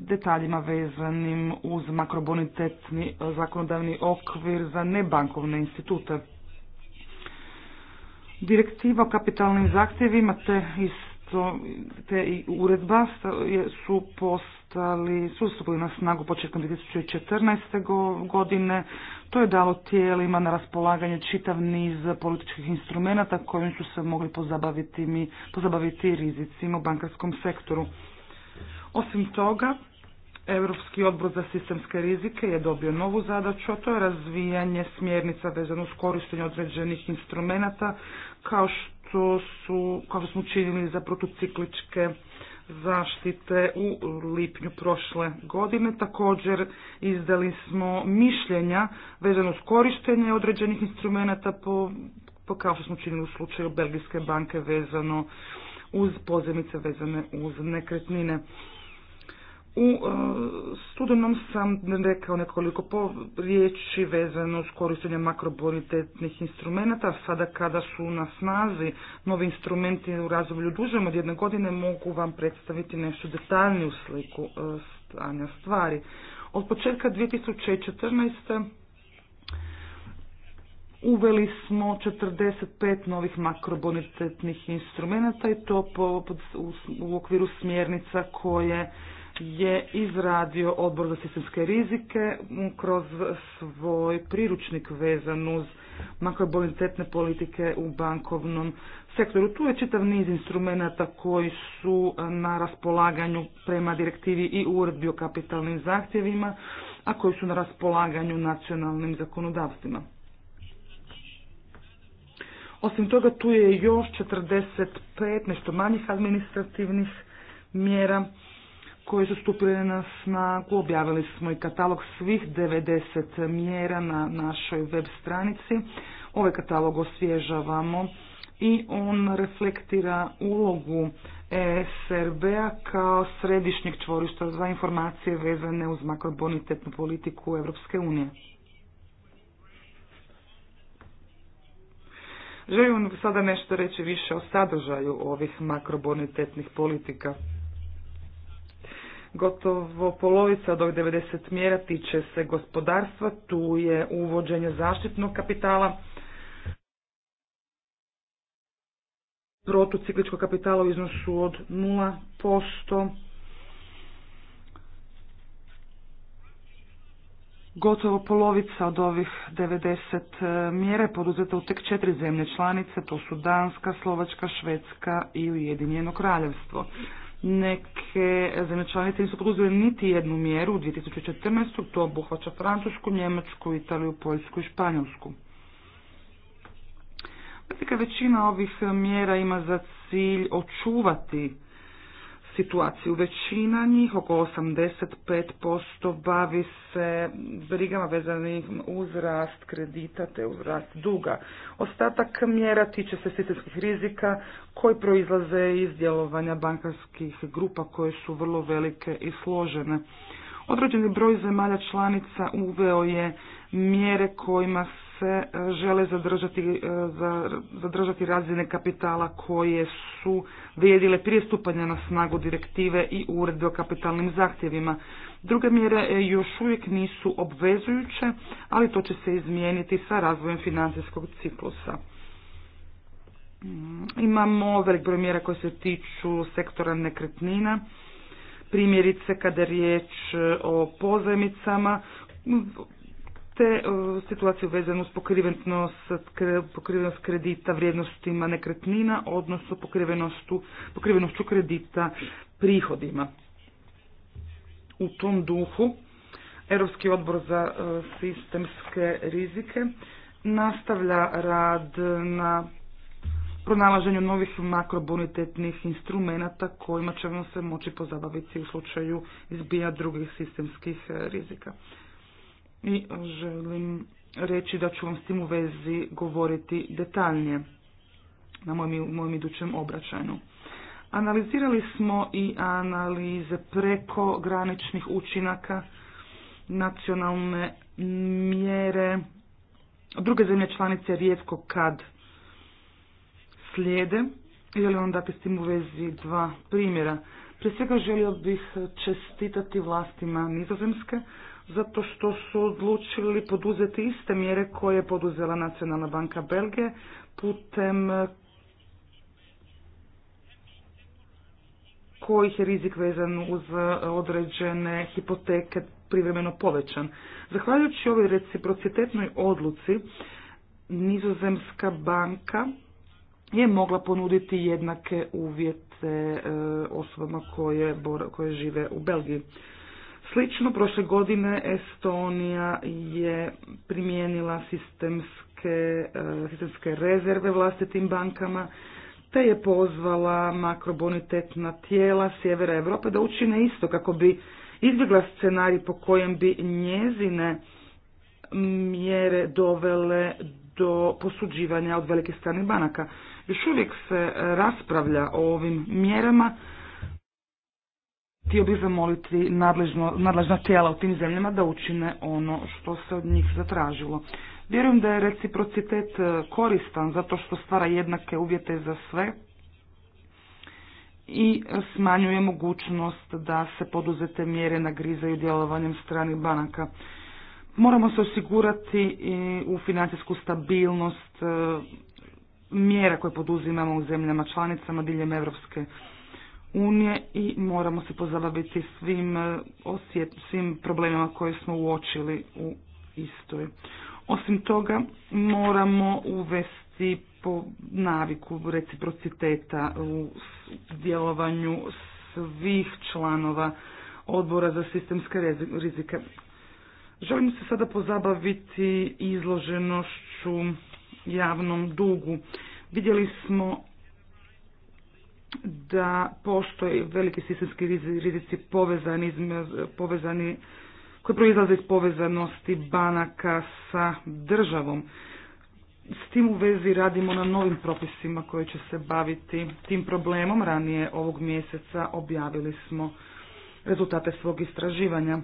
detaljima vezanim uz makrobonitetni e, zakonodavni okvir za nebankovne institute. Direktiva o kapitalnim zahtjevima te isto te i uredba su postali, su stupili na snagu početkom 2014. godine. To je dalo tijelima na raspolaganje čitav niz političkih instrumenata kojim su se mogli pozabaviti, pozabaviti rizicima u bankarskom sektoru. Osim toga, Europski odbor za sistemske rizike je dobio novu zadaću, a to je razvijanje smjernica vezano s korištenje određenih instrumenata kao što su, kao smo činili za protocikličke zaštite u lipnju prošle godine. Također izdali smo mišljenja vezano s korištenje određenih instrumenata po, po kao što smo činili u slučaju Belgijske banke vezano uz pozemice vezane uz nekretnine. U e, studenom sam rekao nekoliko riječi vezano s korištenje makrobonitetnih instrumenta. Sada kada su na snazi novi instrumenti u razvoju dužem od jedne godine mogu vam predstaviti nešto detaljniju sliku e, stanja stvari. Od početka 2014. Uveli smo 45 novih makrobonitetnih instrumenta i to po, u okviru smjernica koje je izradio odbor za sistemske rizike kroz svoj priručnik vezan uz makrobonitetne politike u bankovnom sektoru. Tu je čitav niz instrumenata koji su na raspolaganju prema direktivi i uredbi o kapitalnim zahtjevima, a koji su na raspolaganju nacionalnim zakonodavstvima. Osim toga tu je još 45 nešto manjih administrativnih mjera koje su stupile na snagu. Objavili smo i katalog svih 90 mjera na našoj web stranici. Ovaj katalog osvježavamo i on reflektira ulogu e srb a kao središnjeg čvorišta za informacije vezane uz makrobonitetnu politiku Europske unije. Želim vam sada nešto reći više o sadržaju ovih makrobonitetnih politika. Gotovo polovica od ovih 90 mjera tiče se gospodarstva, tu je uvođenje zaštitnog kapitala, protucikličkog kapitala u iznosu od 0%, Gotovo polovica od ovih 90 e, mjere poduzeta u tek četiri zemlje članice, to su Danska, Slovačka, Švedska i Ujedinjeno kraljevstvo. Neke zemlje članice nisu poduzele niti jednu mjeru u 2014. To obuhvaća Francusku, Njemačku, Italiju, Poljsku i Španjolsku. Velika većina ovih mjera ima za cilj očuvati situaciju. Većina njih, oko 85%, bavi se brigama vezanih uz rast kredita te uz rast duga. Ostatak mjera tiče se sistemskih rizika koji proizlaze iz djelovanja bankarskih grupa koje su vrlo velike i složene. Određeni broj zemalja članica uveo je mjere kojima se e, žele zadržati, e, zadržati razine kapitala koje su vrijedile prije stupanja na snagu direktive i uredbe o kapitalnim zahtjevima. Druge mjere e, još uvijek nisu obvezujuće, ali to će se izmijeniti sa razvojem financijskog ciklusa. Mm, imamo velik broj mjera koje se tiču sektora nekretnina, primjerice kada je riječ o pozajmicama, E, situaciju vezanu s pokrivenost, pokrivenost kredita vrijednostima nekretnina, odnosno pokrivenostu, kredita prihodima. U tom duhu Europski odbor za e, sistemske rizike nastavlja rad na pronalaženju novih makrobonitetnih instrumenata kojima ćemo se moći pozabaviti u slučaju izbija drugih sistemskih e, rizika i želim reći da ću vam s tim u vezi govoriti detaljnije na mojem, idućem obraćanju. Analizirali smo i analize preko graničnih učinaka nacionalne mjere. Druge zemlje članice rijetko kad slijede. Želim vam dati s tim u vezi dva primjera. Prije svega želio bih čestitati vlastima nizozemske zato što su odlučili poduzeti iste mjere koje je poduzela Nacionalna banka Belgije putem kojih je rizik vezan uz određene hipoteke privremeno povećan. Zahvaljujući ovoj reciprocitetnoj odluci, Nizozemska banka je mogla ponuditi jednake uvjete e, osobama koje, koje žive u Belgiji. Slično, prošle godine Estonija je primijenila sistemske, e, sistemske rezerve vlastitim bankama, te je pozvala makrobonitetna tijela sjevera Europe da učine isto kako bi izbjegla scenarij po kojem bi njezine mjere dovele do posuđivanja od velike strane banaka. Još uvijek se raspravlja o ovim mjerama, Htio bih zamoliti nadležna tijela u tim zemljama da učine ono što se od njih zatražilo. Vjerujem da je reciprocitet e, koristan zato što stvara jednake uvjete za sve i smanjuje mogućnost da se poduzete mjere nagrizaju djelovanjem stranih banaka. Moramo se osigurati i u financijsku stabilnost e, mjera koje poduzimamo u zemljama članicama diljem Evropske unije i moramo se pozabaviti svim, e, osjet, svim problemima koje smo uočili u istoj. Osim toga, moramo uvesti po naviku reciprociteta u djelovanju svih članova odbora za sistemske rizike. Želim se sada pozabaviti izloženošću javnom dugu. Vidjeli smo da postoji veliki sistemski rizici povezani, povezani koji proizlaze iz povezanosti banaka sa državom. S tim u vezi radimo na novim propisima koji će se baviti tim problemom. Ranije ovog mjeseca objavili smo rezultate svog istraživanja.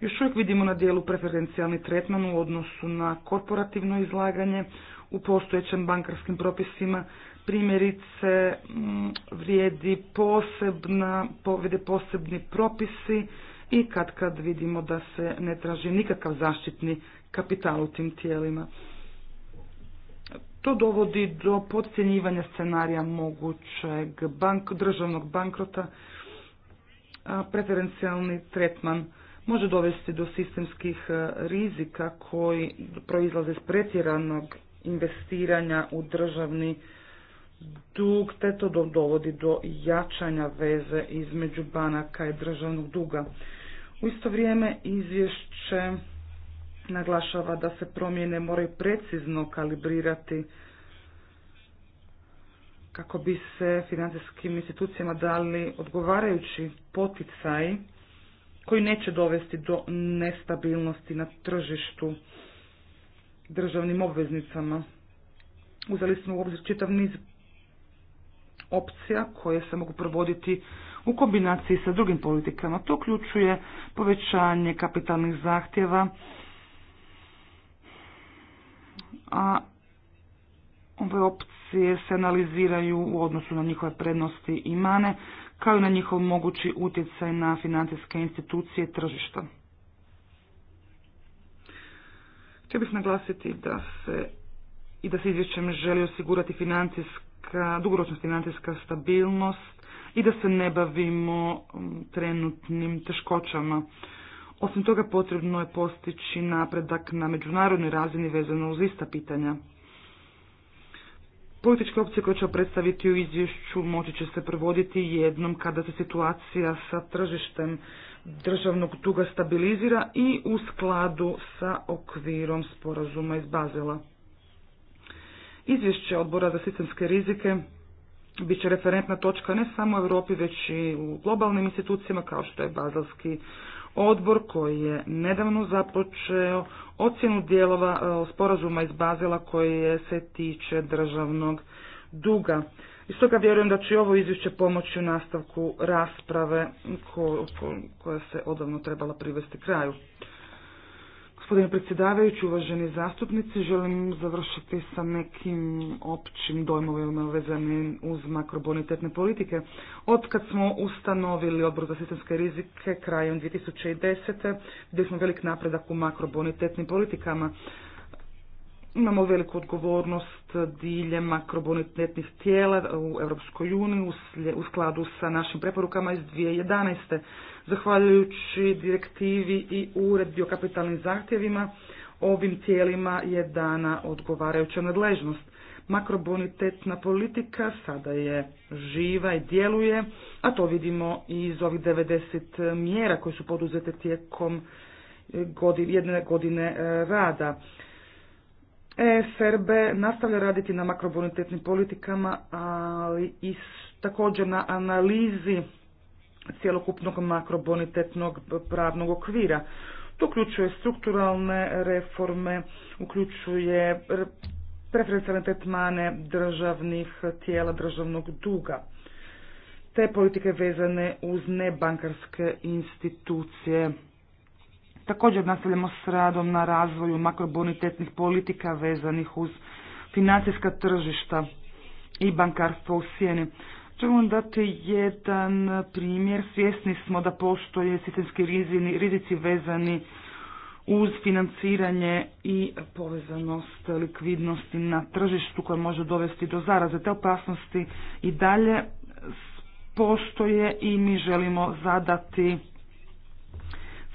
Još uvijek vidimo na dijelu preferencijalni tretman u odnosu na korporativno izlaganje u postojećem bankarskim propisima, primjerice mm, vrijedi posebna, povede posebni propisi i kad kad vidimo da se ne traži nikakav zaštitni kapital u tim tijelima. To dovodi do podcjenjivanja scenarija mogućeg bank, državnog bankrota, a preferencijalni tretman može dovesti do sistemskih e, rizika koji proizlaze iz pretjeranog investiranja u državni dug, te to dovodi do jačanja veze između banaka i državnog duga. U isto vrijeme izvješće naglašava da se promjene moraju precizno kalibrirati kako bi se financijskim institucijama dali odgovarajući poticaji koji neće dovesti do nestabilnosti na tržištu državnim obveznicama. Uzeli smo u obzir čitav niz opcija koje se mogu provoditi u kombinaciji sa drugim politikama. To uključuje povećanje kapitalnih zahtjeva, a ove opcije se analiziraju u odnosu na njihove prednosti i mane, kao i na njihov mogući utjecaj na financijske institucije tržišta. Htio bih naglasiti da se i da se izvješćem želi osigurati financijski dugoročna financijska stabilnost i da se ne bavimo trenutnim teškoćama. Osim toga potrebno je postići napredak na međunarodnoj razini vezano uz ista pitanja. Političke opcije koje će predstaviti u izvješću moći će se provoditi jednom kada se situacija sa tržištem državnog duga stabilizira i u skladu sa okvirom sporazuma iz Bazela. Izvješće odbora za sistemske rizike bit će referentna točka ne samo u Europi već i u globalnim institucijama kao što je Bazalski odbor koji je nedavno započeo ocjenu dijelova e, sporazuma iz Bazela koje se tiče državnog duga. I stoga vjerujem da će ovo izvješće pomoći u nastavku rasprave koja se odavno trebala privesti kraju. Gospodine predsjedavajući, uvaženi zastupnici, želim završiti sa nekim općim dojmovima vezanim uz makrobonitetne politike. Od kad smo ustanovili odbor za sistemske rizike krajem 2010. gdje smo velik napredak u makrobonitetnim politikama, imamo veliku odgovornost diljem makrobonitetnih tijela u Europskoj uniji u skladu sa našim preporukama iz 2011. Zahvaljujući direktivi i uredbi o kapitalnim zahtjevima, ovim tijelima je dana odgovarajuća nadležnost. Makrobonitetna politika sada je živa i djeluje, a to vidimo i iz ovih 90 mjera koje su poduzete tijekom e, jedne godine e, rada. SRB e nastavlja raditi na makrobonitetnim politikama, ali i također na analizi cjelokupnog makrobonitetnog pravnog okvira. To uključuje strukturalne reforme, uključuje preferencijalne tretmane državnih tijela državnog duga, te politike vezane uz nebankarske institucije. Također nastavljamo s radom na razvoju makrobonitetnih politika vezanih uz financijska tržišta i bankarstvo u sjeni. Želim dati jedan primjer. Svjesni smo da postoje sistemski rizici vezani uz financiranje i povezanost likvidnosti na tržištu koje može dovesti do zaraze. Te opasnosti i dalje postoje i mi želimo zadati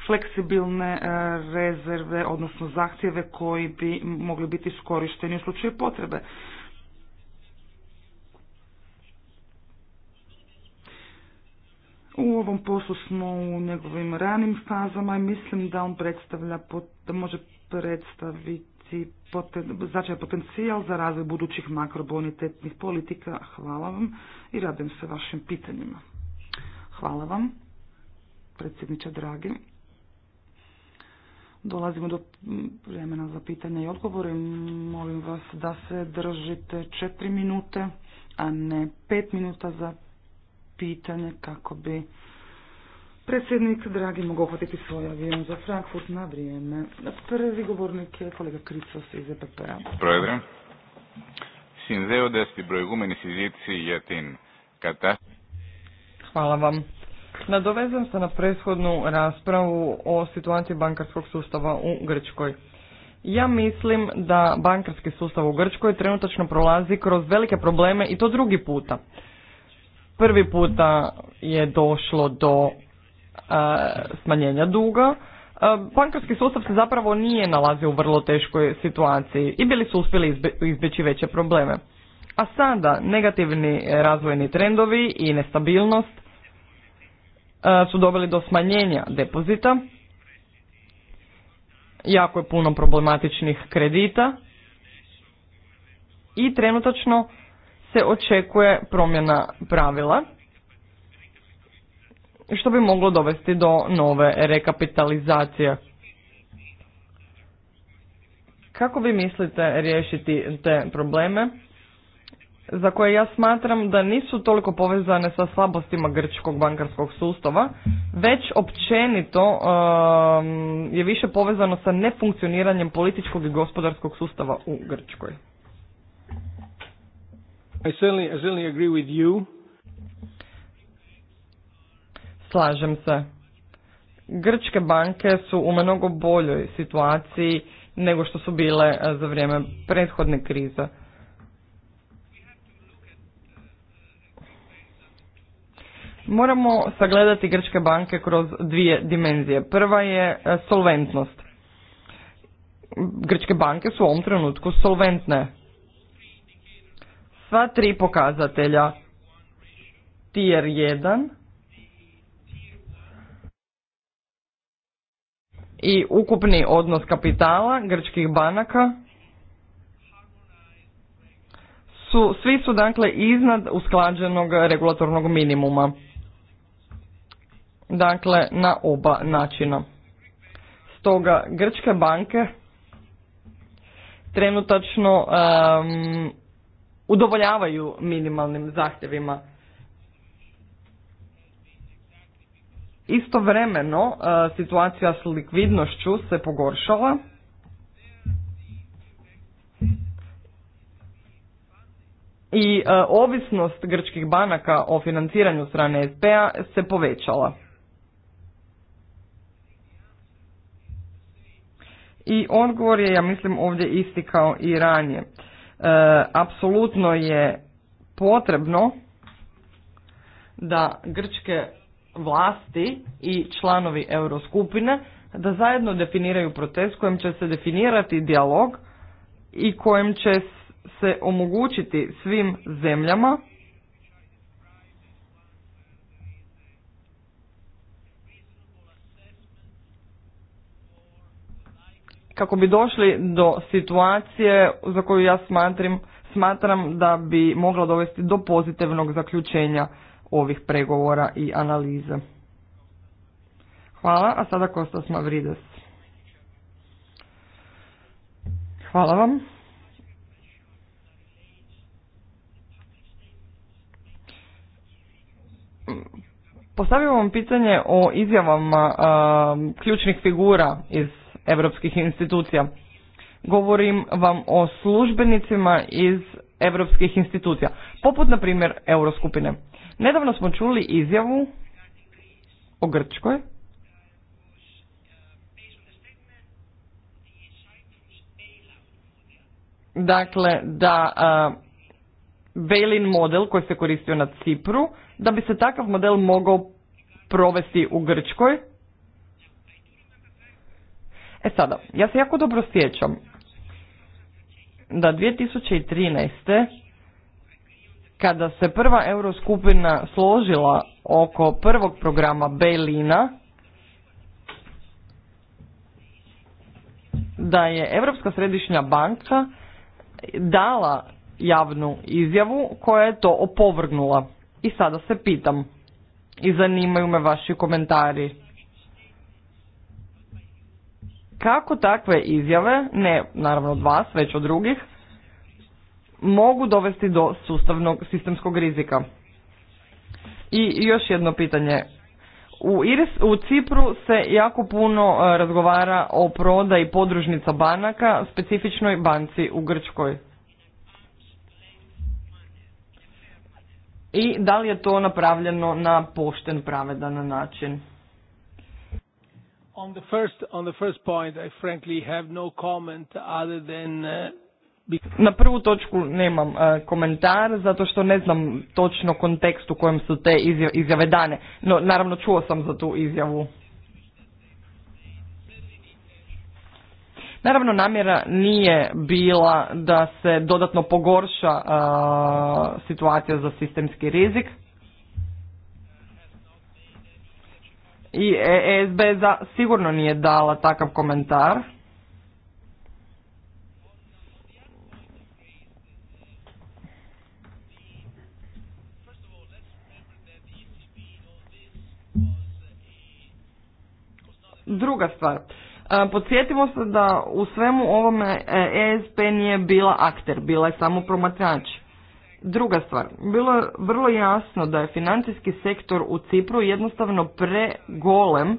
fleksibilne e, rezerve, odnosno zahtjeve koji bi mogli biti skorišteni u slučaju potrebe. U ovom poslu smo u njegovim ranim fazama i mislim da on predstavlja, da može predstaviti poten, potencijal za razvoj budućih makrobonitetnih politika. Hvala vam i radim se vašim pitanjima. Hvala vam, predsjedniče dragi. Dolazimo do vremena za pitanja i odgovore. Molim vas da se držite četiri minute, a ne pet minuta za pitanje kako bi predsjednik Dragi mogu uhvatiti svoj avion za Frankfurt na vrijeme. Prvi govornik je kolega Kricos iz EPP-a. broj συνδέοντας jetin προηγούμενη Hvala vam. Nadovezam se na prethodnu raspravu o situaciji bankarskog sustava u Grčkoj. Ja mislim da bankarski sustav u Grčkoj trenutačno prolazi kroz velike probleme i to drugi puta prvi puta je došlo do e, smanjenja duga. E, bankarski sustav se zapravo nije nalazio u vrlo teškoj situaciji i bili su uspjeli izbjeći veće probleme. A sada negativni razvojni trendovi i nestabilnost e, su doveli do smanjenja depozita, jako je puno problematičnih kredita i trenutačno se očekuje promjena pravila što bi moglo dovesti do nove rekapitalizacije. Kako vi mislite riješiti te probleme za koje ja smatram da nisu toliko povezane sa slabostima grčkog bankarskog sustava, već općenito um, je više povezano sa nefunkcioniranjem političkog i gospodarskog sustava u Grčkoj? I with you. Slažem se. Grčke banke su u mnogo boljoj situaciji nego što su bile eh, za vrijeme prethodne krize. Moramo sagledati grčke banke kroz dvije dimenzije. Prva je eh, solventnost. Grčke banke su u ovom trenutku solventne sva tri pokazatelja tier 1 i ukupni odnos kapitala grčkih banaka su, svi su dakle iznad usklađenog regulatornog minimuma. Dakle, na oba načina. Stoga, grčke banke trenutačno udovoljavaju minimalnim zahtjevima. Istovremeno e, situacija s likvidnošću se pogoršala. I e, ovisnost grčkih banaka o financiranju strane SP-a se povećala. I odgovor je, ja mislim, ovdje isti kao i ranije. E, apsolutno je potrebno da grčke vlasti i članovi euroskupine da zajedno definiraju proces kojim će se definirati dijalog i kojim će se omogućiti svim zemljama kako bi došli do situacije za koju ja smatram, smatram da bi mogla dovesti do pozitivnog zaključenja ovih pregovora i analize. Hvala, a sada Kostas Mavrides. Hvala vam. Postavio vam pitanje o izjavama ključnih figura iz evropskih institucija. Govorim vam o službenicima iz europskih institucija, poput na primjer Euroskupine. Nedavno smo čuli izjavu o Grčkoj, dakle da a, model koji se koristio na Cipru, da bi se takav model mogao provesti u Grčkoj E sada, ja se jako dobro sjećam da 2013. kada se prva euroskupina složila oko prvog programa Belina, da je Europska središnja banka dala javnu izjavu koja je to opovrgnula. I sada se pitam i zanimaju me vaši komentari kako takve izjave, ne naravno od vas, već od drugih, mogu dovesti do sustavnog sistemskog rizika. I još jedno pitanje. U, Iris, u Cipru se jako puno e, razgovara o prodaji podružnica banaka specifičnoj banci u Grčkoj. I da li je to napravljeno na pošten, pravedan način? On the first, point, I frankly have no comment other than uh, na prvu točku nemam uh, komentar zato što ne znam točno kontekst u kojem su te izjave dane. No, naravno čuo sam za tu izjavu. Naravno namjera nije bila da se dodatno pogorša uh, situacija za sistemski rizik. i ESB sigurno nije dala takav komentar. Druga stvar, e, podsjetimo se da u svemu ovome ESP nije bila akter, bila je samo promatrač. Druga stvar, bilo je vrlo jasno da je financijski sektor u Cipru jednostavno pregolem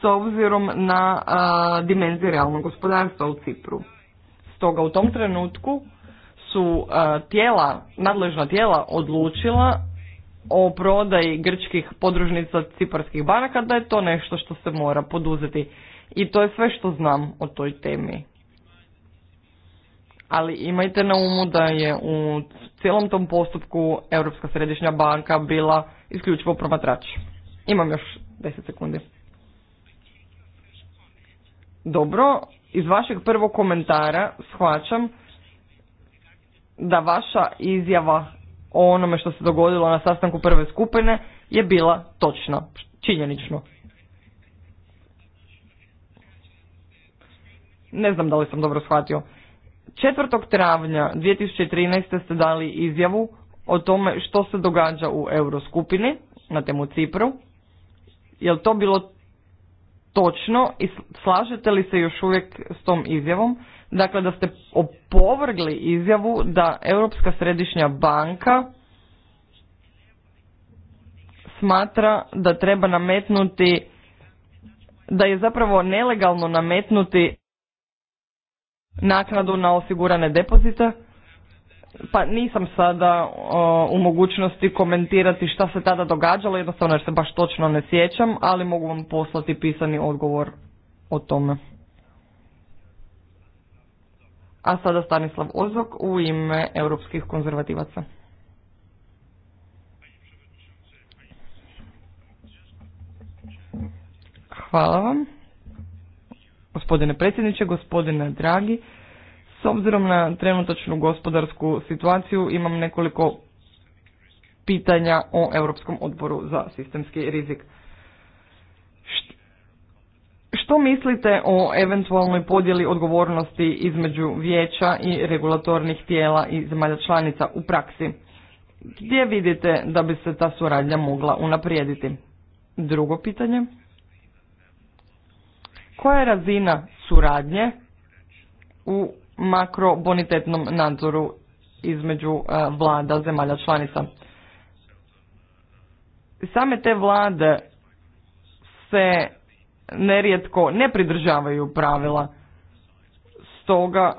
s obzirom na a, dimenziju realnog gospodarstva u Cipru. Stoga u tom trenutku su tijela, nadležna tijela odlučila o prodaji grčkih podružnica ciparskih banaka da je to nešto što se mora poduzeti. I to je sve što znam o toj temi ali imajte na umu da je u cijelom tom postupku Europska središnja banka bila isključivo promatrač. Imam još 10 sekundi. Dobro, iz vašeg prvog komentara shvaćam da vaša izjava o onome što se dogodilo na sastanku prve skupine je bila točna, činjenično. Ne znam da li sam dobro shvatio. 4. travnja 2013. ste dali izjavu o tome što se događa u Euroskupini na temu Cipru. Je to bilo točno i slažete li se još uvijek s tom izjavom? Dakle, da ste opovrgli izjavu da Europska središnja banka smatra da treba nametnuti, da je zapravo nelegalno nametnuti naknadu na osigurane depozite. Pa nisam sada u mogućnosti komentirati šta se tada događalo, jednostavno jer se baš točno ne sjećam, ali mogu vam poslati pisani odgovor o tome. A sada Stanislav Ozok u ime europskih konzervativaca. Hvala vam. Gospodine predsjedniče, gospodine dragi, s obzirom na trenutačnu gospodarsku situaciju imam nekoliko pitanja o Europskom odboru za sistemski rizik. Što mislite o eventualnoj podjeli odgovornosti između vijeća i regulatornih tijela i zemalja članica u praksi? Gdje vidite da bi se ta suradnja mogla unaprijediti? Drugo pitanje koja je razina suradnje u makrobonitetnom nadzoru između e, vlada zemalja članica. Same te vlade se nerijetko ne pridržavaju pravila. Stoga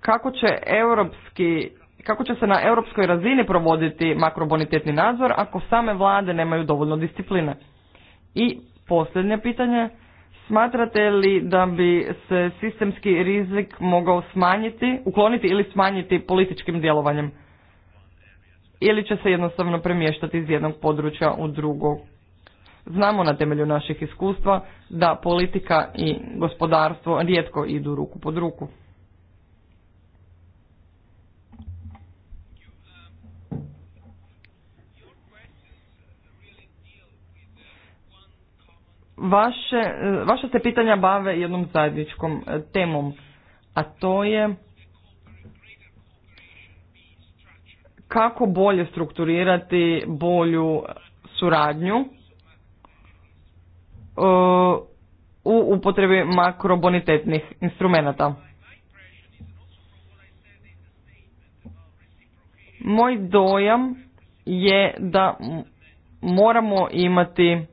kako će europski kako će se na europskoj razini provoditi makrobonitetni nadzor ako same vlade nemaju dovoljno discipline? I posljednje pitanje, Smatrate li da bi se sistemski rizik mogao smanjiti, ukloniti ili smanjiti političkim djelovanjem? Ili će se jednostavno premještati iz jednog područja u drugo? Znamo na temelju naših iskustva da politika i gospodarstvo rijetko idu ruku pod ruku. vaše, vaše se pitanja bave jednom zajedničkom e, temom, a to je kako bolje strukturirati bolju suradnju e, u upotrebi makrobonitetnih instrumenata. Moj dojam je da moramo imati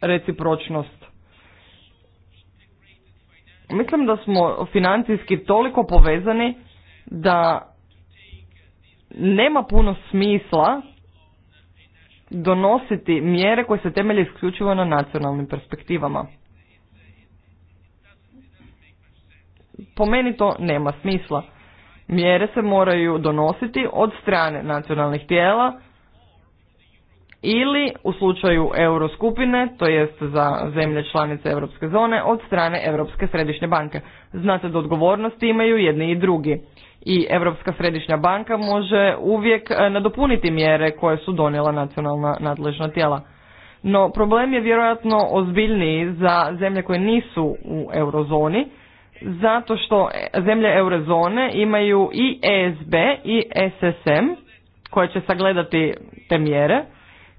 recipročnost. Mislim da smo financijski toliko povezani da nema puno smisla donositi mjere koje se temelje isključivo na nacionalnim perspektivama. Po meni to nema smisla. Mjere se moraju donositi od strane nacionalnih tijela ili u slučaju euroskupine, to jest za zemlje članice europske zone, od strane Europske središnje banke. Znate da odgovornosti imaju jedni i drugi. I Europska središnja banka može uvijek e, nadopuniti mjere koje su donijela nacionalna nadležna tijela. No problem je vjerojatno ozbiljniji za zemlje koje nisu u eurozoni, zato što e, zemlje eurozone imaju i ESB i SSM koje će sagledati te mjere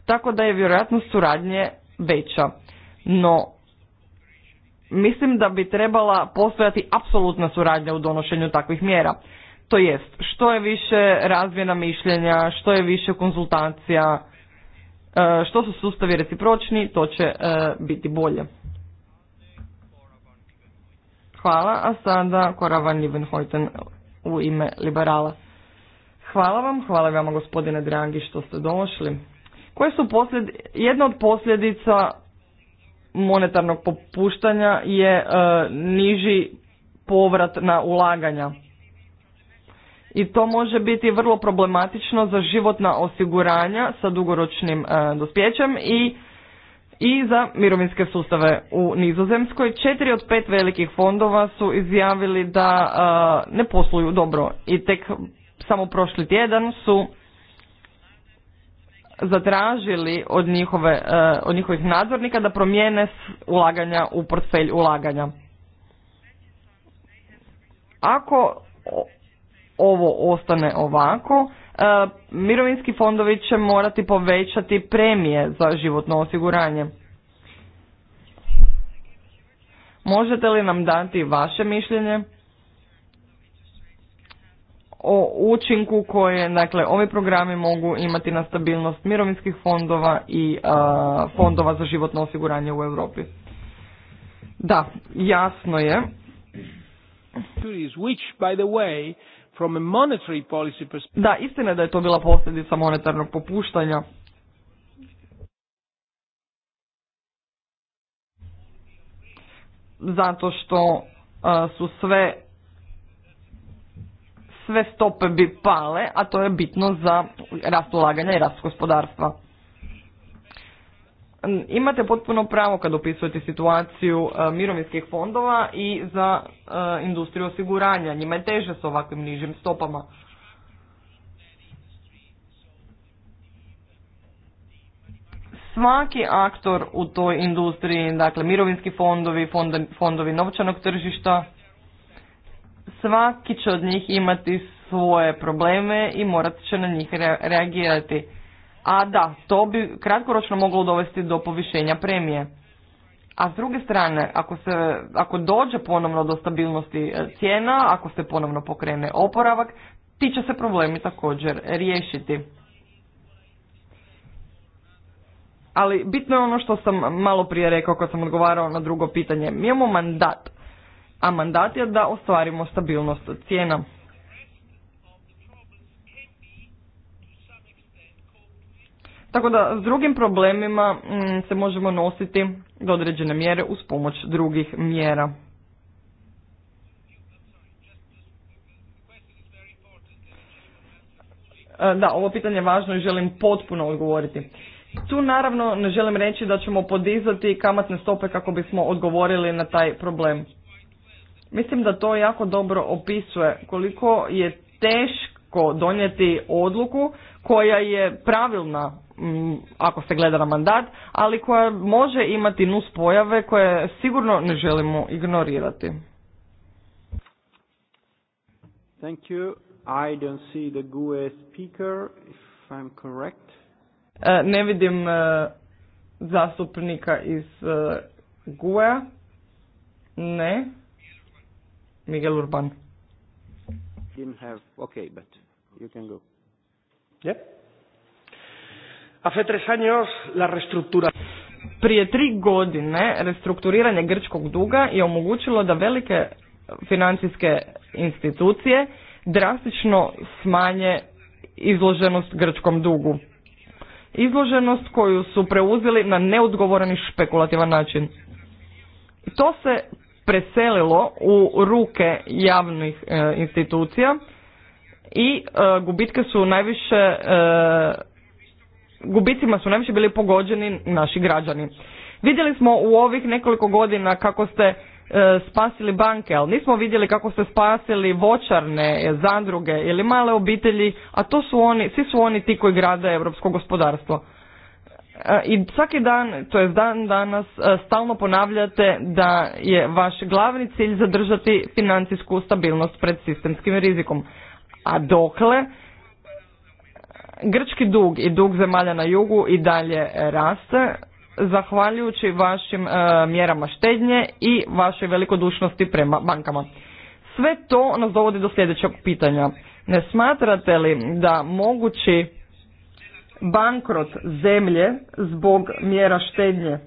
tako da je vjerojatno suradnje veća. No, mislim da bi trebala postojati apsolutna suradnja u donošenju takvih mjera. To jest, što je više razmjena mišljenja, što je više konzultacija, e, što su sustavi recipročni, to će e, biti bolje. Hvala, a sada Koravan Livenhojten u ime liberala. Hvala vam, hvala vam gospodine Dragi što ste došli koje su posljed, jedna od posljedica monetarnog popuštanja je e, niži povrat na ulaganja. I to može biti vrlo problematično za životna osiguranja sa dugoročnim e, dospjećem i i za mirovinske sustave u Nizozemskoj. Četiri od pet velikih fondova su izjavili da e, ne posluju dobro i tek samo prošli tjedan su zatražili od, njihove, e, od njihovih nadzornika da promijene ulaganja u portfelj ulaganja. Ako ovo ostane ovako, e, mirovinski fondovi će morati povećati premije za životno osiguranje. Možete li nam dati vaše mišljenje? o učinku koje dakle ovi programi mogu imati na stabilnost mirovinskih fondova i fondova za životno osiguranje u Europi. Da, jasno je. Which, by the way, from da, istina je da je to bila posljedica monetarnog popuštanja. Zato što su sve sve stope bi pale, a to je bitno za rast i rast gospodarstva. Imate potpuno pravo kad opisujete situaciju e, mirovinskih fondova i za e, industriju osiguranja. Njima je teže s ovakvim nižim stopama. Svaki aktor u toj industriji, dakle mirovinski fondovi, fondovi novčanog tržišta, svaki će od njih imati svoje probleme i morat će na njih reagirati. A da, to bi kratkoročno moglo dovesti do povišenja premije. A s druge strane, ako, se, ako dođe ponovno do stabilnosti e, cijena, ako se ponovno pokrene oporavak, ti će se problemi također riješiti. Ali bitno je ono što sam malo prije rekao kad sam odgovarao na drugo pitanje. Mi imamo mandat a mandat je da ostvarimo stabilnost cijena. Tako da s drugim problemima mm, se možemo nositi do određene mjere uz pomoć drugih mjera. E, da, ovo pitanje je važno i želim potpuno odgovoriti. Tu naravno ne želim reći da ćemo podizati kamatne stope kako bismo odgovorili na taj problem. Mislim da to jako dobro opisuje koliko je teško donijeti odluku koja je pravilna mm, ako se gleda na mandat, ali koja može imati nus pojave koje sigurno ne želimo ignorirati. Thank you. I don't see the e speaker, if I'm correct. E, ne vidim e, zastupnika iz GUE-a. Ne. Miguel Urban. Didn't have, okay, but you can go. años la reestructura... Prije tri godine restrukturiranje grčkog duga je omogućilo da velike financijske institucije drastično smanje izloženost grčkom dugu. Izloženost koju su preuzeli na neodgovoran i špekulativan način. To se preselilo u ruke javnih e, institucija i e, gubitke su najviše e, gubicima su najviše bili pogođeni naši građani. Vidjeli smo u ovih nekoliko godina kako ste e, spasili banke, ali nismo vidjeli kako ste spasili voćarne, e, zadruge ili male obitelji, a to su oni, svi su oni ti koji grade europsko gospodarstvo. E, i svaki dan, to je dan danas, e, stalno ponavljate da je vaš glavni cilj zadržati financijsku stabilnost pred sistemskim rizikom. A dokle grčki dug i dug zemalja na jugu i dalje raste, zahvaljujući vašim e, mjerama štednje i vašoj velikodušnosti prema bankama. Sve to nas dovodi do sljedećeg pitanja. Ne smatrate li da mogući bankrot zemlje zbog mjera štednje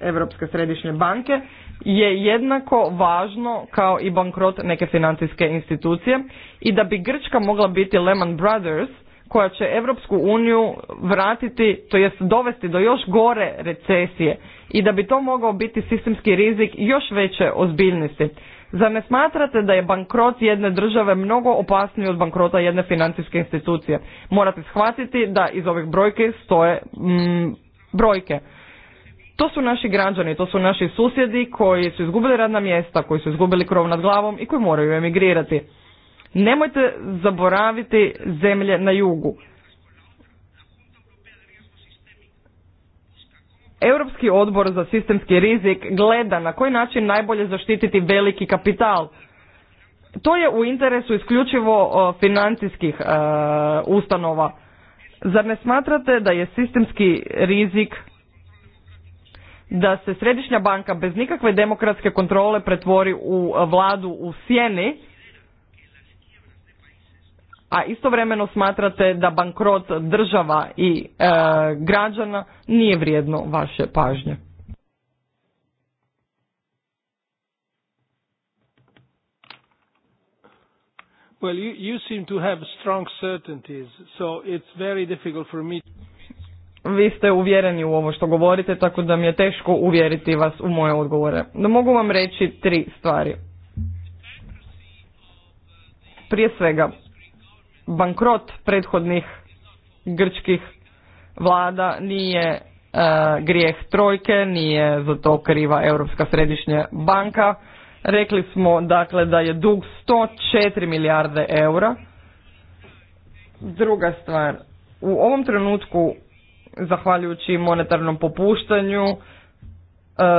Europske središnje banke je jednako važno kao i bankrot neke financijske institucije i da bi Grčka mogla biti Lehman Brothers koja će Europsku uniju vratiti, to jest dovesti do još gore recesije i da bi to mogao biti sistemski rizik još veće ozbiljnosti. Zar ne smatrate da je bankrot jedne države mnogo opasniji od bankrota jedne financijske institucije? Morate shvatiti da iz ovih brojke stoje mm, brojke. To su naši građani, to su naši susjedi koji su izgubili radna mjesta, koji su izgubili krov nad glavom i koji moraju emigrirati. Nemojte zaboraviti zemlje na jugu. Europski odbor za sistemski rizik gleda na koji način najbolje zaštititi veliki kapital. To je u interesu isključivo financijskih e, ustanova. Zar ne smatrate da je sistemski rizik da se središnja banka bez nikakve demokratske kontrole pretvori u e, vladu u sjeni a istovremeno smatrate da bankrot država i e, građana nije vrijedno vaše pažnje. Well, you, seem to have strong certainties, so it's very difficult for me. Vi ste uvjereni u ovo što govorite, tako da mi je teško uvjeriti vas u moje odgovore. Da mogu vam reći tri stvari. Prije svega, bankrot prethodnih grčkih vlada nije e, grijeh trojke, nije za to kriva Europska središnja banka. Rekli smo dakle da je dug 104 milijarde eura. Druga stvar, u ovom trenutku, zahvaljujući monetarnom popuštanju, e,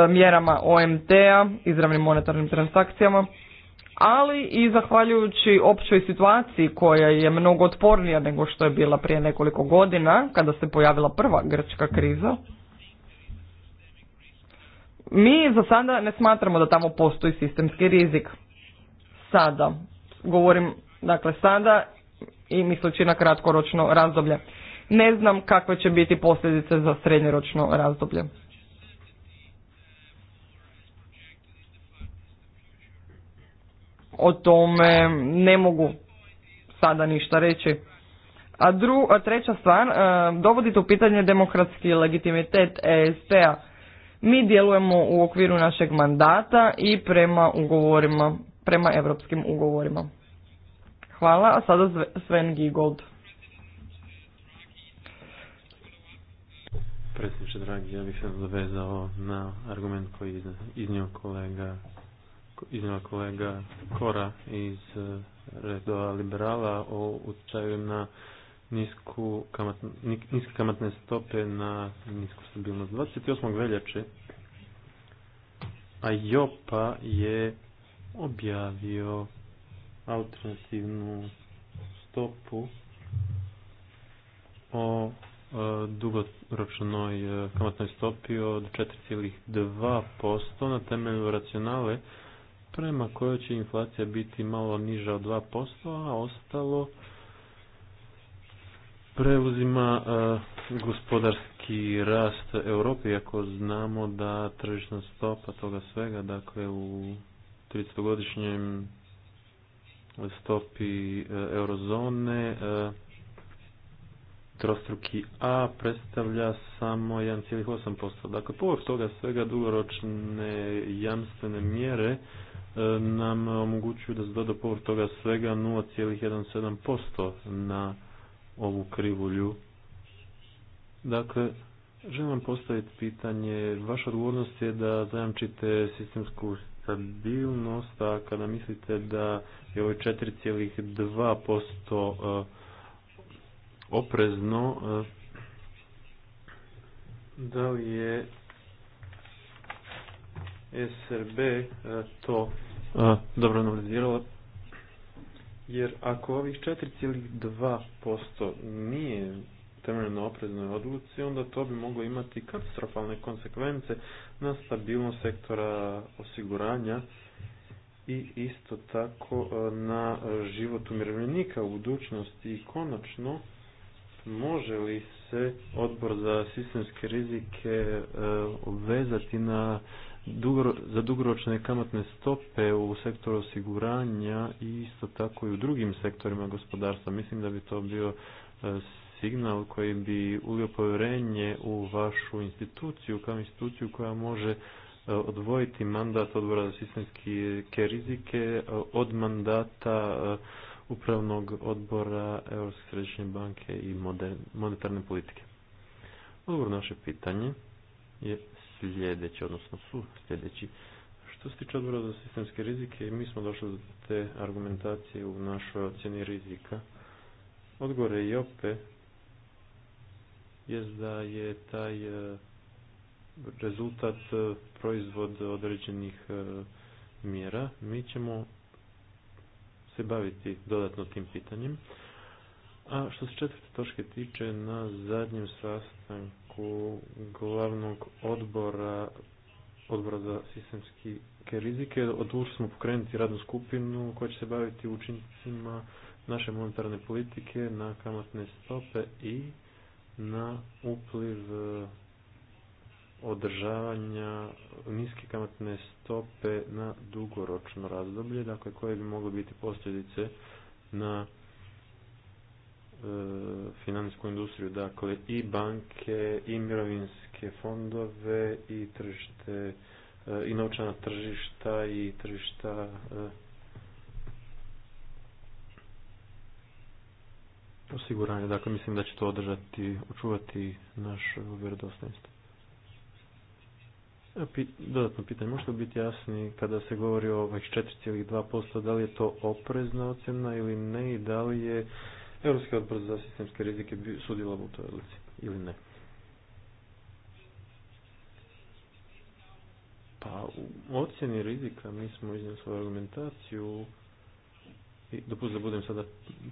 mjerama OMT-a, izravnim monetarnim transakcijama, ali i zahvaljujući općoj situaciji koja je mnogo otpornija nego što je bila prije nekoliko godina kada se pojavila prva grčka kriza. Mi za sada ne smatramo da tamo postoji sistemski rizik. Sada, govorim dakle sada i misleći na kratkoročno razdoblje. Ne znam kakve će biti posljedice za srednjeročno razdoblje. o tome ne mogu sada ništa reći. A, dru, a treća stvar, e, dovodite u pitanje demokratski legitimitet ESP-a. Mi djelujemo u okviru našeg mandata i prema ugovorima, prema europskim ugovorima. Hvala, a sada Sven Gigold. Predsjedniče dragi, ja bih se zavezao na argument koji je iznio kolega iznijela kolega Kora iz e, redova liberala o utjecaju na nisku niske kamatne stope na nisku stabilnost. 28. veljače joppa je objavio alternativnu stopu o e, dugoročnoj e, kamatnoj stopi od 4,2% na temelju racionale prema kojoj će inflacija biti malo niža od 2%, a ostalo preuzima e, gospodarski rast Europe, iako znamo da tržišna stopa toga svega, dakle u 30-godišnjem stopi e, eurozone e, trostruki A predstavlja samo 1,8%. Dakle, povod toga svega dugoročne jamstvene mjere nam omogućuju da doda povr toga svega 0,17% na ovu krivulju. Dakle, želim vam postaviti pitanje. Vaša odgovornost je da zajamčite sistemsku stabilnost, a kada mislite da je ovo 4,2% eh, oprezno, eh, da li je SRB e, to e, dobro analizirala jer ako ovih 4,2% nije temeljno opreznoj odluci, onda to bi moglo imati katastrofalne konsekvence na stabilnost sektora osiguranja i isto tako e, na život umirovljenika u budućnosti i konačno može li se odbor za sistemske rizike obvezati na dugoro, za dugoročne kamatne stope u sektoru osiguranja i isto tako i u drugim sektorima gospodarstva. Mislim da bi to bio e, signal koji bi ulio povjerenje u vašu instituciju kao instituciju koja može e, odvojiti mandat odbora za sistemske rizike e, od mandata upravnog odbora Europske središnje banke i monetarne politike. Odgovor naše pitanje je sljedeći, odnosno su sljedeći. Što se tiče odbora za sistemske rizike, mi smo došli do te argumentacije u našoj ocjeni rizika. Odgovor je i opet je da je taj e, rezultat e, proizvod određenih e, mjera. Mi ćemo se baviti dodatno tim pitanjem. A što se četvrte točke tiče, na zadnjem sastanku sastanku glavnog odbora odbora za sistemski rizike odlučili smo pokrenuti radnu skupinu koja će se baviti učincima naše monetarne politike na kamatne stope i na upliv eh, održavanja niske kamatne stope na dugoročno razdoblje, dakle koje bi mogle biti posljedice na E, financijsku industriju, dakle i banke, i mirovinske fondove, i tržište, e, i novčana tržišta, i tržišta e, Osiguranje, Dakle, mislim da će to održati, očuvati naš vjerodostojnost. Dodatno pitanje, možete biti jasni kada se govori o 4,2%, da li je to oprezna ocjena ili ne i da li je Europski odbor za sistemske rizike sudjelovao u toj odluci ili ne? Pa u ocjeni rizika mi smo iznijeli svoju argumentaciju i dopust da budem sada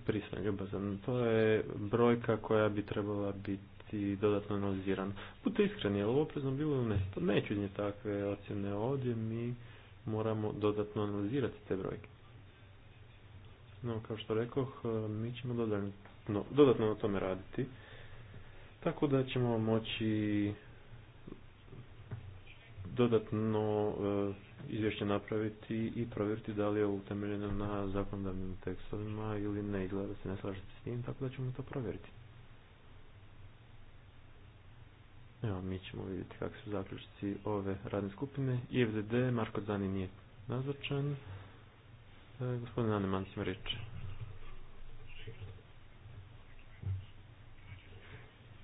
prisan ljubazan. To je brojka koja bi trebala biti dodatno analizirana. Budite iskreni, je li ovo bilo ili ne? to neću iznijeti takve ocjene ovdje, mi moramo dodatno analizirati te brojke. No, kao što rekoh, e, mi ćemo dodatno, dodatno na tome raditi. Tako da ćemo moći dodatno e, izvješće napraviti i provjeriti da li je utemeljeno na zakonodavnim tekstovima ili ne izgleda da se ne slažete s tim, tako da ćemo to provjeriti. Evo, mi ćemo vidjeti kakvi su zaključci ove radne skupine. IFDD, Marko Zani nije nazočan. E, gospodin Aneman sam reći.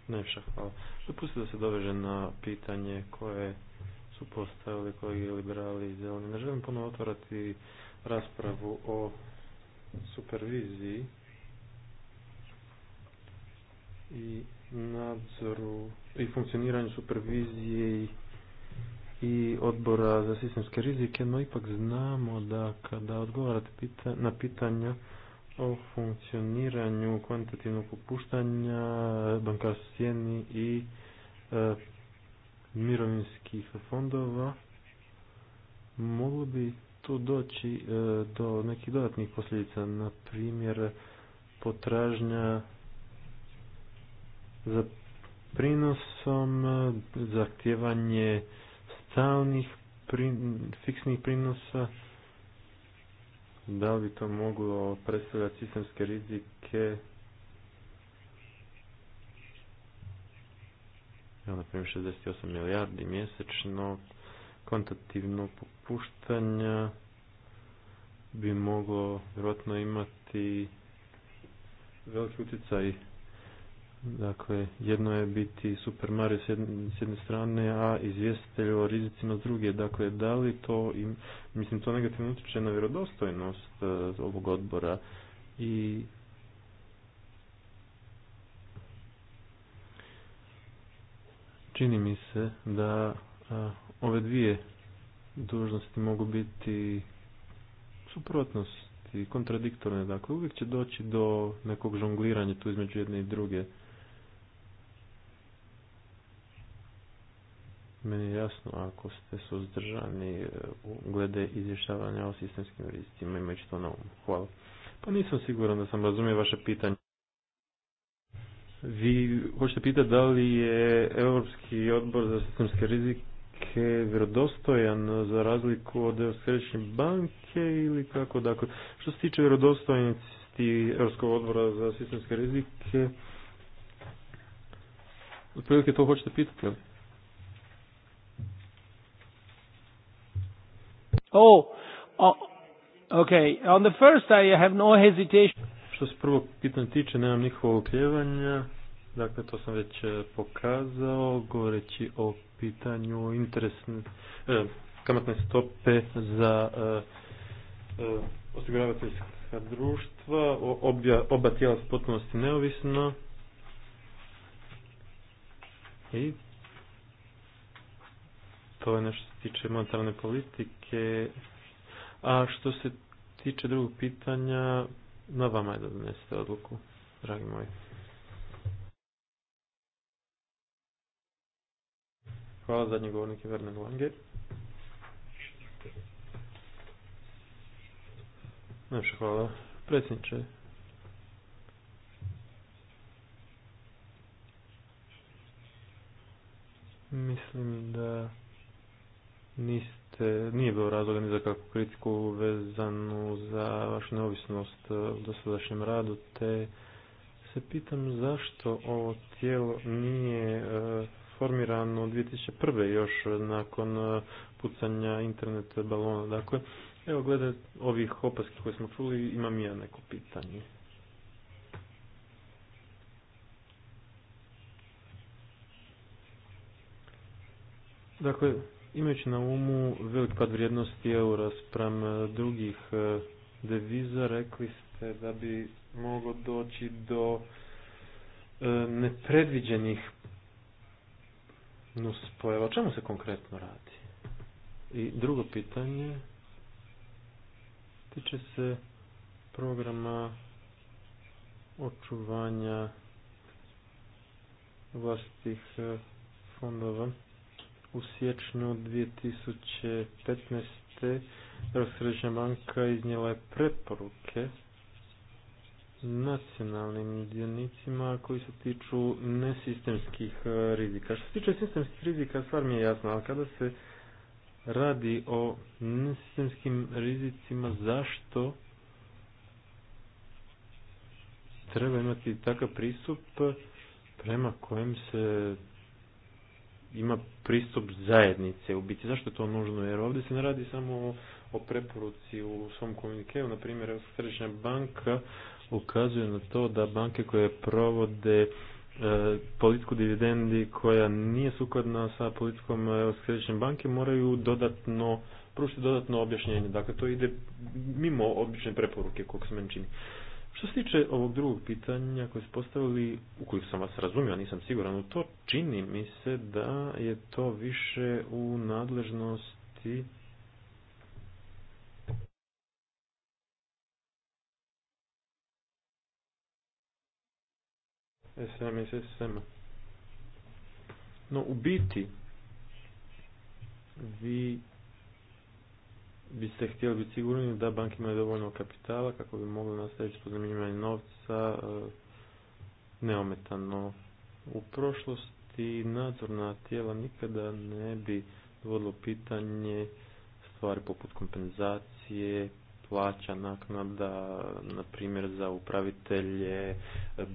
Najviše hvala. Dopustite da se doveže na pitanje koje su postavili kolegi liberali i zeleni. Ne želim ponovno otvarati raspravu o superviziji i nadzoru i funkcioniranju supervizije i i odbora za sistemske rizike, no ipak znamo da kada odgovarate na pitanja o funkcioniranju kvantitativnog popuštanja, bankarstva sjeni i e, mirovinskih fondova, moglo bi tu doći e, do nekih dodatnih posljedica, na primjer potražnja za prinosom, zahtjevanje stalnih fiksnih prinosa, da li bi to moglo predstavljati sistemske rizike evo na primjer 68 milijardi mjesečno kontativno popuštanja bi moglo vjerojatno imati veliki utjecaj Dakle, jedno je biti Super Mario s jedne strane, a izvjestitelj o rizicima s druge. Dakle, da li to, im, mislim, to negativno utječe na vjerodostojnost e, ovog odbora i čini mi se da e, ove dvije dužnosti mogu biti suprotnosti, kontradiktorne. Dakle, uvijek će doći do nekog žongliranja tu između jedne i druge. meni je jasno, ako ste suzdržani e, glede izvještavanja o sistemskim rizicima, imajući to na umu. Hvala. Pa nisam siguran da sam razumio vaše pitanje. Vi hoćete pitati da li je Europski odbor za sistemske rizike vjerodostojan za razliku od Središnje banke ili kako? Dakle, što se tiče vjerodostojnosti Europskog odbora za sistemske rizike, otprilike to hoćete pitati, Oh, oh, okay. On the first I have no hesitation. Što se prvo pitanja tiče, nemam nikakvog okljevanja. Dakle, to sam već e, pokazao, govoreći o pitanju interesne eh, kamatne stope za eh, eh, osiguravateljska društva. Obja, oba tijela su potpunosti neovisno. I to je nešto se tiče monetarne politike. A što se tiče drugog pitanja, na vama je da donesete odluku, dragi moji. Hvala, zadnji govornik je Werner Lange. hvala. Predsjedniče. Mislim da niste, nije bilo razloga ni za kakvu kritiku vezanu za vašu neovisnost u dosadašnjem radu, te se pitam zašto ovo tijelo nije e, formirano 2001. još nakon e, pucanja internet balona. Dakle, evo glede ovih opaski koje smo čuli, imam i ja neko pitanje. Dakle, Imajući na umu velik pad vrijednosti eura sprem e, drugih e, deviza, rekli ste da bi moglo doći do e, nepredviđenih nuspojava. O čemu se konkretno radi? I drugo pitanje tiče se programa očuvanja vlastih fondova. U siječnju 2015. Europska banka iznijela je preporuke nacionalnim dionicima koji se tiču nesistemskih rizika. Što se tiče sistemskih rizika, stvar mi je jasna, ali kada se radi o nesistemskim rizicima, zašto treba imati takav pristup prema kojem se ima pristup zajednice u biti. Zašto je to nužno? Jer ovdje se ne radi samo o preporuci u svom na Naprimjer, Središnja banka ukazuje na to da banke koje provode e, politiku dividendi koja nije sukladna sa politikom e, Središnje banke moraju dodatno pružiti dodatno objašnjenje. Dakle, to ide mimo obične preporuke, koliko se meni čini. Što se tiče ovog drugog pitanja koje ste postavili, u kojih sam vas razumio, nisam siguran u to, čini mi se da je to više u nadležnosti SM i No, u biti, vi biste htjeli biti sigurni da banke imaju dovoljno kapitala kako bi mogli nastaviti pozemljivanje novca e, neometano. U prošlosti nadzorna tijela nikada ne bi dovodilo pitanje stvari poput kompenzacije, plaća, naknada, na primjer za upravitelje,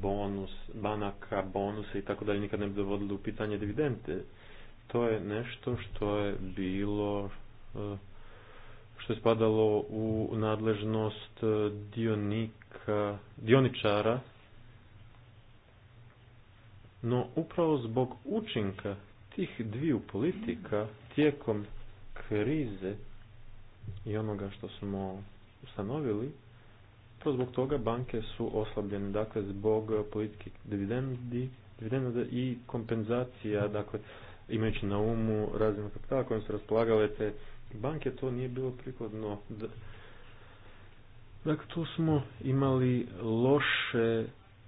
bonus, banaka, bonuse i tako dalje, Nikada ne bi dovodilo u pitanje dividende. To je nešto što je bilo e, što je spadalo u nadležnost e, dionika, dioničara, no upravo zbog učinka tih dviju politika tijekom krize i onoga što smo ustanovili, to zbog toga banke su oslabljene, dakle zbog politike dividendi, dividenda i kompenzacija, dakle imajući na umu razinu kapitala kojim su raspolagale te banke to nije bilo prikladno. Dakle, tu smo imali loše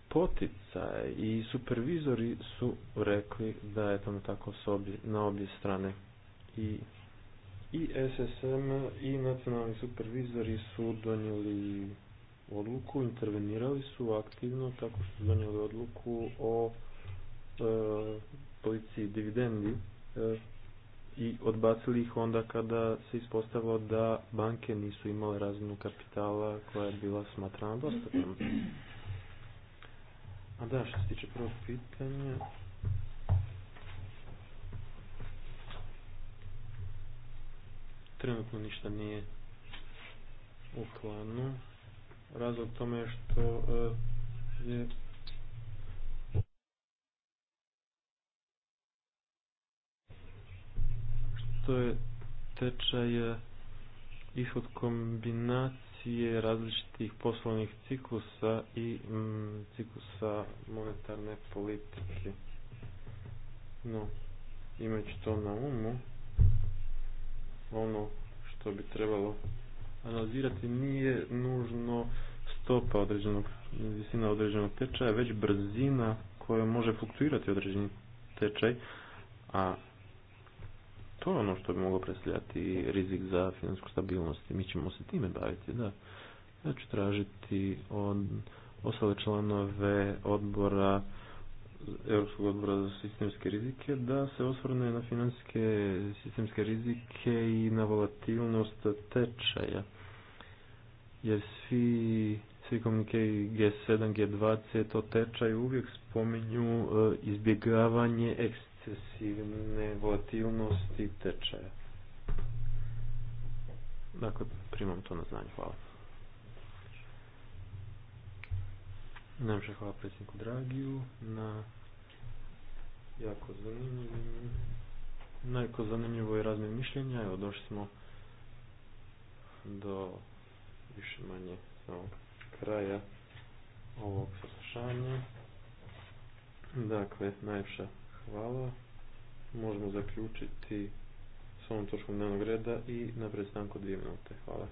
poticaje i supervizori su rekli da je tamo tako na obje strane. I, I SSM i nacionalni supervizori su donijeli odluku, intervenirali su aktivno tako su donijeli odluku o e, policiji dividendi e, i odbacili ih onda kada se ispostavilo da banke nisu imale razinu kapitala koja je bila smatrana dostatnom. A da, što se tiče prvog pitanja... Trenutno ništa nije u Razlog tome je što e, je je tečaj e, ishod kombinacije različitih poslovnih ciklusa i mm, ciklusa monetarne politike. No, imajući to na umu, ono što bi trebalo analizirati nije nužno stopa određenog, visina određenog tečaja, već brzina koja može fluktuirati određeni tečaj, a to je ono što bi moglo predstavljati rizik za financijsku stabilnost. i Mi ćemo se time baviti, da. Ja ću tražiti od ostale članove odbora Europskog odbora za sistemske rizike da se osvrne na financijske sistemske rizike i na volatilnost tečaja. Jer svi, svi komunike G7, G20 o tečaju uvijek spominju e, izbjegavanje ekstremnosti sukcesivne volatilnosti tečaja. Dakle, primam to na znanje. Hvala. Najviše hvala predsjedniku Dragiju na jako zanimljivim najko zanimljivoj razmjer mišljenja. Evo, došli smo do više manje kraja ovog saslušanja. Dakle, najviše Hvala. Možemo zaključiti s ovom točkom dnevnog reda i na predstavnku dvije minute. Hvala.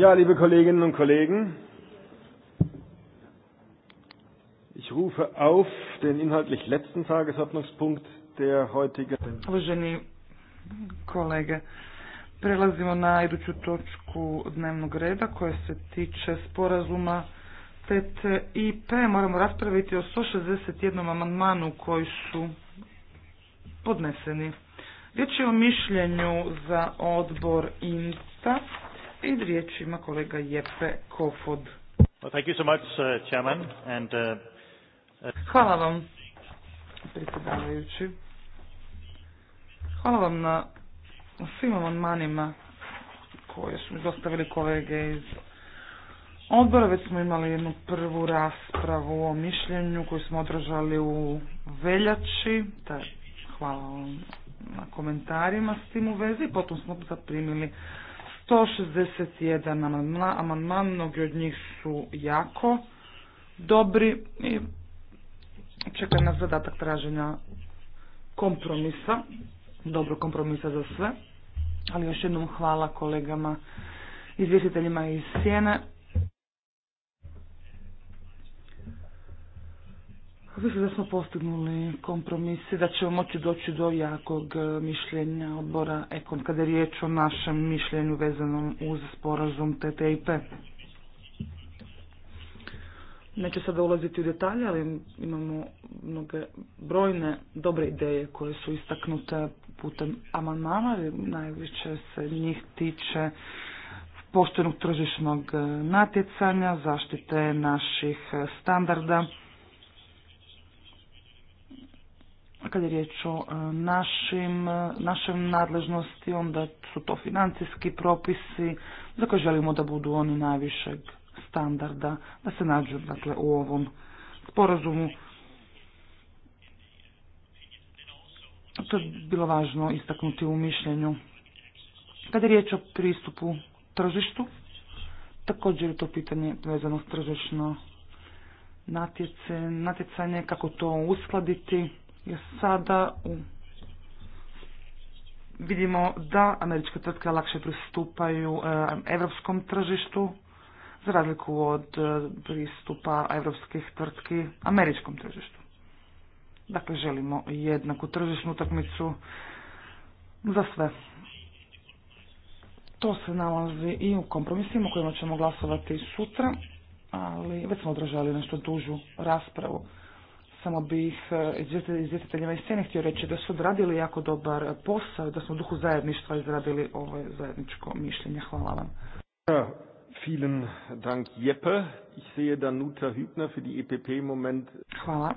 Ja, liebe Kolleginnen und Kollegen, ich rufe auf den inhaltlich letzten Tagesordnungspunkt der heutigen. Uvaženi kolege, prelazimo na iduću točku dnevnog reda koja se tiče sporazuma TTIP. Moramo raspraviti o 161 amandmanu koji su podneseni. Riječ je o mišljenju za odbor INTA i riječ ima kolega jeppe Kofod. Uh, uh, hvala vam, predsjedavajući. Hvala vam na svim amandmanima koje su dostavili kolege iz odbora. Već smo imali jednu prvu raspravu o mišljenju koju smo održali u veljači. hvala vam na komentarima s tim u vezi. Potom smo zaprimili 161 amandman, mnogi od njih su jako dobri i čeka nas zadatak traženja kompromisa, dobro kompromisa za sve, ali još jednom hvala kolegama izvjestiteljima iz Sjene Mislim da smo postignuli kompromis da ćemo moći doći do jakog e, mišljenja odbora Ekon kada je riječ o našem mišljenju vezanom uz sporazum TTIP. Neću sada ulaziti u detalje, ali imamo mnoge brojne dobre ideje koje su istaknute putem amandmana, najviše se njih tiče poštenog tržišnog e, natjecanja, zaštite naših standarda, kada je riječ o e, našim, e, našem nadležnosti, onda su to financijski propisi za koje želimo da budu oni najvišeg standarda, da se nađu dakle, u ovom sporazumu. To je bilo važno istaknuti u mišljenju. Kada je riječ o pristupu tržištu, također je to pitanje vezano s tržišno natjecanje, kako to uskladiti je sada u vidimo da američke tvrtke lakše pristupaju europskom tržištu za razliku od e, pristupa europskih tvrtki američkom tržištu. Dakle, želimo jednaku tržišnu utakmicu za sve. To se nalazi i u kompromisima kojima ćemo glasovati sutra, ali već smo održali nešto dužu raspravu. Samo bih e, izvjestiteljima iz scene htio reći da su odradili jako dobar posao da smo u duhu zajedništva izradili ovo zajedničko mišljenje. Hvala vam. Vielen Dank, Jeppe. Ich sehe Hübner für die EPP Moment. Hvala.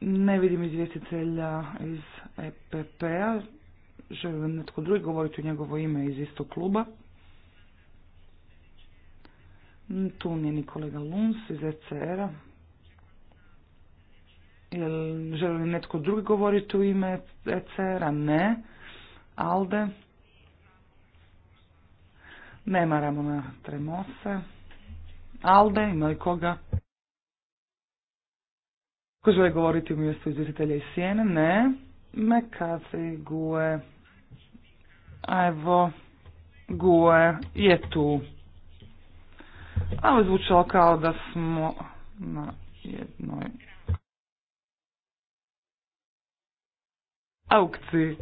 Ne vidim izvjestitelja iz EPP-a. Želi netko drugi govoriti u njegovo ime iz istog kluba? Tu nije ni kolega Luns iz ECR-a. Jel, želi li netko drugi govoriti u ime ECR-a? Ne. Alde? Nema Ramona Tremose. Alde, ima li koga? Ko želi govoriti u mjestu izvjetitelja iz Sijene? Ne. Mekazi, Gue. A evo, Gue je tu. je zvučalo kao da smo na jednoj aukcji.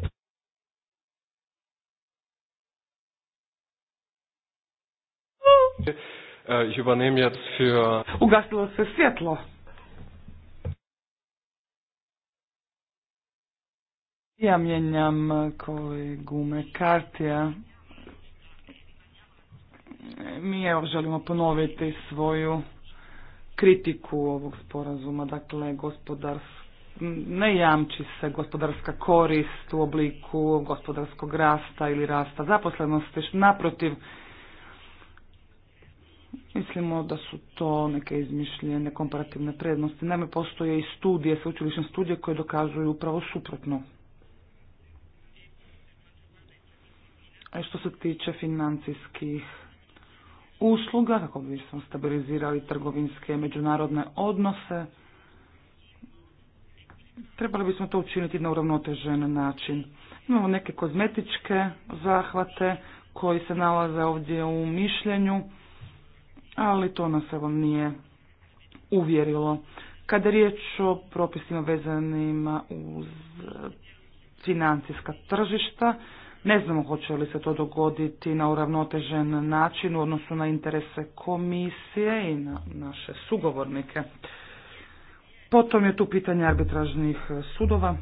Uh, ich übernehme jetzt für... Ugasilo se svjetlo. Ja mijenjam uh, gume kartija. Mi evo želimo ponoviti svoju kritiku ovog sporazuma, dakle gospodarstvo ne jamči se gospodarska korist u obliku gospodarskog rasta ili rasta zaposlenosti. Naprotiv, mislimo da su to neke izmišljene komparativne prednosti. Naime, postoje i studije, sveučilišne studije koje dokazuju upravo suprotno. A e, što se tiče financijskih usluga, kako smo stabilizirali trgovinske međunarodne odnose, trebali bismo to učiniti na uravnotežen način. Imamo neke kozmetičke zahvate koji se nalaze ovdje u mišljenju, ali to nas evo nije uvjerilo. Kada je riječ o propisima vezanima uz financijska tržišta, ne znamo hoće li se to dogoditi na uravnotežen način u odnosu na interese komisije i na naše sugovornike. Potom je tu pitanje arbitražnih e, sudova.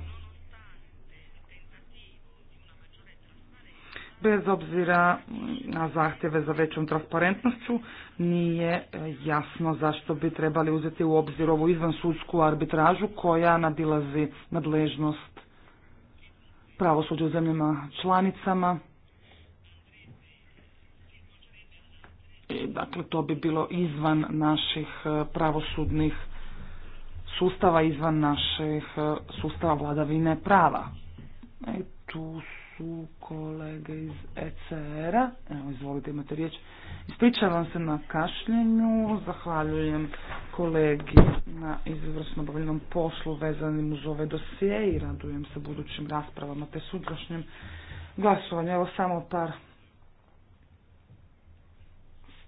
Bez obzira na zahtjeve za većom transparentnošću, nije e, jasno zašto bi trebali uzeti u obzir ovu izvansudsku arbitražu koja nadilazi nadležnost pravosuđa u zemljama članicama. Dakle, to bi bilo izvan naših e, pravosudnih sustava izvan naših e, sustava vladavine prava. E, tu su kolege iz ECR-a. Evo, izvolite, imate riječ. Ispričavam se na kašljenju. Zahvaljujem kolegi na izvrsno obavljenom poslu vezanim uz ove dosije i radujem se budućim raspravama te sutrašnjem glasovanju. Evo samo par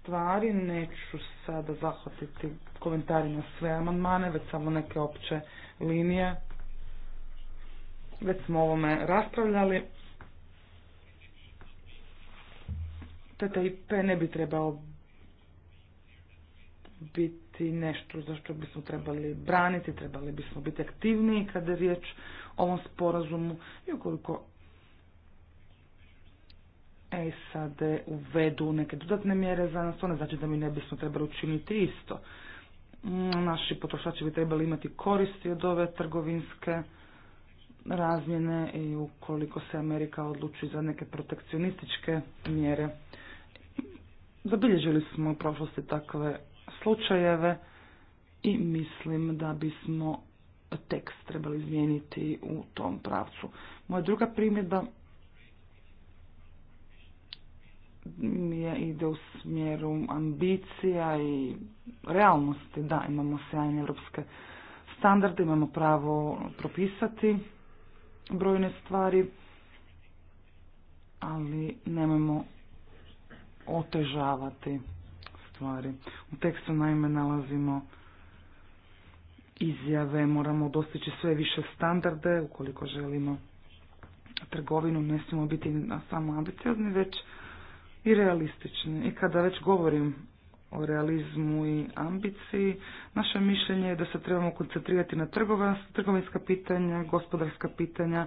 stvari. Neću sada zahvatiti komentari na sve amandmane, već samo neke opće linije. Već smo o ovome raspravljali. TTIP ne bi trebao biti nešto za što bismo trebali braniti, trebali bismo biti aktivniji kada je riječ o ovom sporazumu i ukoliko e SAD uvedu neke dodatne mjere za nas, to ne znači da mi ne bismo trebali učiniti isto. Mm, naši potrošači bi trebali imati koristi od ove trgovinske razmjene i ukoliko se Amerika odluči za neke protekcionističke mjere. Zabilježili smo u prošlosti takve slučajeve i mislim da bismo tekst trebali izmijeniti u tom pravcu. Moja druga primjedba ide u smjeru ambicija i realnosti. Da, imamo sjajne europske standarde, imamo pravo propisati brojne stvari, ali nemojmo otežavati stvari. U tekstu naime nalazimo izjave, moramo dostići sve više standarde ukoliko želimo trgovinu, ne smijemo biti samo ambiciozni, već i realistični. I kada već govorim o realizmu i ambiciji, naše mišljenje je da se trebamo koncentrirati na trgovinska pitanja, gospodarska pitanja.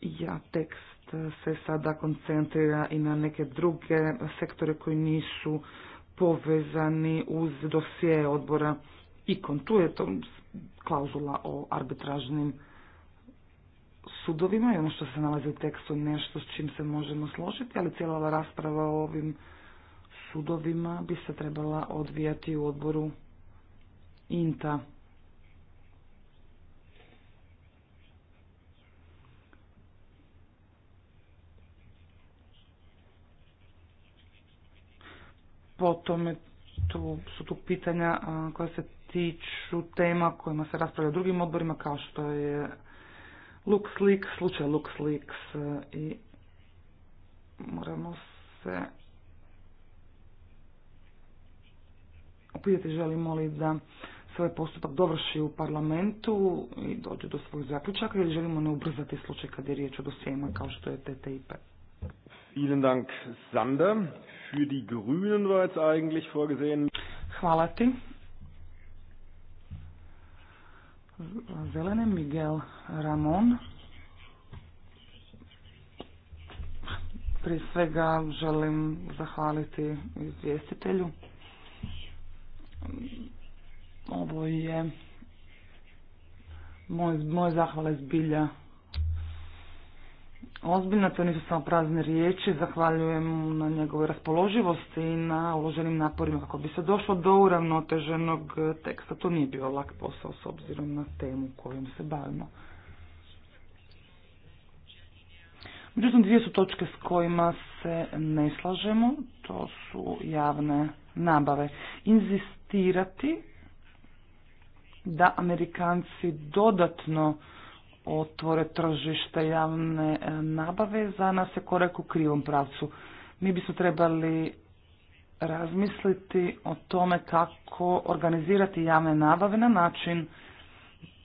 Ja tekst se sada koncentrira i na neke druge sektore koji nisu povezani uz dosije odbora i Tu je to klauzula o arbitražnim sudovima i ono što se nalazi u tekstu nešto s čim se možemo složiti, ali cijela ova rasprava o ovim sudovima bi se trebala odvijati u odboru INTA. Potom tu, su tu pitanja koja se tiču tema kojima se raspravlja u drugim odborima kao što je LuxLeaks, slučaj LuxLeaks e, i moramo se upitati želimo li da svoj postupak dovrši u parlamentu i dođe do svojih zaključaka ili želimo ne ubrzati slučaj kad je riječ o dosijema kao što je TTIP. Vielen Dank, Sander. Für die Grünen war eigentlich vorgesehen. Hvala ti. zelene Miguel Ramon. Prije svega želim zahvaliti izvjestitelju. Ovo je moj, moje zahvale zbilja ozbiljna, to nisu samo prazne riječi, zahvaljujem na njegovoj raspoloživosti i na uloženim naporima kako bi se došlo do uravnoteženog teksta. To nije bio lak posao s obzirom na temu kojom se bavimo. Međutim, dvije su točke s kojima se ne slažemo, to su javne nabave. Inzistirati da Amerikanci dodatno otvore tržište javne e, nabave, za nas je korak u krivom pravcu. Mi bismo trebali razmisliti o tome kako organizirati javne nabave na način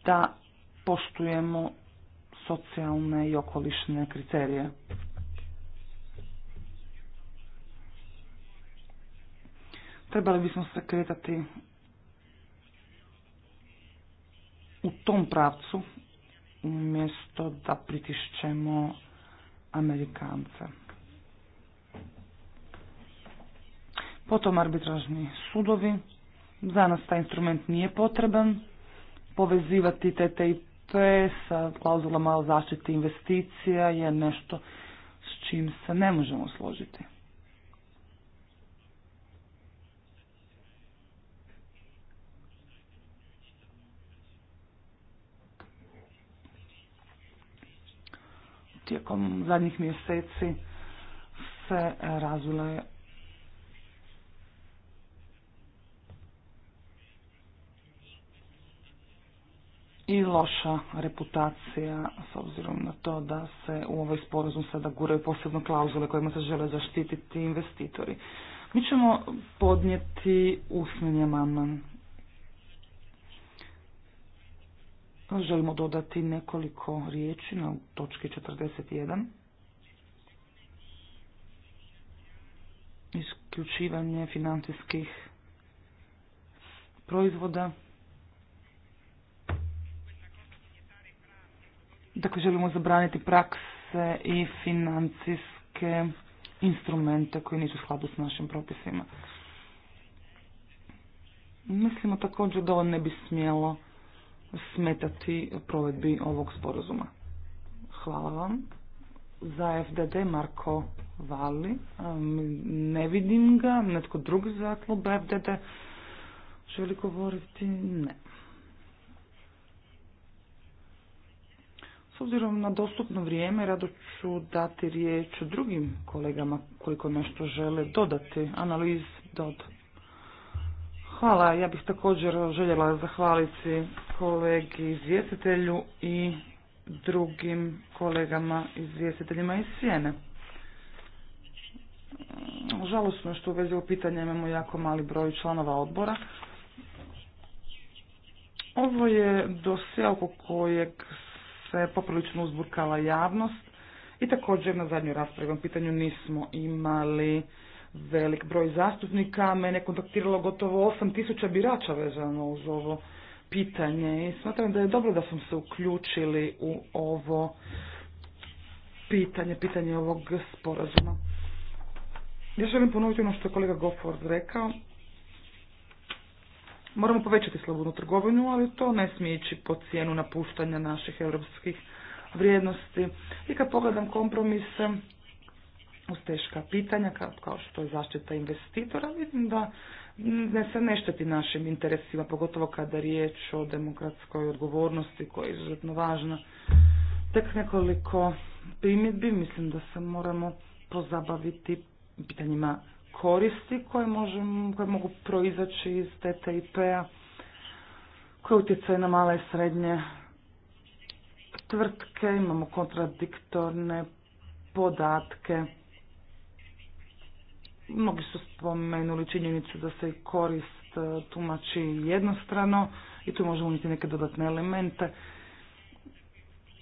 da poštujemo socijalne i okolišne kriterije. Trebali bismo se kretati u tom pravcu umjesto da pritišćemo Amerikance. Potom arbitražni sudovi. Za nas taj instrument nije potreban. Povezivati TTIP sa klauzulama o zaštiti investicija je nešto s čim se ne možemo složiti. tijekom zadnjih mjeseci se je i loša reputacija s obzirom na to da se u ovaj sporazum sada guraju posebno klauzule kojima se žele zaštititi investitori. Mi ćemo podnijeti usmeni amandman. Želimo dodati nekoliko riječi na točki 41. Isključivanje financijskih proizvoda. Dakle, želimo zabraniti prakse i financijske instrumente koji nisu u skladu s našim propisima. Mislimo također da ovo ne bi smjelo smetati provedbi ovog sporazuma. Hvala vam. Za FDD Marko Vali, ne vidim ga, netko drugi za klub FDD želi govoriti, ne. S obzirom na dostupno vrijeme, rado ću dati riječ drugim kolegama koliko nešto žele dodati analiz dod Hvala. Ja bih također željela zahvaliti kolegi izvjestitelju i drugim kolegama izvjestiteljima iz Sijene. Žalosno je što u vezi u pitanje imamo jako mali broj članova odbora. Ovo je dosje oko kojeg se poprilično uzburkala javnost i također na zadnjoj raspravi o pitanju nismo imali velik broj zastupnika, mene kontaktiralo gotovo 8000 birača vezano uz ovo pitanje i smatram da je dobro da smo se uključili u ovo pitanje, pitanje ovog sporazuma. Ja želim ponoviti ono što je kolega Gofford rekao. Moramo povećati slobodnu trgovinu, ali to ne smije ići po cijenu napuštanja naših europskih vrijednosti. I kad pogledam kompromise, teška pitanja kao što je zaštita investitora. Vidim da ne se ne šteti našim interesima, pogotovo kada je riječ o demokratskoj odgovornosti koja je izuzetno važna. Tek nekoliko primjedbi, mislim da se moramo pozabaviti pitanjima koristi koje, možemo, koje mogu proizaći iz TTIP-a, koje utjecaju na male i srednje tvrtke, imamo kontradiktorne podatke Mnogi su spomenuli činjenicu da se korist e, tumači jednostrano i tu možemo uniti neke dodatne elemente.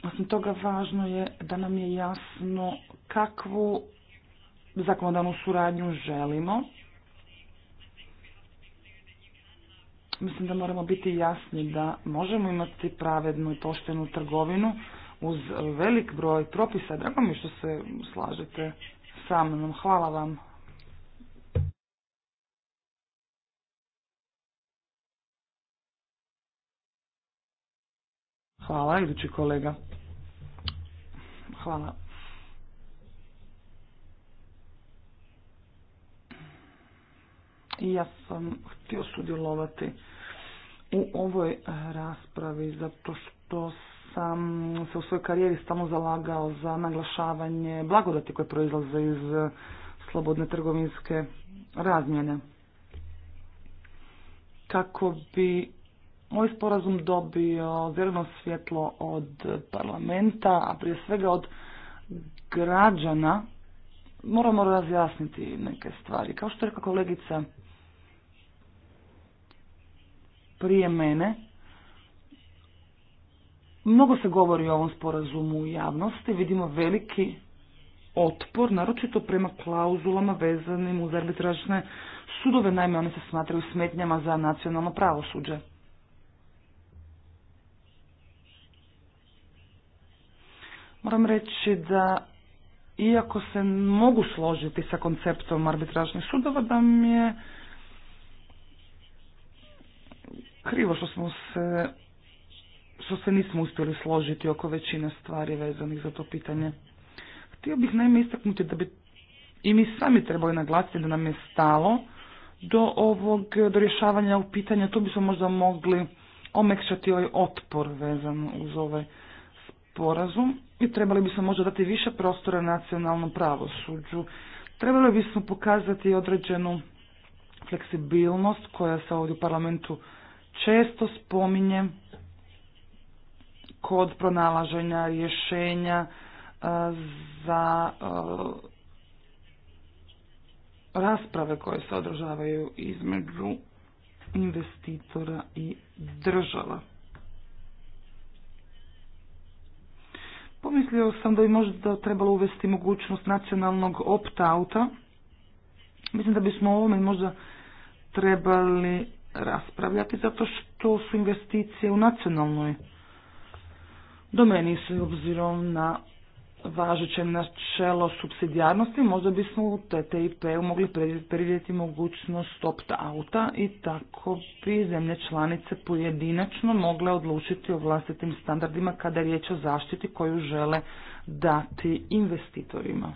Osim toga, važno je da nam je jasno kakvu zakonodavnu suradnju želimo. Mislim da moramo biti jasni da možemo imati pravednu i poštenu trgovinu uz velik broj propisa. Drago mi što se slažete sa mnom. Hvala vam Hvala, idući kolega. Hvala. ja sam htio sudjelovati u ovoj raspravi zato što sam se u svojoj karijeri stalno zalagao za naglašavanje blagodati koje proizlaze iz slobodne trgovinske razmjene. Kako bi ovaj sporazum dobio zeleno svjetlo od parlamenta, a prije svega od građana, moramo razjasniti neke stvari. Kao što je rekla kolegica prije mene, mnogo se govori o ovom sporazumu u javnosti, vidimo veliki otpor, naročito prema klauzulama vezanim uz arbitražne sudove, naime one se smatraju smetnjama za nacionalno pravosuđe. Moram reći da iako se mogu složiti sa konceptom arbitražnih sudova, da mi je krivo što smo se što se nismo uspjeli složiti oko većine stvari vezanih za to pitanje. Htio bih naime istaknuti da bi i mi sami trebali naglasiti da nam je stalo do ovog rješavanja u pitanja. Tu bismo možda mogli omekšati ovaj otpor vezan uz ove sporazum i trebali bismo možda dati više prostora nacionalnom pravosuđu. Trebali bismo pokazati određenu fleksibilnost koja se ovdje u parlamentu često spominje kod pronalaženja rješenja e, za e, rasprave koje se održavaju između investitora i država. Pomislio sam da bi možda trebalo uvesti mogućnost nacionalnog opt-outa. Mislim da bismo o ovome možda trebali raspravljati zato što su investicije u nacionalnoj domeni s obzirom na važeće načelo subsidijarnosti, možda bismo u TTIP-u mogli predvidjeti mogućnost opt-outa i tako bi zemlje članice pojedinačno mogle odlučiti o vlastitim standardima kada je riječ o zaštiti koju žele dati investitorima.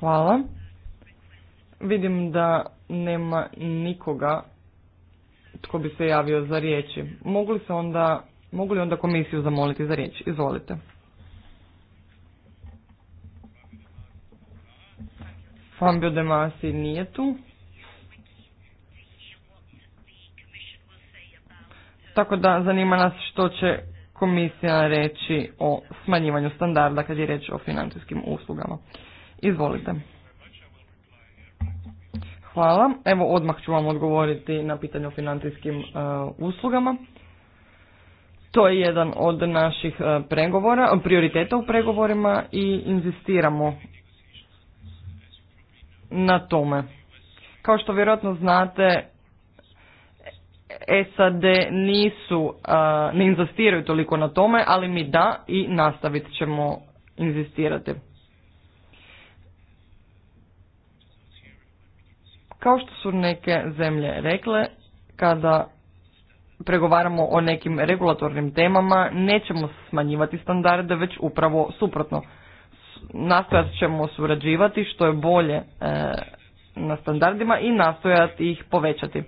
Hvala. Vidim da nema nikoga tko bi se javio za riječi. Mogu li se onda Mogu li onda komisiju zamoliti za riječ? Izvolite. Fambio De Masi nije tu. Tako da zanima nas što će komisija reći o smanjivanju standarda kad je riječ o financijskim uslugama. Izvolite. Hvala. Evo odmah ću vam odgovoriti na pitanje o financijskim e, uslugama. To je jedan od naših e, pregovora, prioriteta u pregovorima i inzistiramo na tome. Kao što vjerojatno znate, SAD nisu, e, ne inzistiraju toliko na tome, ali mi da i nastavit ćemo inzistirati. Kao što su neke zemlje rekle, kada pregovaramo o nekim regulatornim temama, nećemo smanjivati standarde, već upravo suprotno. Nastojat ćemo surađivati što je bolje e, na standardima i nastojati ih povećati.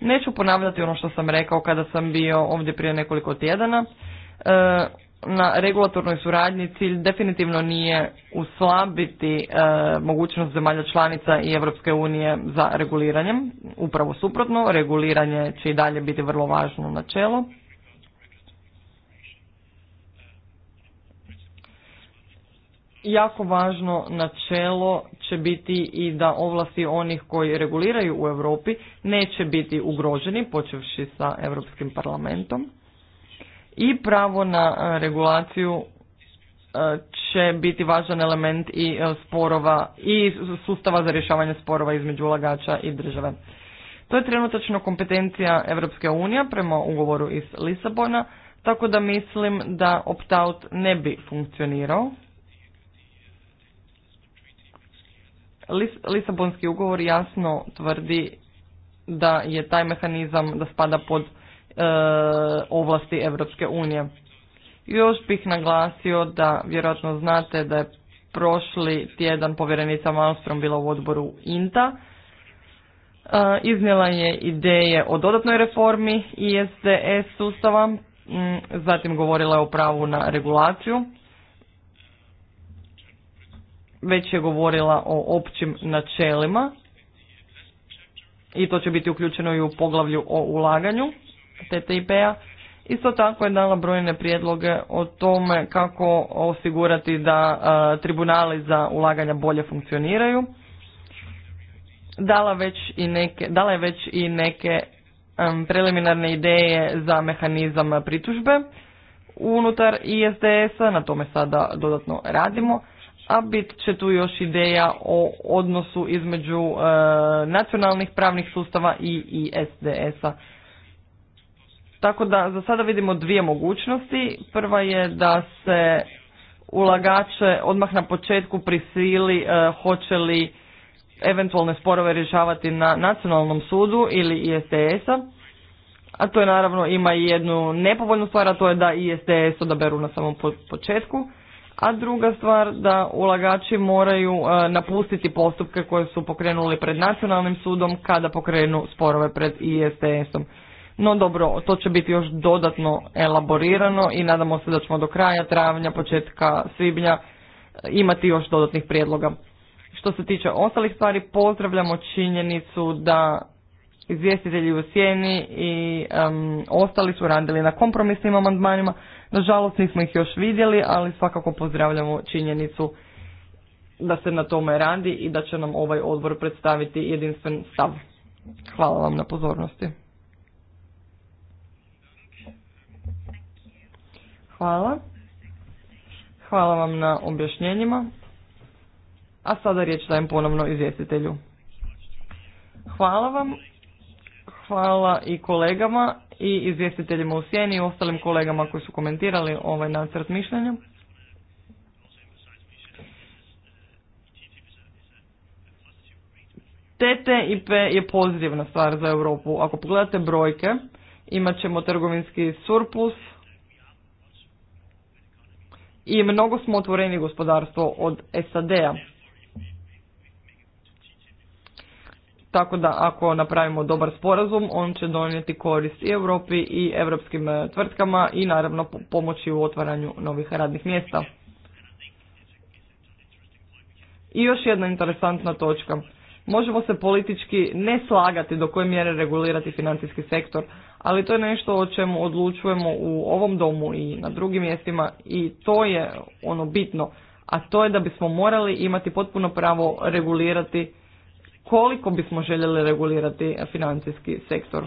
Neću ponavljati ono što sam rekao kada sam bio ovdje prije nekoliko tjedana. E, na regulatornoj suradnji cilj definitivno nije uslabiti e, mogućnost zemalja članica i Europske unije za reguliranjem. Upravo suprotno, reguliranje će i dalje biti vrlo važno načelo. Jako važno načelo će biti i da ovlasti onih koji reguliraju u Europi neće biti ugroženi, počevši sa Europskim parlamentom i pravo na e, regulaciju e, će biti važan element i e, sporova i sustava za rješavanje sporova između ulagača i države. To je trenutačno kompetencija Europske unije prema ugovoru iz Lisabona, tako da mislim da opt-out ne bi funkcionirao. Lisabonski ugovor jasno tvrdi da je taj mehanizam da spada pod E, ovlasti Europske unije. Još bih naglasio da vjerojatno znate da je prošli tjedan povjerenica Malmström bila u odboru INTA. E, iznijela je ideje o dodatnoj reformi ISDS sustava, zatim govorila je o pravu na regulaciju, već je govorila o općim načelima i to će biti uključeno i u poglavlju o ulaganju. TTIP-a isto tako je dala brojne prijedloge o tome kako osigurati da e, tribunali za ulaganja bolje funkcioniraju dala već i neke dala je već i neke e, preliminarne ideje za mehanizam pritužbe unutar ISDS-a, na tome sada dodatno radimo, a bit će tu još ideja o odnosu između e, nacionalnih pravnih sustava i ISDS-a. Tako da za sada vidimo dvije mogućnosti. Prva je da se ulagače odmah na početku prisili e, hoće li eventualne sporove rješavati na nacionalnom sudu ili ISTS-a. A to je naravno ima i jednu nepovoljnu stvar, a to je da ISTS odaberu na samom početku. A druga stvar da ulagači moraju e, napustiti postupke koje su pokrenuli pred nacionalnim sudom kada pokrenu sporove pred ISTS-om. No dobro, to će biti još dodatno elaborirano i nadamo se da ćemo do kraja travnja, početka svibnja e, imati još dodatnih prijedloga. Što se tiče ostalih stvari, pozdravljamo činjenicu da izvjestitelji u sjeni i ostali su radili na kompromisnim amandmanima. Nažalost nismo ih još vidjeli, ali svakako pozdravljamo činjenicu da se na tome radi i da će nam ovaj odbor predstaviti jedinstven stav. Hvala vam na pozornosti. Hvala. Hvala vam na objašnjenjima. A sada riječ dajem ponovno izvjestitelju. Hvala vam. Hvala i kolegama i izvjestiteljima u sjeni i ostalim kolegama koji su komentirali ovaj nacrt mišljenja. TTIP je pozitivna stvar za Europu. Ako pogledate brojke, imat ćemo trgovinski surplus i mnogo smo otvoreni gospodarstvo od SAD-a. Tako da ako napravimo dobar sporazum, on će donijeti korist i Europi i europskim eh, tvrtkama i naravno pomoći u otvaranju novih radnih mjesta. I još jedna interesantna točka. Možemo se politički ne slagati do koje mjere regulirati financijski sektor, ali to je nešto o čemu odlučujemo u ovom domu i na drugim mjestima i to je ono bitno, a to je da bismo morali imati potpuno pravo regulirati koliko bismo željeli regulirati financijski sektor.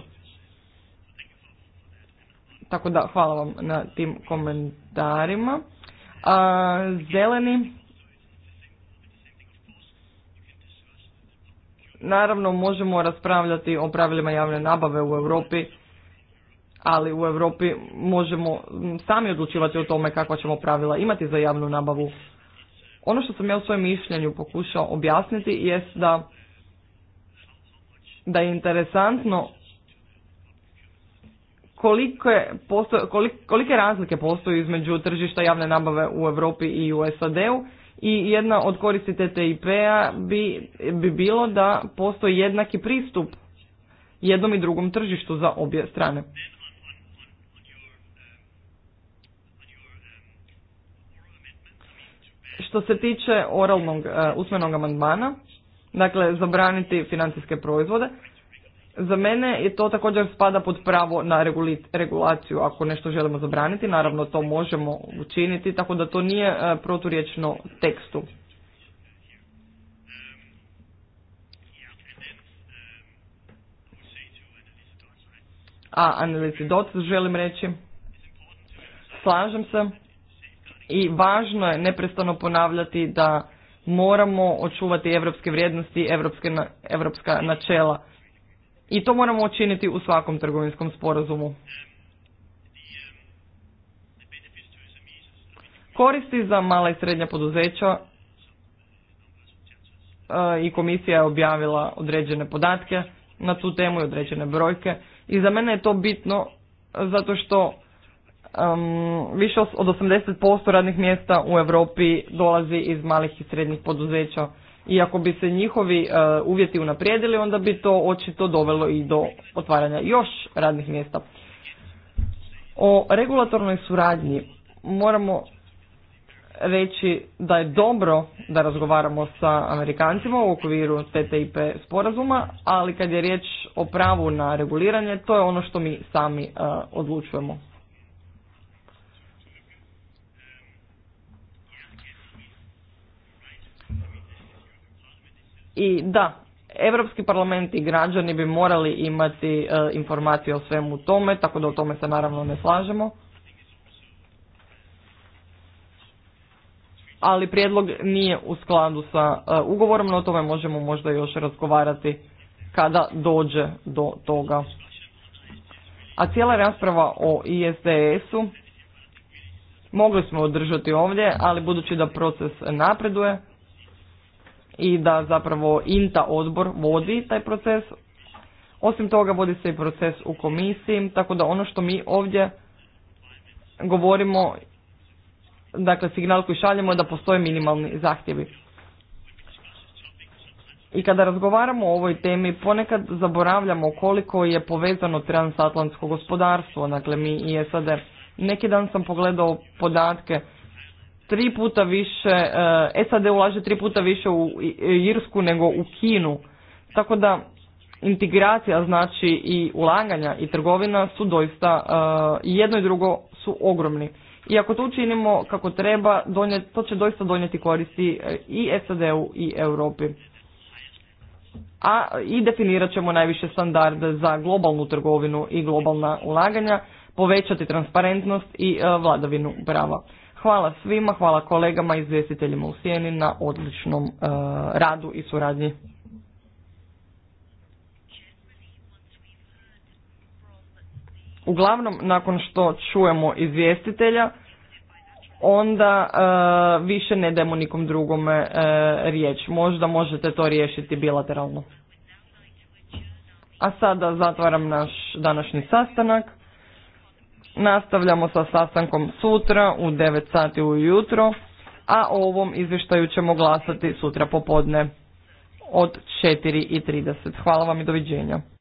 Tako da hvala vam na tim komentarima. A, zeleni, naravno možemo raspravljati o pravilima javne nabave u Europi ali u Europi možemo sami odlučivati o tome kakva ćemo pravila imati za javnu nabavu. Ono što sam ja u svojem mišljenju pokušao objasniti jest da, da je interesantno kolike, kolike razlike postoje između tržišta javne nabave u Europi i u SAD-u i jedna od koristi TTIP-a bi, bi bilo da postoji jednaki pristup jednom i drugom tržištu za obje strane. Što se tiče oralnog e, usmenog amandmana, dakle zabraniti financijske proizvode, za mene je to također spada pod pravo na regulaciju. Ako nešto želimo zabraniti, naravno to možemo učiniti, tako da to nije e, proturječno tekstu. A analizi DOT želim reći. Slažem se i važno je neprestano ponavljati da moramo očuvati evropske vrijednosti, evropske, evropska načela. I to moramo učiniti u svakom trgovinskom sporazumu. Koristi za mala i srednja poduzeća e, i komisija je objavila određene podatke na tu temu i određene brojke. I za mene je to bitno zato što um, više od 80% radnih mjesta u Europi dolazi iz malih i srednjih poduzeća. I ako bi se njihovi e, uvjeti unaprijedili, onda bi to očito dovelo i do otvaranja još radnih mjesta. O regulatornoj suradnji moramo reći da je dobro da razgovaramo sa Amerikancima u okviru TTIP sporazuma, ali kad je riječ o pravu na reguliranje, to je ono što mi sami e, odlučujemo. I da, Europski parlament i građani bi morali imati e, informacije o svemu tome, tako da o tome se naravno ne slažemo. Ali prijedlog nije u skladu sa e, ugovorom, no o tome možemo možda još razgovarati kada dođe do toga. A cijela rasprava o ISDS-u mogli smo održati ovdje, ali budući da proces napreduje, i da zapravo INTA odbor vodi taj proces. Osim toga vodi se i proces u komisiji, tako da ono što mi ovdje govorimo, dakle signal koji šaljemo je da postoje minimalni zahtjevi. I kada razgovaramo o ovoj temi, ponekad zaboravljamo koliko je povezano transatlantsko gospodarstvo, dakle mi i SAD. Neki dan sam pogledao podatke tri puta više, eh, SAD ulaže tri puta više u Irsku nego u Kinu. Tako da integracija znači i ulaganja i trgovina su doista eh, i jedno i drugo su ogromni. I ako to učinimo kako treba, donje to će doista donijeti koristi eh, i SAD-u i Europi. A i definirat ćemo najviše standarde za globalnu trgovinu i globalna ulaganja, povećati transparentnost i vladavinu prava. Hvala svima, hvala kolegama izvjestiteljima u Sijeni na odličnom e, radu i suradnji. Uglavnom, nakon što čujemo izvjestitelja, onda e, više ne dajemo nikom drugome e, riječ. Možda možete to riješiti bilateralno. A sada zatvaram naš današnji sastanak. Nastavljamo sa sastankom sutra u 9 sati ujutro, a o ovom izvještaju ćemo glasati sutra popodne od 4.30. Hvala vam i doviđenja.